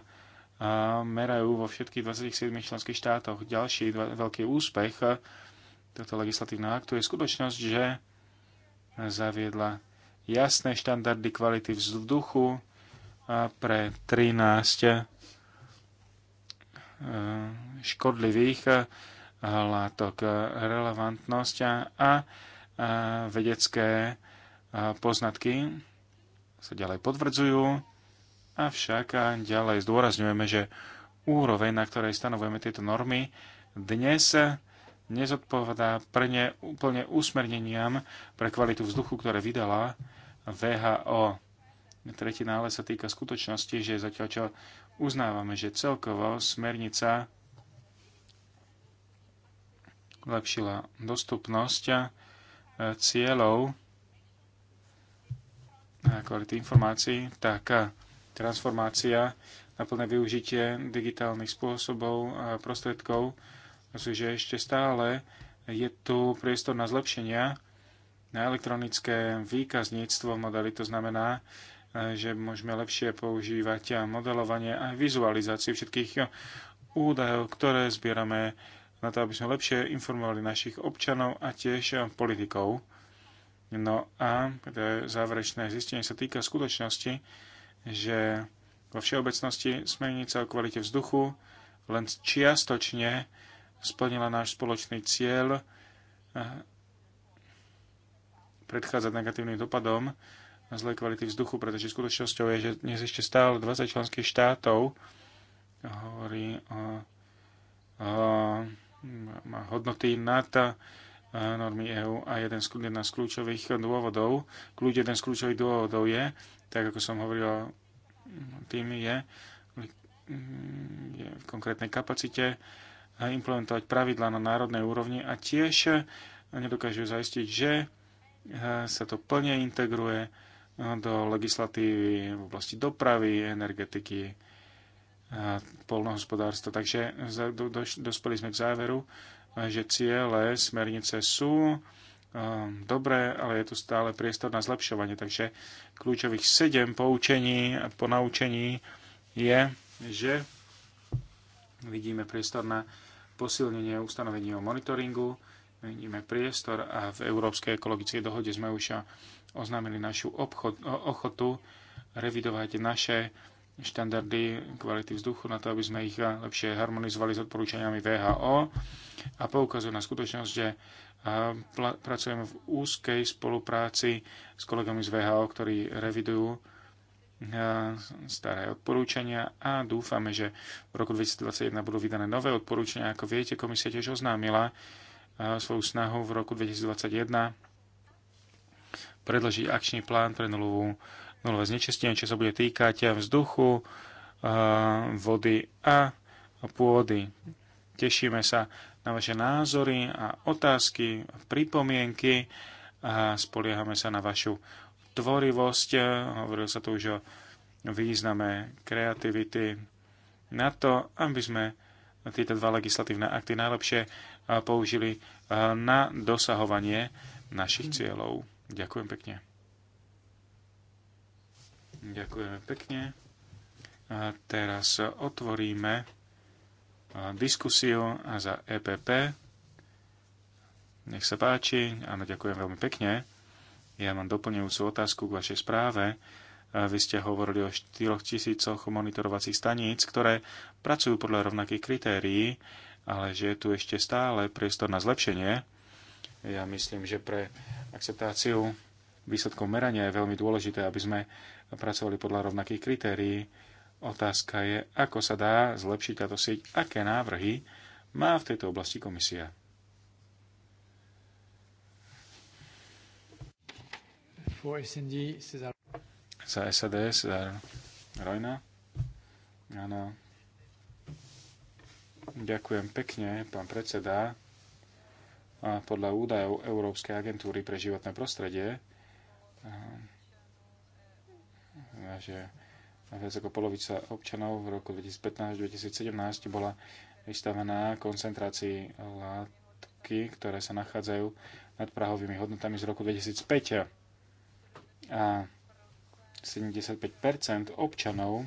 A: merajú vo všetkých 27 členských štátoch. Ďalší veľký úspech tohto legislatívneho aktu je skutočnosť, že zaviedla jasné štandardy kvality vzduchu e, pre 13 škodlivých látok relevantnosť a vedecké poznatky sa ďalej potvrdzujú, avšak ďalej zdôrazňujeme, že úroveň, na ktorej stanovujeme tieto normy, dnes nezodpovedá pre ne úplne usmerneniam pre kvalitu vzduchu, ktoré vydala VHO. Tretí nález sa týka skutočnosti, že zatiaľ čo uznávame, že celkovo smernica lepšila dostupnosť cieľov kvality informácií, tak transformácia na plné využitie digitálnych spôsobov a prostriedkov, že ešte stále je tu priestor na zlepšenia na elektronické výkazníctvo modely. To znamená, že môžeme lepšie používať modelovanie a vizualizáciu všetkých údajov, ktoré zbierame na to, aby sme lepšie informovali našich občanov a tiež eh, politikov. No a teda záverečné zistenie sa týka skutočnosti, že vo všeobecnosti smernica o kvalite vzduchu len čiastočne splnila náš spoločný cieľ eh, predchádzať negatívnym dopadom na zlej kvality vzduchu, pretože skutočnosťou je, že dnes ešte stále 20 členských štátov hovorí o, o má hodnoty nad eh, normy EÚ a jeden z, jedna z kľúčových dôvodov, kľúč jeden z kľúčových dôvodov je, tak ako som hovoril tým je, je v konkrétnej kapacite eh, implementovať pravidlá na národnej úrovni a tiež eh, nedokážu zaistiť, že sa to plne integruje do legislatívy v oblasti dopravy, energetiky, polnohospodárstva. Takže dospeli sme k záveru, že ciele smernice sú um, dobré, ale je tu stále priestor na zlepšovanie. Takže kľúčových sedem poučení a ponaučení je, že vidíme priestor na posilnenie ustanovení o monitoringu, vidíme priestor a v Európskej ekologickej dohode sme už oznámili našu obchod, ochotu revidovať naše štandardy kvality vzduchu na to, aby sme ich lepšie harmonizovali s odporúčaniami VHO a poukazuje na skutočnosť, že pracujeme v úzkej spolupráci s kolegami z VHO, ktorí revidujú staré odporúčania a dúfame, že v roku 2021 budú vydané nové odporúčania. Ako viete, komisia tiež oznámila svoju snahu v roku 2021 predložiť akčný plán pre nulovú nulové no, znečistenie, čo sa bude týkať vzduchu, eh, vody a pôdy. Tešíme sa na vaše názory a otázky, pripomienky a spoliehame sa na vašu tvorivosť. Hovorilo sa tu už o význame kreativity na to, aby sme tieto dva legislatívne akty najlepšie eh, použili eh, na dosahovanie našich cieľov. Ďakujem pekne. Ďakujeme pekne. A teraz otvoríme diskusiu za EPP. Nech sa páči. Áno, ďakujem veľmi pekne. Ja mám doplňujúcu otázku k vašej správe. Vy ste hovorili o 4 tisícoch monitorovacích staníc, ktoré pracujú podľa rovnakých kritérií, ale že je tu ešte stále priestor na zlepšenie. Ja myslím, že pre akceptáciu výsledkov merania je veľmi dôležité, aby sme pracovali podľa rovnakých kritérií. Otázka je, ako sa dá zlepšiť táto sieť, aké návrhy má v tejto oblasti komisia. Za SAD Cezar Rojna. Áno. Ďakujem pekne, pán predseda. A podľa údajov Európskej agentúry pre životné prostredie že viac ako polovica občanov v roku 2015-2017 bola vystavená koncentrácii látky, ktoré sa nachádzajú nad prahovými hodnotami z roku 2005. A 75 občanov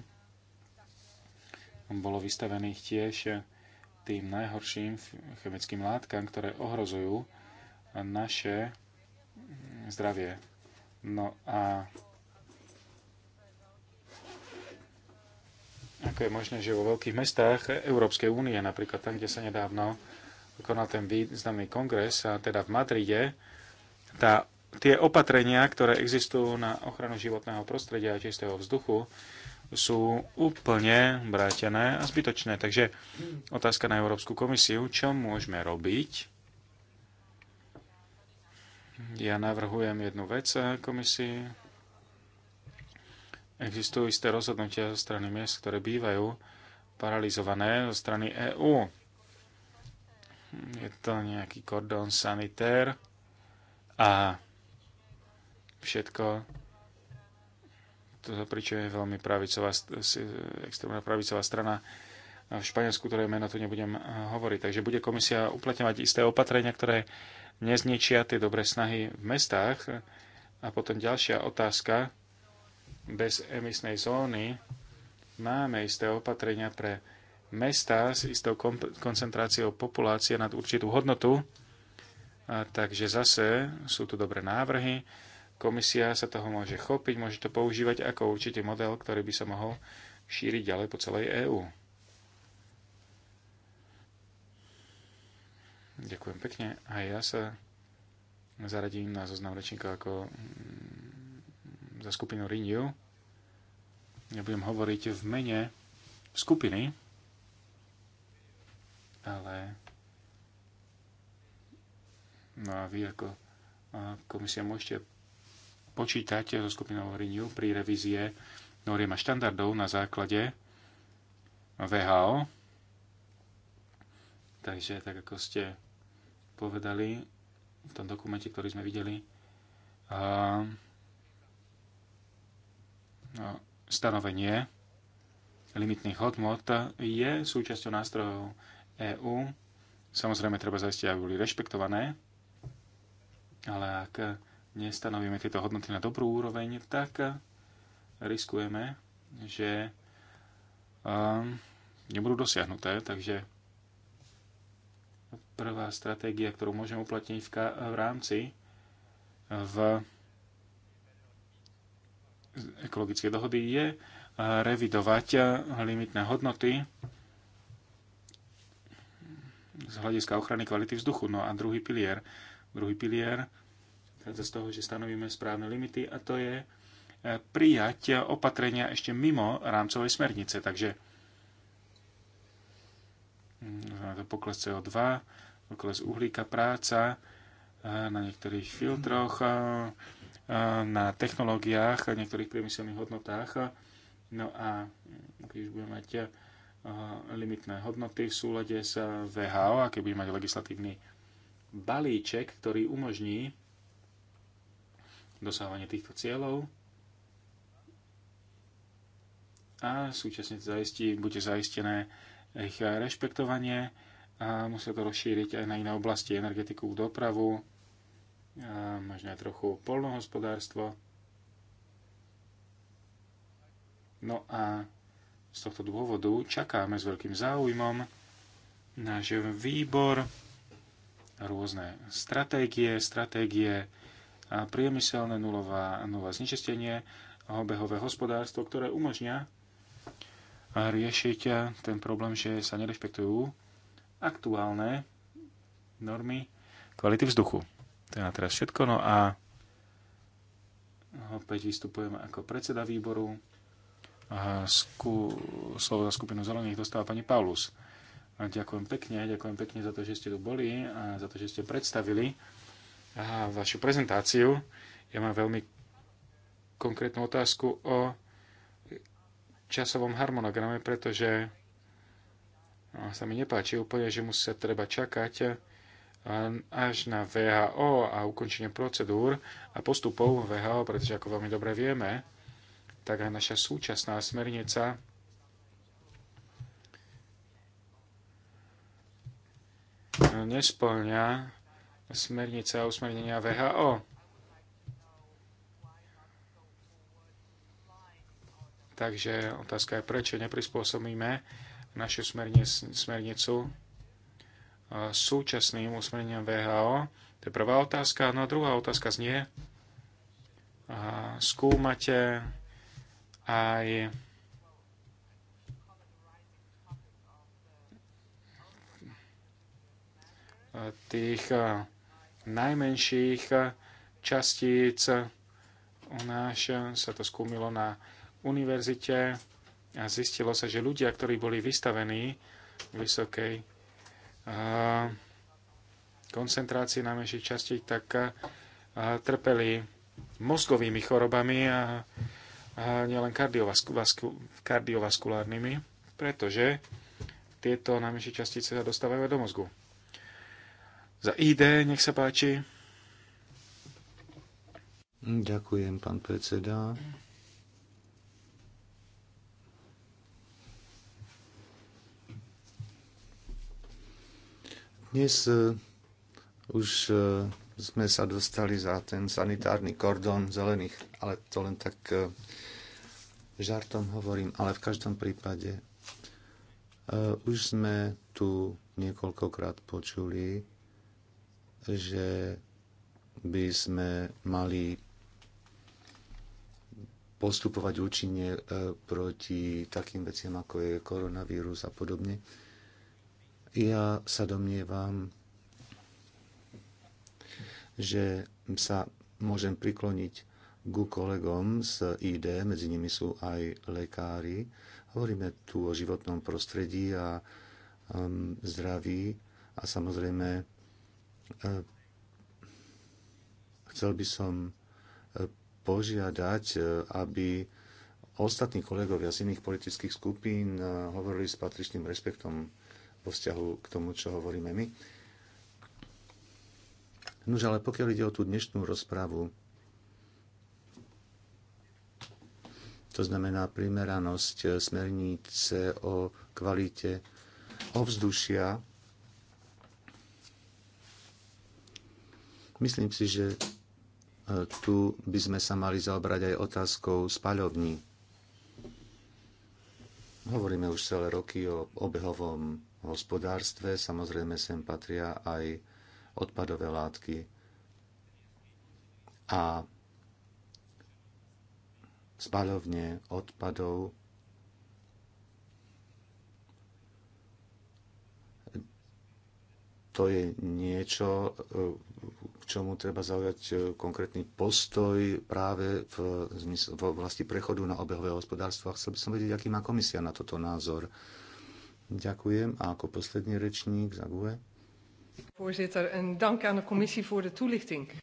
A: bolo vystavených tiež tým najhorším chemickým látkam, ktoré ohrozujú naše zdravie. No a ako je možné, že vo veľkých mestách Európskej únie, napríklad tam, kde sa nedávno konal ten významný kongres, a teda v Madride, tá, tie opatrenia, ktoré existujú na ochranu životného prostredia a čistého vzduchu, sú úplne vrátené a zbytočné. Takže otázka na Európsku komisiu, čo môžeme robiť, ja navrhujem jednu vec eh, komisii. Existujú isté rozhodnutia zo strany miest, ktoré bývajú paralizované zo strany EÚ. Je to nejaký kordón sanitér a všetko to zapričuje veľmi pravicová, extrémna pravicová strana v Španielsku, ktoré meno tu nebudem eh, hovoriť. Takže bude komisia uplatňovať isté opatrenia, ktoré nezničia tie dobré snahy v mestách. A potom ďalšia otázka. Bez emisnej zóny máme isté opatrenia pre mesta s istou koncentráciou populácie nad určitú hodnotu. A takže zase sú tu dobré návrhy. Komisia sa toho môže chopiť, môže to používať ako určite model, ktorý by sa mohol šíriť ďalej po celej EÚ. Ďakujem pekne. A ja sa zaradím na zoznam rečníka ako mm, za skupinu Renew. Ja budem hovoriť v mene skupiny, ale no a vy ako komisia môžete počítať so skupinou Renew pri revízie noriem a štandardov na základe VHO. Takže tak ako ste povedali v tom dokumente, ktorý sme videli, a, no, stanovenie limitných hodnot je súčasťou nástrojov EÚ. Samozrejme, treba zaistiť, aby boli rešpektované, ale ak nestanovíme tieto hodnoty na dobrú úroveň, tak riskujeme, že um, nebudú dosiahnuté. Takže prvá stratégia, ktorú môžem uplatniť v, v rámci v ekologické dohody je eh, revidovať eh, limitné hodnoty z hľadiska ochrany kvality vzduchu. No a druhý pilier, druhý pilier z toho, že stanovíme správne limity a to je eh, prijať opatrenia ešte mimo rámcovej smernice. Takže v mm, to pokles CO2, pokles uhlíka, práca na niektorých filtroch, na technológiách, niektorých priemyselných hodnotách. No a keď už budeme mať limitné hodnoty v súlade s VHO, keď budeme mať legislatívny balíček, ktorý umožní dosahovanie týchto cieľov a súčasne zaistí, bude zaistené ich rešpektovanie a musia to rozšíriť aj na iné oblasti, energetiku, dopravu, a možno aj trochu polnohospodárstvo. No a z tohto dôvodu čakáme s veľkým záujmom náš výbor, rôzne stratégie, stratégie priemyselné, nulová, nulové znečistenie, obehové hospodárstvo, ktoré umožňa riešiť ten problém, že sa nerešpektujú aktuálne normy kvality vzduchu. To je na teraz všetko. No a opäť vystupujem ako predseda výboru. A sku, slovo za skupinu zelených dostáva pani Paulus. A ďakujem pekne, ďakujem pekne za to, že ste tu boli a za to, že ste predstavili a vašu prezentáciu. Ja mám veľmi konkrétnu otázku o časovom harmonograme, pretože no, sa mi nepáči úplne, že musí sa treba čakať eh, až na VHO a ukončenie procedúr a postupov VHO, pretože ako veľmi dobre vieme, tak aj naša súčasná smernica nesplňa smernica a usmernenia VHO. Takže otázka je, prečo neprispôsobíme našu smernicu e, súčasným usmerneniam VHO. To je prvá otázka. No a druhá otázka znie, skúmate aj tých e, najmenších e, častíc u nás sa to skúmilo na univerzite a zistilo sa, že ľudia, ktorí boli vystavení vysokej koncentrácii na menších časti, tak trpeli mozgovými chorobami a, a nielen kardiovaskulárnymi, pretože tieto najmenšie častice sa dostávajú do mozgu. Za ID, nech sa páči.
C: Ďakujem, pán predseda. Dnes e, už e, sme sa dostali za ten sanitárny kordón zelených, ale to len tak e, žartom hovorím, ale v každom prípade už sme tu niekoľkokrát počuli, že by sme mali postupovať účinne proti takým veciam, ako je koronavírus a podobne. Ja sa domnievam, že sa môžem prikloniť ku kolegom z ID, medzi nimi sú aj lekári. Hovoríme tu o životnom prostredí a um, zdraví a samozrejme uh, chcel by som e, požiadať, e, aby ostatní kolegovia z iných politických skupín hovorili s patričným respektom vo vzťahu k tomu, čo hovoríme my. Nož ale pokiaľ ide o tú dnešnú rozpravu, to znamená primeranosť smernice o kvalite ovzdušia, myslím si, že e, tu by sme sa mali zaobrať aj otázkou spaľovní. Hovoríme už celé roky o obehovom v hospodárstve. Samozrejme sem patria aj odpadové látky. A spalovne odpadov to je niečo, k čomu treba zaujať konkrétny postoj práve v, v oblasti prechodu na obehové hospodárstvo. A chcel by som vedieť, aký má komisia na toto názor. Ďakujem a ako posledný rečník za GUE.
B: Voorzitter, en dank aan de commissie voor de toelichting.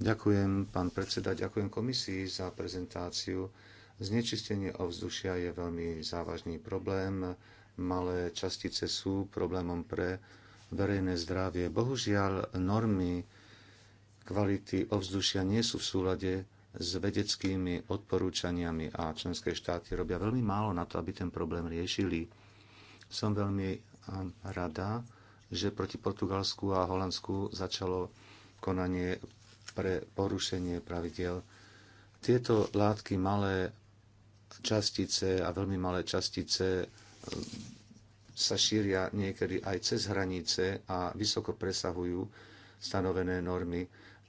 C: Ďakujem, pán predseda, ďakujem komisii za prezentáciu. Znečistenie ovzdušia je veľmi závažný problém. Malé častice sú problémom pre verejné zdravie. Bohužiaľ, normy kvality ovzdušia nie sú v súlade s vedeckými odporúčaniami a členské štáty robia veľmi málo na to, aby ten problém riešili som veľmi ehm, rada, že proti Portugalsku a Holandsku začalo konanie pre porušenie pravidel. Tieto látky, malé častice a veľmi malé častice ehm, sa šíria niekedy aj cez hranice a vysoko presahujú stanovené normy.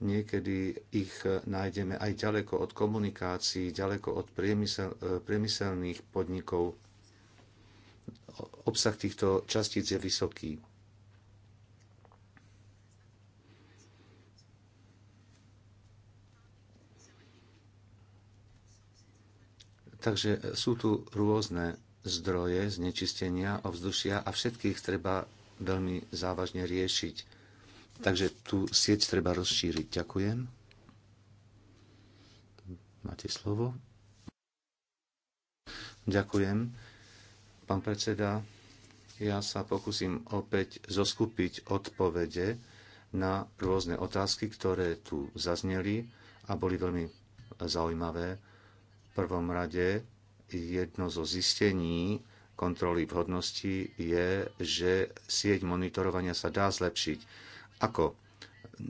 C: Niekedy ich nájdeme aj ďaleko od komunikácií, ďaleko od priemysel, ehm, priemyselných podnikov obsah týchto častíc je vysoký. Takže sú tu rôzne zdroje znečistenia ovzdušia a všetkých treba veľmi závažne riešiť. Takže tú sieť treba rozšíriť. Ďakujem. Máte slovo. Ďakujem. Pán predseda, ja sa pokúsim opäť zoskupiť odpovede na rôzne otázky, ktoré tu zazneli a boli veľmi zaujímavé. V prvom rade jedno zo zistení kontroly vhodnosti je, že sieť monitorovania sa dá zlepšiť. Ako?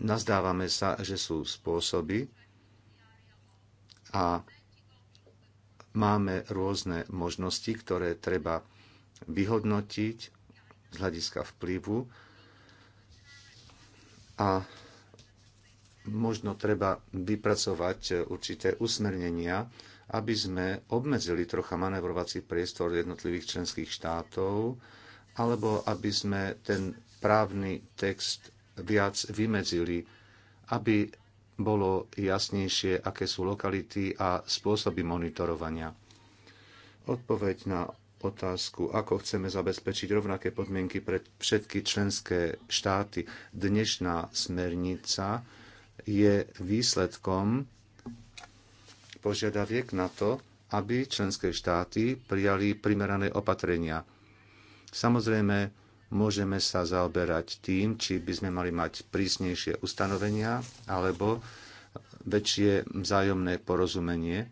C: Nazdávame sa, že sú spôsoby a Máme rôzne možnosti, ktoré treba vyhodnotiť z hľadiska vplyvu a možno treba vypracovať určité usmernenia, aby sme obmedzili trocha manevrovací priestor jednotlivých členských štátov, alebo aby sme ten právny text viac vymedzili, aby bolo jasnejšie, aké sú lokality a spôsoby monitorovania. Odpoveď na otázku, ako chceme zabezpečiť rovnaké podmienky pre všetky členské štáty. Dnešná smernica je výsledkom požiadaviek na to, aby členské štáty prijali primerané opatrenia. Samozrejme, môžeme sa zaoberať tým, či by sme mali mať prísnejšie ustanovenia alebo väčšie vzájomné porozumenie,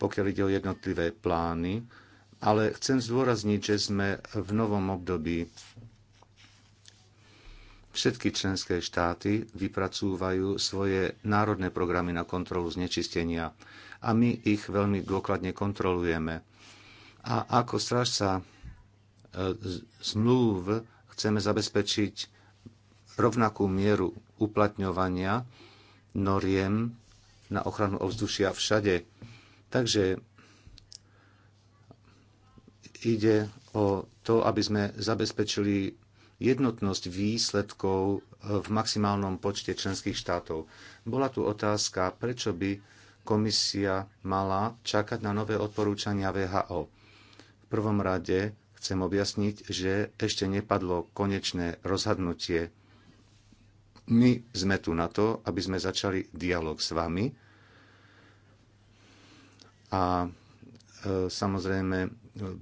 C: pokiaľ ide o jednotlivé plány. Ale chcem zdôrazniť, že sme v novom období. Všetky členské štáty vypracúvajú svoje národné programy na kontrolu znečistenia a my ich veľmi dôkladne kontrolujeme. A ako strážca E, zmluv chceme zabezpečiť rovnakú mieru uplatňovania noriem na ochranu ovzdušia všade. Takže ide o to, aby sme zabezpečili jednotnosť výsledkov v maximálnom počte členských štátov. Bola tu otázka, prečo by komisia mala čakať na nové odporúčania VHO. V prvom rade chcem objasniť, že ešte nepadlo konečné rozhodnutie. My sme tu na to, aby sme začali dialog s vami a e, samozrejme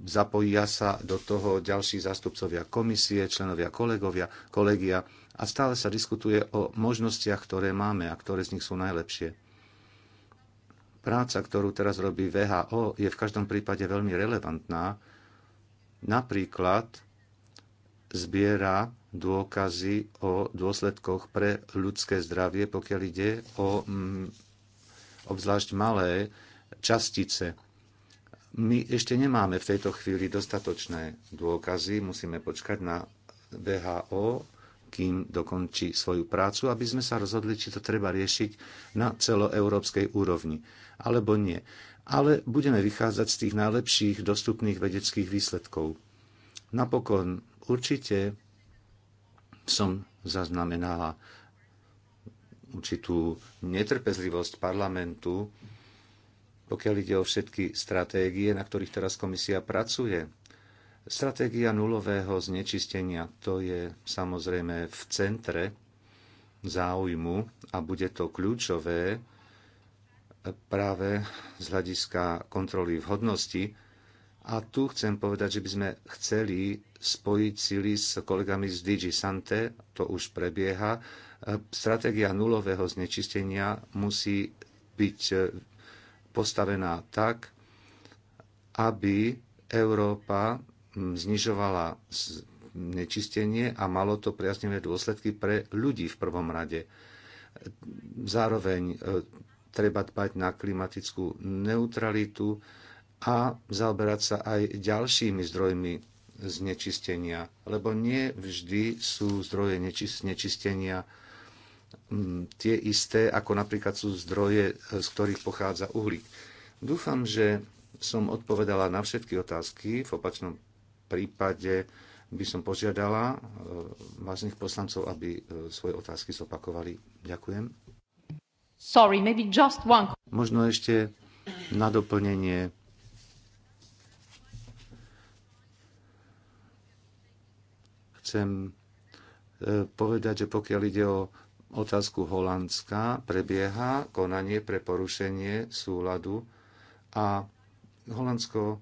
C: zapojia sa do toho ďalší zástupcovia komisie, členovia kolegovia, kolegia a stále sa diskutuje o možnostiach, ktoré máme a ktoré z nich sú najlepšie. Práca, ktorú teraz robí VHO, je v každom prípade veľmi relevantná Napríklad zbiera dôkazy o dôsledkoch pre ľudské zdravie, pokiaľ ide o mm, obzvlášť malé častice. My ešte nemáme v tejto chvíli dostatočné dôkazy, musíme počkať na VHO, kým dokončí svoju prácu, aby sme sa rozhodli, či to treba riešiť na celoeurópskej úrovni alebo nie ale budeme vychádzať z tých najlepších dostupných vedeckých výsledkov. Napokon určite som zaznamenala určitú netrpezlivosť parlamentu, pokiaľ ide o všetky stratégie, na ktorých teraz komisia pracuje. Stratégia nulového znečistenia to je samozrejme v centre záujmu a bude to kľúčové práve z hľadiska kontroly vhodnosti. A tu chcem povedať, že by sme chceli spojiť sily s kolegami z DG Sante, to už prebieha. Stratégia nulového znečistenia musí byť postavená tak, aby Európa znižovala nečistenie a malo to priaznivé dôsledky pre ľudí v prvom rade. Zároveň e, treba dbať na klimatickú neutralitu a zaoberať sa aj ďalšími zdrojmi znečistenia, lebo nie vždy sú zdroje znečistenia mm, tie isté, ako napríklad sú zdroje, z ktorých pochádza uhlík. Dúfam, že som odpovedala na všetky otázky. V opačnom prípade by som požiadala eh, vážnych poslancov, aby eh, svoje otázky zopakovali. Ďakujem.
B: Sorry, maybe just one.
C: Možno ešte na doplnenie. Chcem e, povedať, že pokiaľ ide o otázku Holandska, prebieha konanie pre porušenie súladu a Holandsko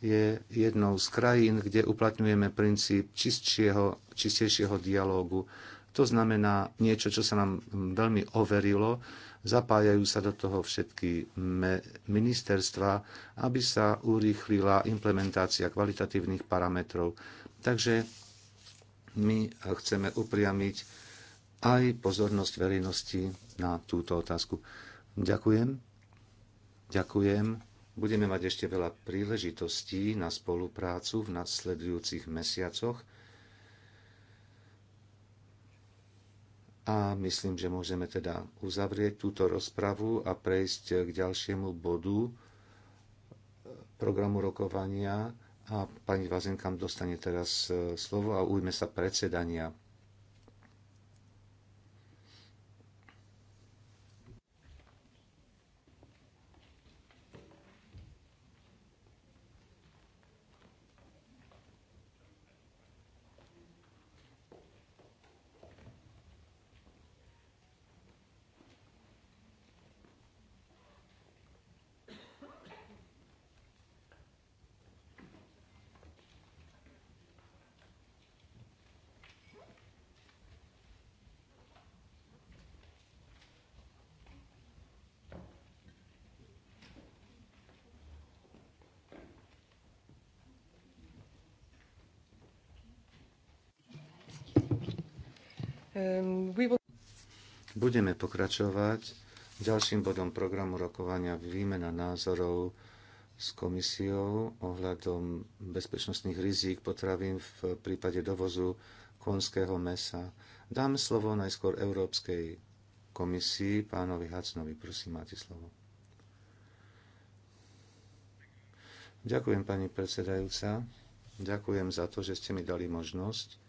C: je jednou z krajín, kde uplatňujeme princíp čistšieho, čistejšieho dialógu. To znamená niečo, čo sa nám veľmi overilo Zapájajú sa do toho všetky ministerstva, aby sa urýchlila implementácia kvalitatívnych parametrov. Takže my chceme upriamiť aj pozornosť verejnosti na túto otázku. Ďakujem. Ďakujem. Budeme mať ešte veľa príležitostí na spoluprácu v nasledujúcich mesiacoch. A myslím, že môžeme teda uzavrieť túto rozpravu a prejsť k ďalšiemu bodu e, programu rokovania. A pani Vazenkam dostane teraz e, slovo a ujme sa predsedania. Budeme pokračovať ďalším bodom programu rokovania výmena názorov s komisiou ohľadom bezpečnostných rizík potravín v prípade dovozu konského mesa. Dám slovo najskôr Európskej komisii, pánovi Hacnovi. Prosím, máte slovo. Ďakujem, pani predsedajúca. Ďakujem za to, že ste mi dali možnosť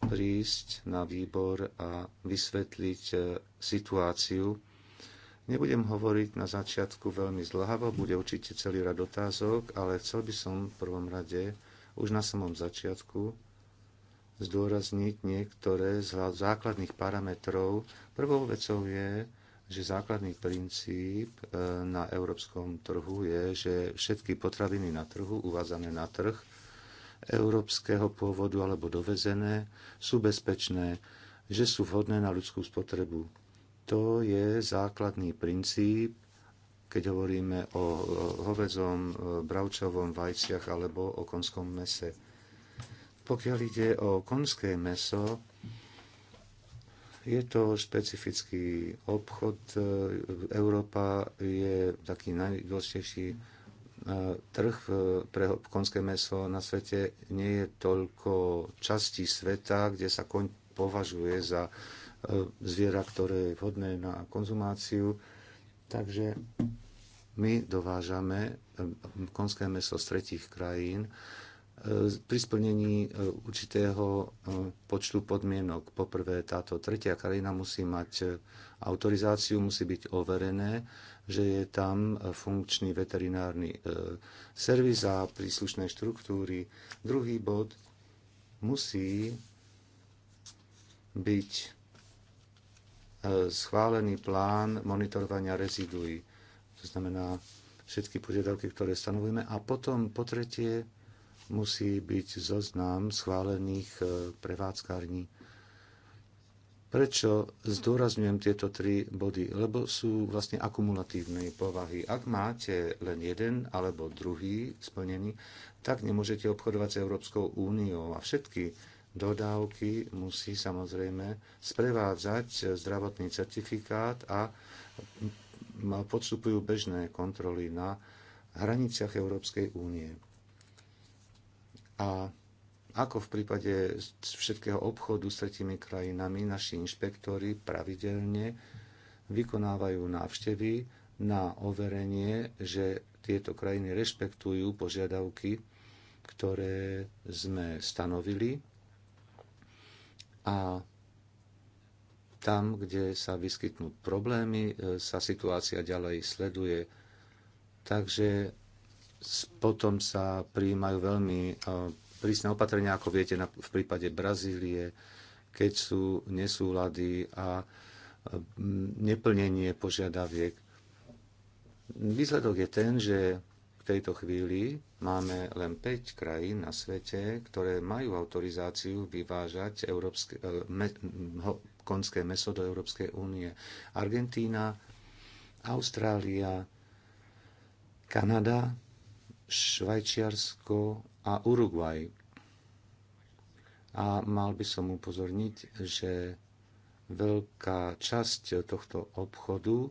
C: prísť na výbor a vysvetliť e, situáciu. Nebudem hovoriť na začiatku veľmi zdlhavo, bude určite celý rad otázok, ale chcel by som v prvom rade už na samom začiatku zdôrazniť niektoré z základných parametrov. Prvou vecou je, že základný princíp e, na európskom trhu je, že všetky potraviny na trhu, uvádzané na trh, európskeho pôvodu alebo dovezené, sú bezpečné, že sú vhodné na ľudskú spotrebu. To je základný princíp, keď hovoríme o hovedzom, e, bravčovom vajciach alebo o konskom mese. Pokiaľ ide o konské meso, je to špecifický obchod. E, Európa je taký najdôležitejší trh e, pre konské meso na svete nie je toľko častí sveta, kde sa koň považuje za e, zviera, ktoré je vhodné na konzumáciu. Takže my dovážame e, konské meso z tretich krajín pri splnení určitého počtu podmienok. Poprvé, táto tretia krajina musí mať autorizáciu, musí byť overené že je tam e, funkčný veterinárny e, servis a príslušné štruktúry. Druhý bod musí byť e, schválený plán monitorovania reziduí. To znamená všetky požiadavky, ktoré stanovujeme. A potom po tretie musí byť zoznam schválených prevádzkární Prečo zdôrazňujem tieto tri body? Lebo sú vlastne akumulatívnej povahy. Ak máte len jeden alebo druhý splnený, tak nemôžete obchodovať s Európskou úniou a všetky dodávky musí samozrejme sprevádzať zdravotný certifikát a podstupujú bežné kontroly na hraniciach Európskej únie. A ako v prípade všetkého obchodu s tretími krajinami, naši inšpektori pravidelne vykonávajú návštevy na overenie, že tieto krajiny rešpektujú požiadavky, ktoré sme stanovili a tam, kde sa vyskytnú problémy, e, sa situácia ďalej sleduje. Takže potom sa prijímajú veľmi e, prísne opatrenia, ako viete na, v prípade Brazílie, keď sú nesúlady a e, neplnenie požiadaviek. Výsledok je ten, že v tejto chvíli máme len 5 krajín na svete, ktoré majú autorizáciu vyvážať európske, e, me, konské meso do Európskej únie. Argentína, Austrália, Kanada, Švajčiarsko, a Uruguay. A mal by som upozorniť, že veľká časť tohto obchodu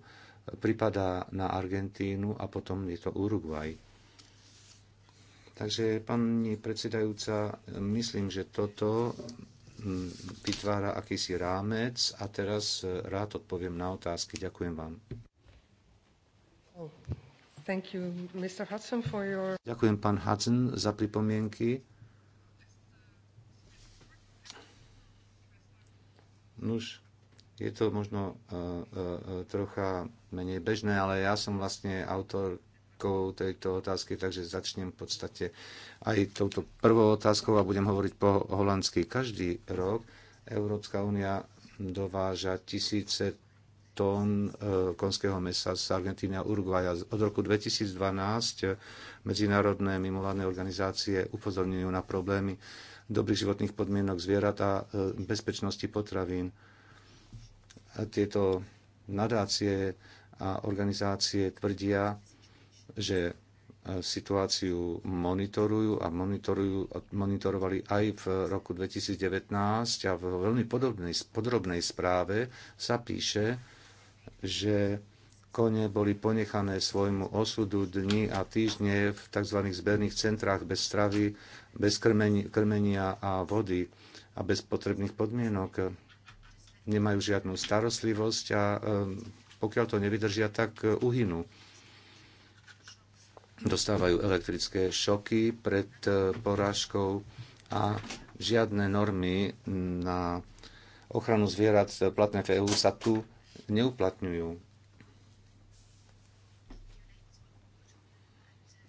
C: pripadá na Argentínu a potom je to Uruguay. Takže, pani predsedajúca, myslím, že toto mm, vytvára akýsi rámec a teraz rád odpoviem na otázky. Ďakujem vám. Oh. Ďakujem, pán Hudson, za pripomienky. Nuž, je to možno uh, uh, trocha menej bežné, ale ja som vlastne autorkou tejto otázky, takže začnem v podstate aj touto prvou otázkou a budem hovoriť po holandsky. Každý rok Európska únia dováža tisíce tón e, konského mesa z Argentíny a Uruguaja. Od roku 2012 medzinárodné mimovládne organizácie upozorňujú na problémy dobrých životných podmienok zvierat a e, bezpečnosti potravín. Tieto nadácie a organizácie tvrdia, že e, situáciu monitorujú a monitorujú, monitorovali aj v roku 2019 a v veľmi podrobnej správe sa píše, že kone boli ponechané svojmu osudu dni a týždne v tzv. zberných centrách bez stravy, bez krmenia a vody a bez potrebných podmienok. Nemajú žiadnu starostlivosť a e, pokiaľ to nevydržia, tak e, uhynú. Dostávajú elektrické šoky pred e, porážkou a žiadne normy na ochranu zvierat platné v EÚ sa tu neuplatňujú.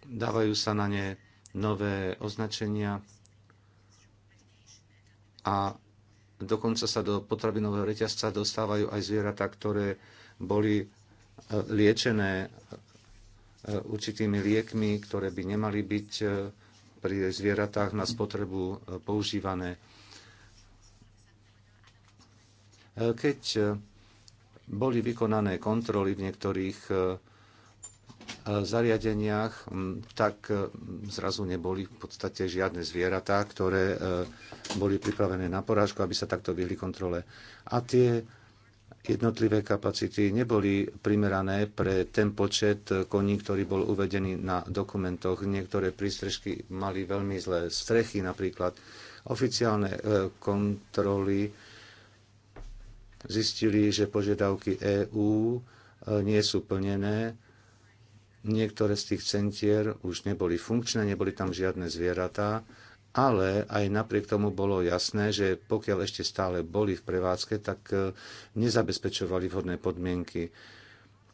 C: Dávajú sa na ne nové označenia a dokonca sa do potravinového reťazca dostávajú aj zvieratá, ktoré boli e, liečené e, určitými liekmi, ktoré by nemali byť e, pri zvieratách na spotrebu používané. Keď boli vykonané kontroly v niektorých e, e, zariadeniach, tak e, zrazu neboli v podstate žiadne zvieratá, ktoré boli pripravené na porážku, aby sa takto vyhli kontrole. A tie jednotlivé kapacity neboli primerané pre ten počet koní, ktorý bol uvedený na dokumentoch. Niektoré prístrežky mali veľmi zlé strechy napríklad. Oficiálne kontroly zistili, že požiadavky EÚ e, nie sú plnené. Niektoré z tých centier už neboli funkčné, neboli tam žiadne zvieratá, ale aj napriek tomu bolo jasné, že pokiaľ ešte stále boli v prevádzke, tak e, nezabezpečovali vhodné podmienky.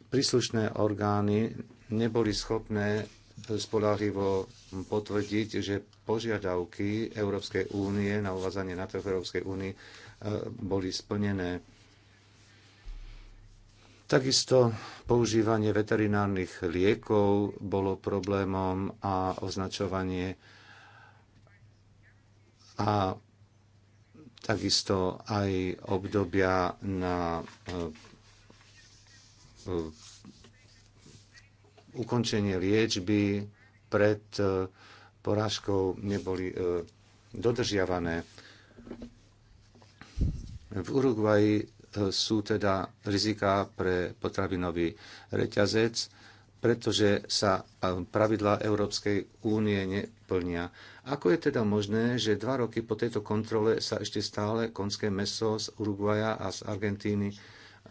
C: Príslušné orgány neboli schopné spolahlivo potvrdiť, že požiadavky Európskej únie na uvazanie na trh Európskej únie boli splnené. Takisto používanie veterinárnych liekov bolo problémom a označovanie a takisto aj obdobia na e, e, ukončenie liečby pred e, porážkou neboli dodržiavané. V Uruguaji sú teda riziká pre potravinový reťazec, pretože sa e, pravidlá Európskej únie neplnia. Ako je teda možné, že dva roky po tejto kontrole sa ešte stále konské meso z Uruguaja a z Argentíny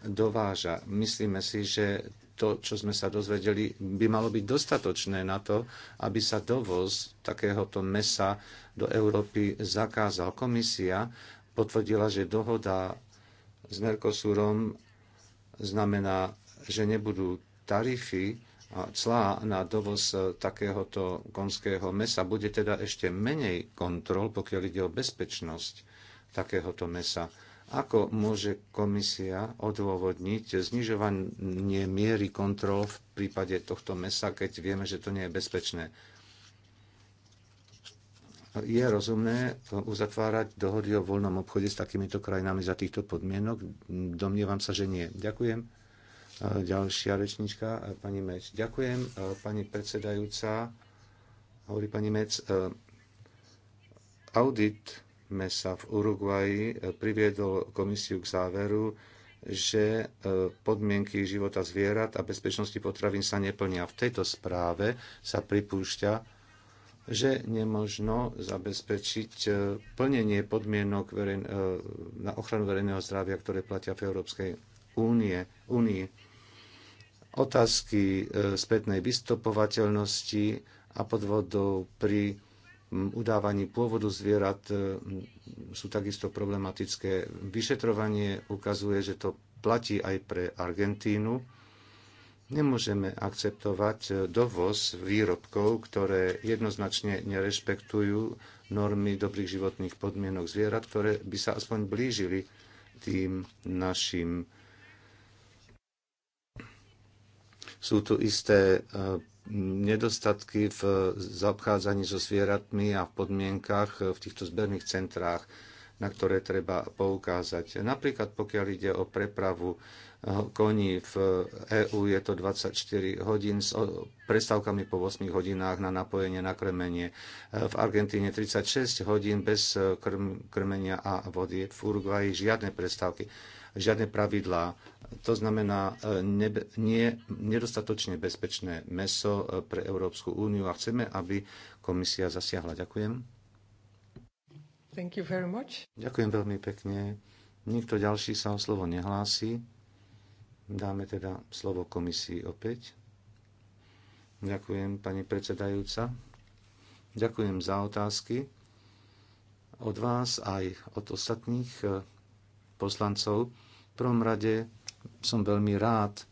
C: dováža? Myslíme si, že to, čo sme sa dozvedeli, by malo byť dostatočné na to, aby sa dovoz takéhoto mesa do Európy zakázal. Komisia potvrdila, že dohoda s Mercosurom znamená, že nebudú tarify a clá na dovoz takéhoto konského mesa. Bude teda ešte menej kontrol, pokiaľ ide o bezpečnosť takéhoto mesa. Ako môže komisia odôvodniť znižovanie miery kontrol v prípade tohto mesa, keď vieme, že to nie je bezpečné? je rozumné uzatvárať dohody o voľnom obchode s takýmito krajinami za týchto podmienok? Domnievam sa, že nie. Ďakujem. Ďalšia rečnička, pani Mec. Ďakujem, pani predsedajúca. Hovorí pani Mec, e, audit mesa v Uruguaji e, priviedol komisiu k záveru, že e, podmienky života zvierat a bezpečnosti potravín sa neplnia. V tejto správe sa pripúšťa, že nemožno zabezpečiť e, plnenie podmienok e, na ochranu verejného zdravia, ktoré platia v Európskej únie, únii. Otázky e, spätnej vystopovateľnosti a podvodov pri udávaní pôvodu zvierat sú takisto problematické. Vyšetrovanie ukazuje, že to platí aj pre Argentínu Nemôžeme akceptovať e, dovoz výrobkov, ktoré jednoznačne nerešpektujú normy dobrých životných podmienok zvierat, ktoré by sa aspoň blížili tým našim. Sú tu isté e, nedostatky v zaobchádzaní so zvieratmi a v podmienkach e, v týchto zberných centrách, na ktoré treba poukázať. Napríklad pokiaľ ide o prepravu koní v EÚ je to 24 hodín s prestávkami po 8 hodinách na napojenie, na krmenie. E, v Argentíne 36 hodín bez e, krm, krmenia a vody. V Uruguaji žiadne prestávky, žiadne pravidlá. To znamená e, nie, nedostatočne bezpečné meso pre Európsku úniu a chceme, aby komisia zasiahla. Ďakujem.
B: Thank you very much.
C: Ďakujem veľmi pekne. Nikto ďalší sa o slovo nehlási. Dáme teda slovo komisii opäť. Ďakujem, pani predsedajúca. Ďakujem za otázky od vás aj od ostatných eh, poslancov. V prvom rade som veľmi rád,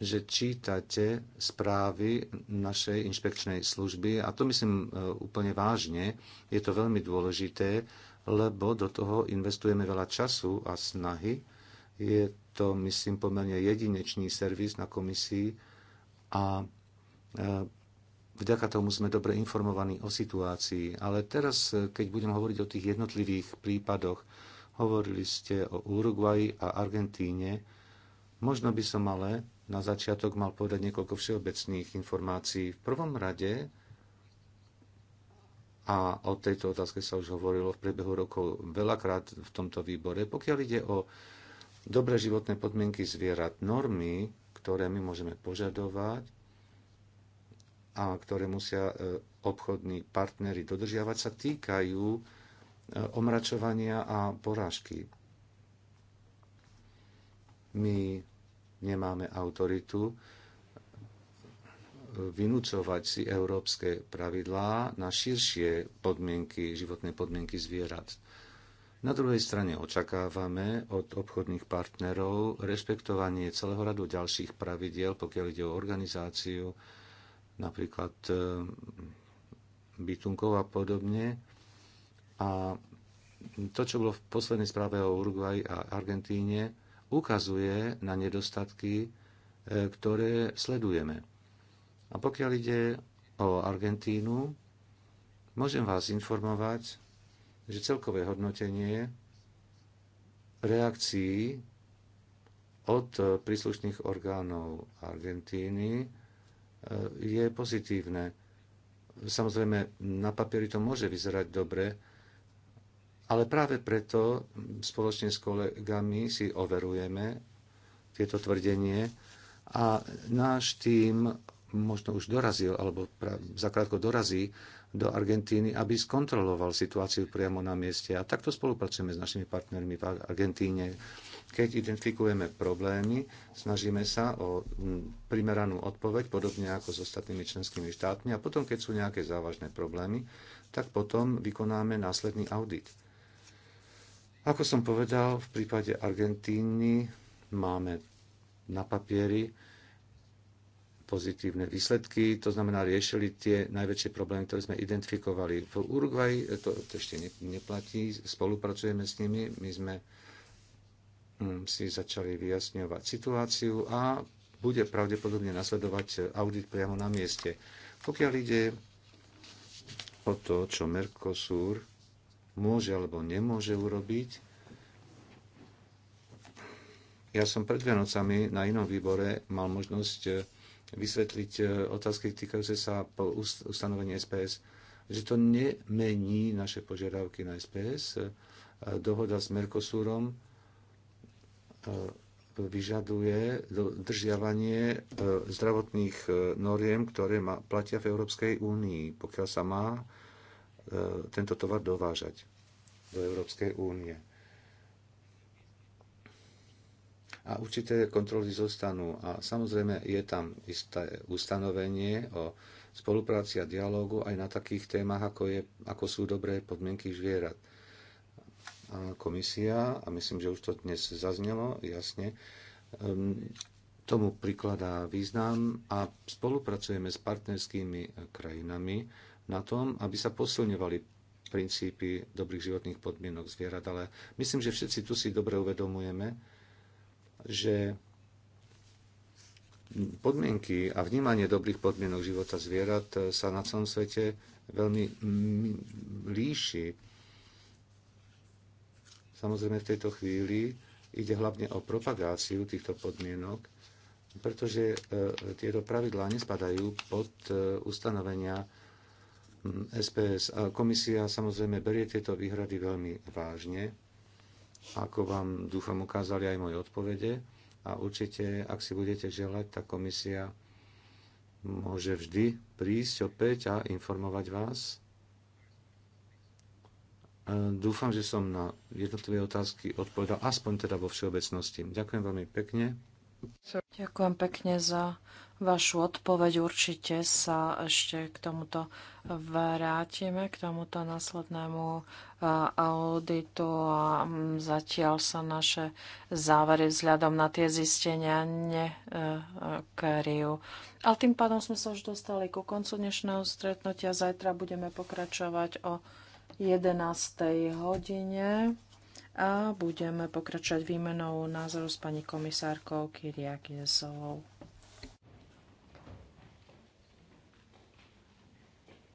C: že čítate správy našej inšpekčnej služby a to myslím eh, úplne vážne. Je to veľmi dôležité, lebo do toho investujeme veľa času a snahy. Je to, myslím, pomerne jedinečný servis na komisii a e, vďaka tomu sme dobre informovaní o situácii. Ale teraz, e, keď budem hovoriť o tých jednotlivých prípadoch, hovorili ste o Uruguaji a Argentíne, možno by som ale na začiatok mal povedať niekoľko všeobecných informácií. V prvom rade, a o tejto otázke sa už hovorilo v priebehu rokov veľakrát v tomto výbore, pokiaľ ide o dobré životné podmienky zvierat, normy, ktoré my môžeme požadovať a ktoré musia e, obchodní partnery dodržiavať, sa týkajú e, omračovania a porážky. My nemáme autoritu e, vynúcovať si európske pravidlá na širšie podmienky, životné podmienky zvierat na druhej strane očakávame od obchodných partnerov rešpektovanie celého radu ďalších pravidiel, pokiaľ ide o organizáciu, napríklad e, bytunkov a podobne. A to, čo bolo v poslednej správe o Uruguay a Argentíne, ukazuje na nedostatky, e, ktoré sledujeme. A pokiaľ ide o Argentínu, môžem vás informovať, že celkové hodnotenie reakcií od príslušných orgánov Argentíny e, je pozitívne. Samozrejme, na papieri to môže vyzerať dobre, ale práve preto spoločne s kolegami si overujeme tieto tvrdenie a náš tým možno už dorazil, alebo zakrátko dorazí do Argentíny, aby skontroloval situáciu priamo na mieste. A takto spolupracujeme s našimi partnermi v Argentíne. Keď identifikujeme problémy, snažíme sa o primeranú odpoveď, podobne ako s ostatnými členskými štátmi. A potom, keď sú nejaké závažné problémy, tak potom vykonáme následný audit. Ako som povedal, v prípade Argentíny máme na papieri pozitívne výsledky, to znamená riešili tie najväčšie problémy, ktoré sme identifikovali. V Uruguay to, to ešte neplatí, spolupracujeme s nimi, my sme mm, si začali vyjasňovať situáciu a bude pravdepodobne nasledovať audit priamo na mieste. Pokiaľ ide o to, čo Mercosur môže alebo nemôže urobiť, ja som pred Vianocami na inom výbore mal možnosť vysvetliť e, otázky týkajúce sa po ustanovení SPS, že to nemení naše požiadavky na SPS. E, dohoda s Mercosurom e, vyžaduje držiavanie zdravotných noriem, ktoré platia v Európskej únii, pokiaľ sa má tento tovar dovážať do Európskej únie. a určité kontroly zostanú. A samozrejme je tam isté ustanovenie o spolupráci a dialógu aj na takých témach, ako, je, ako sú dobré podmienky zvierat. A komisia, a myslím, že už to dnes zaznelo jasne, ehm, tomu prikladá význam a spolupracujeme s partnerskými e, krajinami na tom, aby sa posilňovali princípy dobrých životných podmienok zvierat, ale myslím, že všetci tu si dobre uvedomujeme, že podmienky a vnímanie dobrých podmienok života zvierat sa na celom svete veľmi líši. Samozrejme v tejto chvíli ide hlavne o propagáciu týchto podmienok, pretože e, tieto pravidlá nespadajú pod e, ustanovenia SPS. komisia samozrejme berie tieto výhrady veľmi vážne ako vám dúfam ukázali aj moje odpovede. A určite, ak si budete želať, tá komisia môže vždy prísť opäť a informovať vás. Dúfam, že som na jednotlivé otázky odpovedal, aspoň teda vo všeobecnosti. Ďakujem veľmi pekne.
B: Ďakujem pekne za vašu odpoveď. Určite sa ešte k tomuto vrátime, k tomuto následnému eh, auditu a mm, zatiaľ sa naše závery vzhľadom na tie zistenia nekryjú. Ale tým pádom sme sa už dostali ku koncu dnešného stretnutia. Zajtra budeme pokračovať o 11. hodine a budeme pokračovať výmenou názoru s pani komisárkou Kyriakinesovou.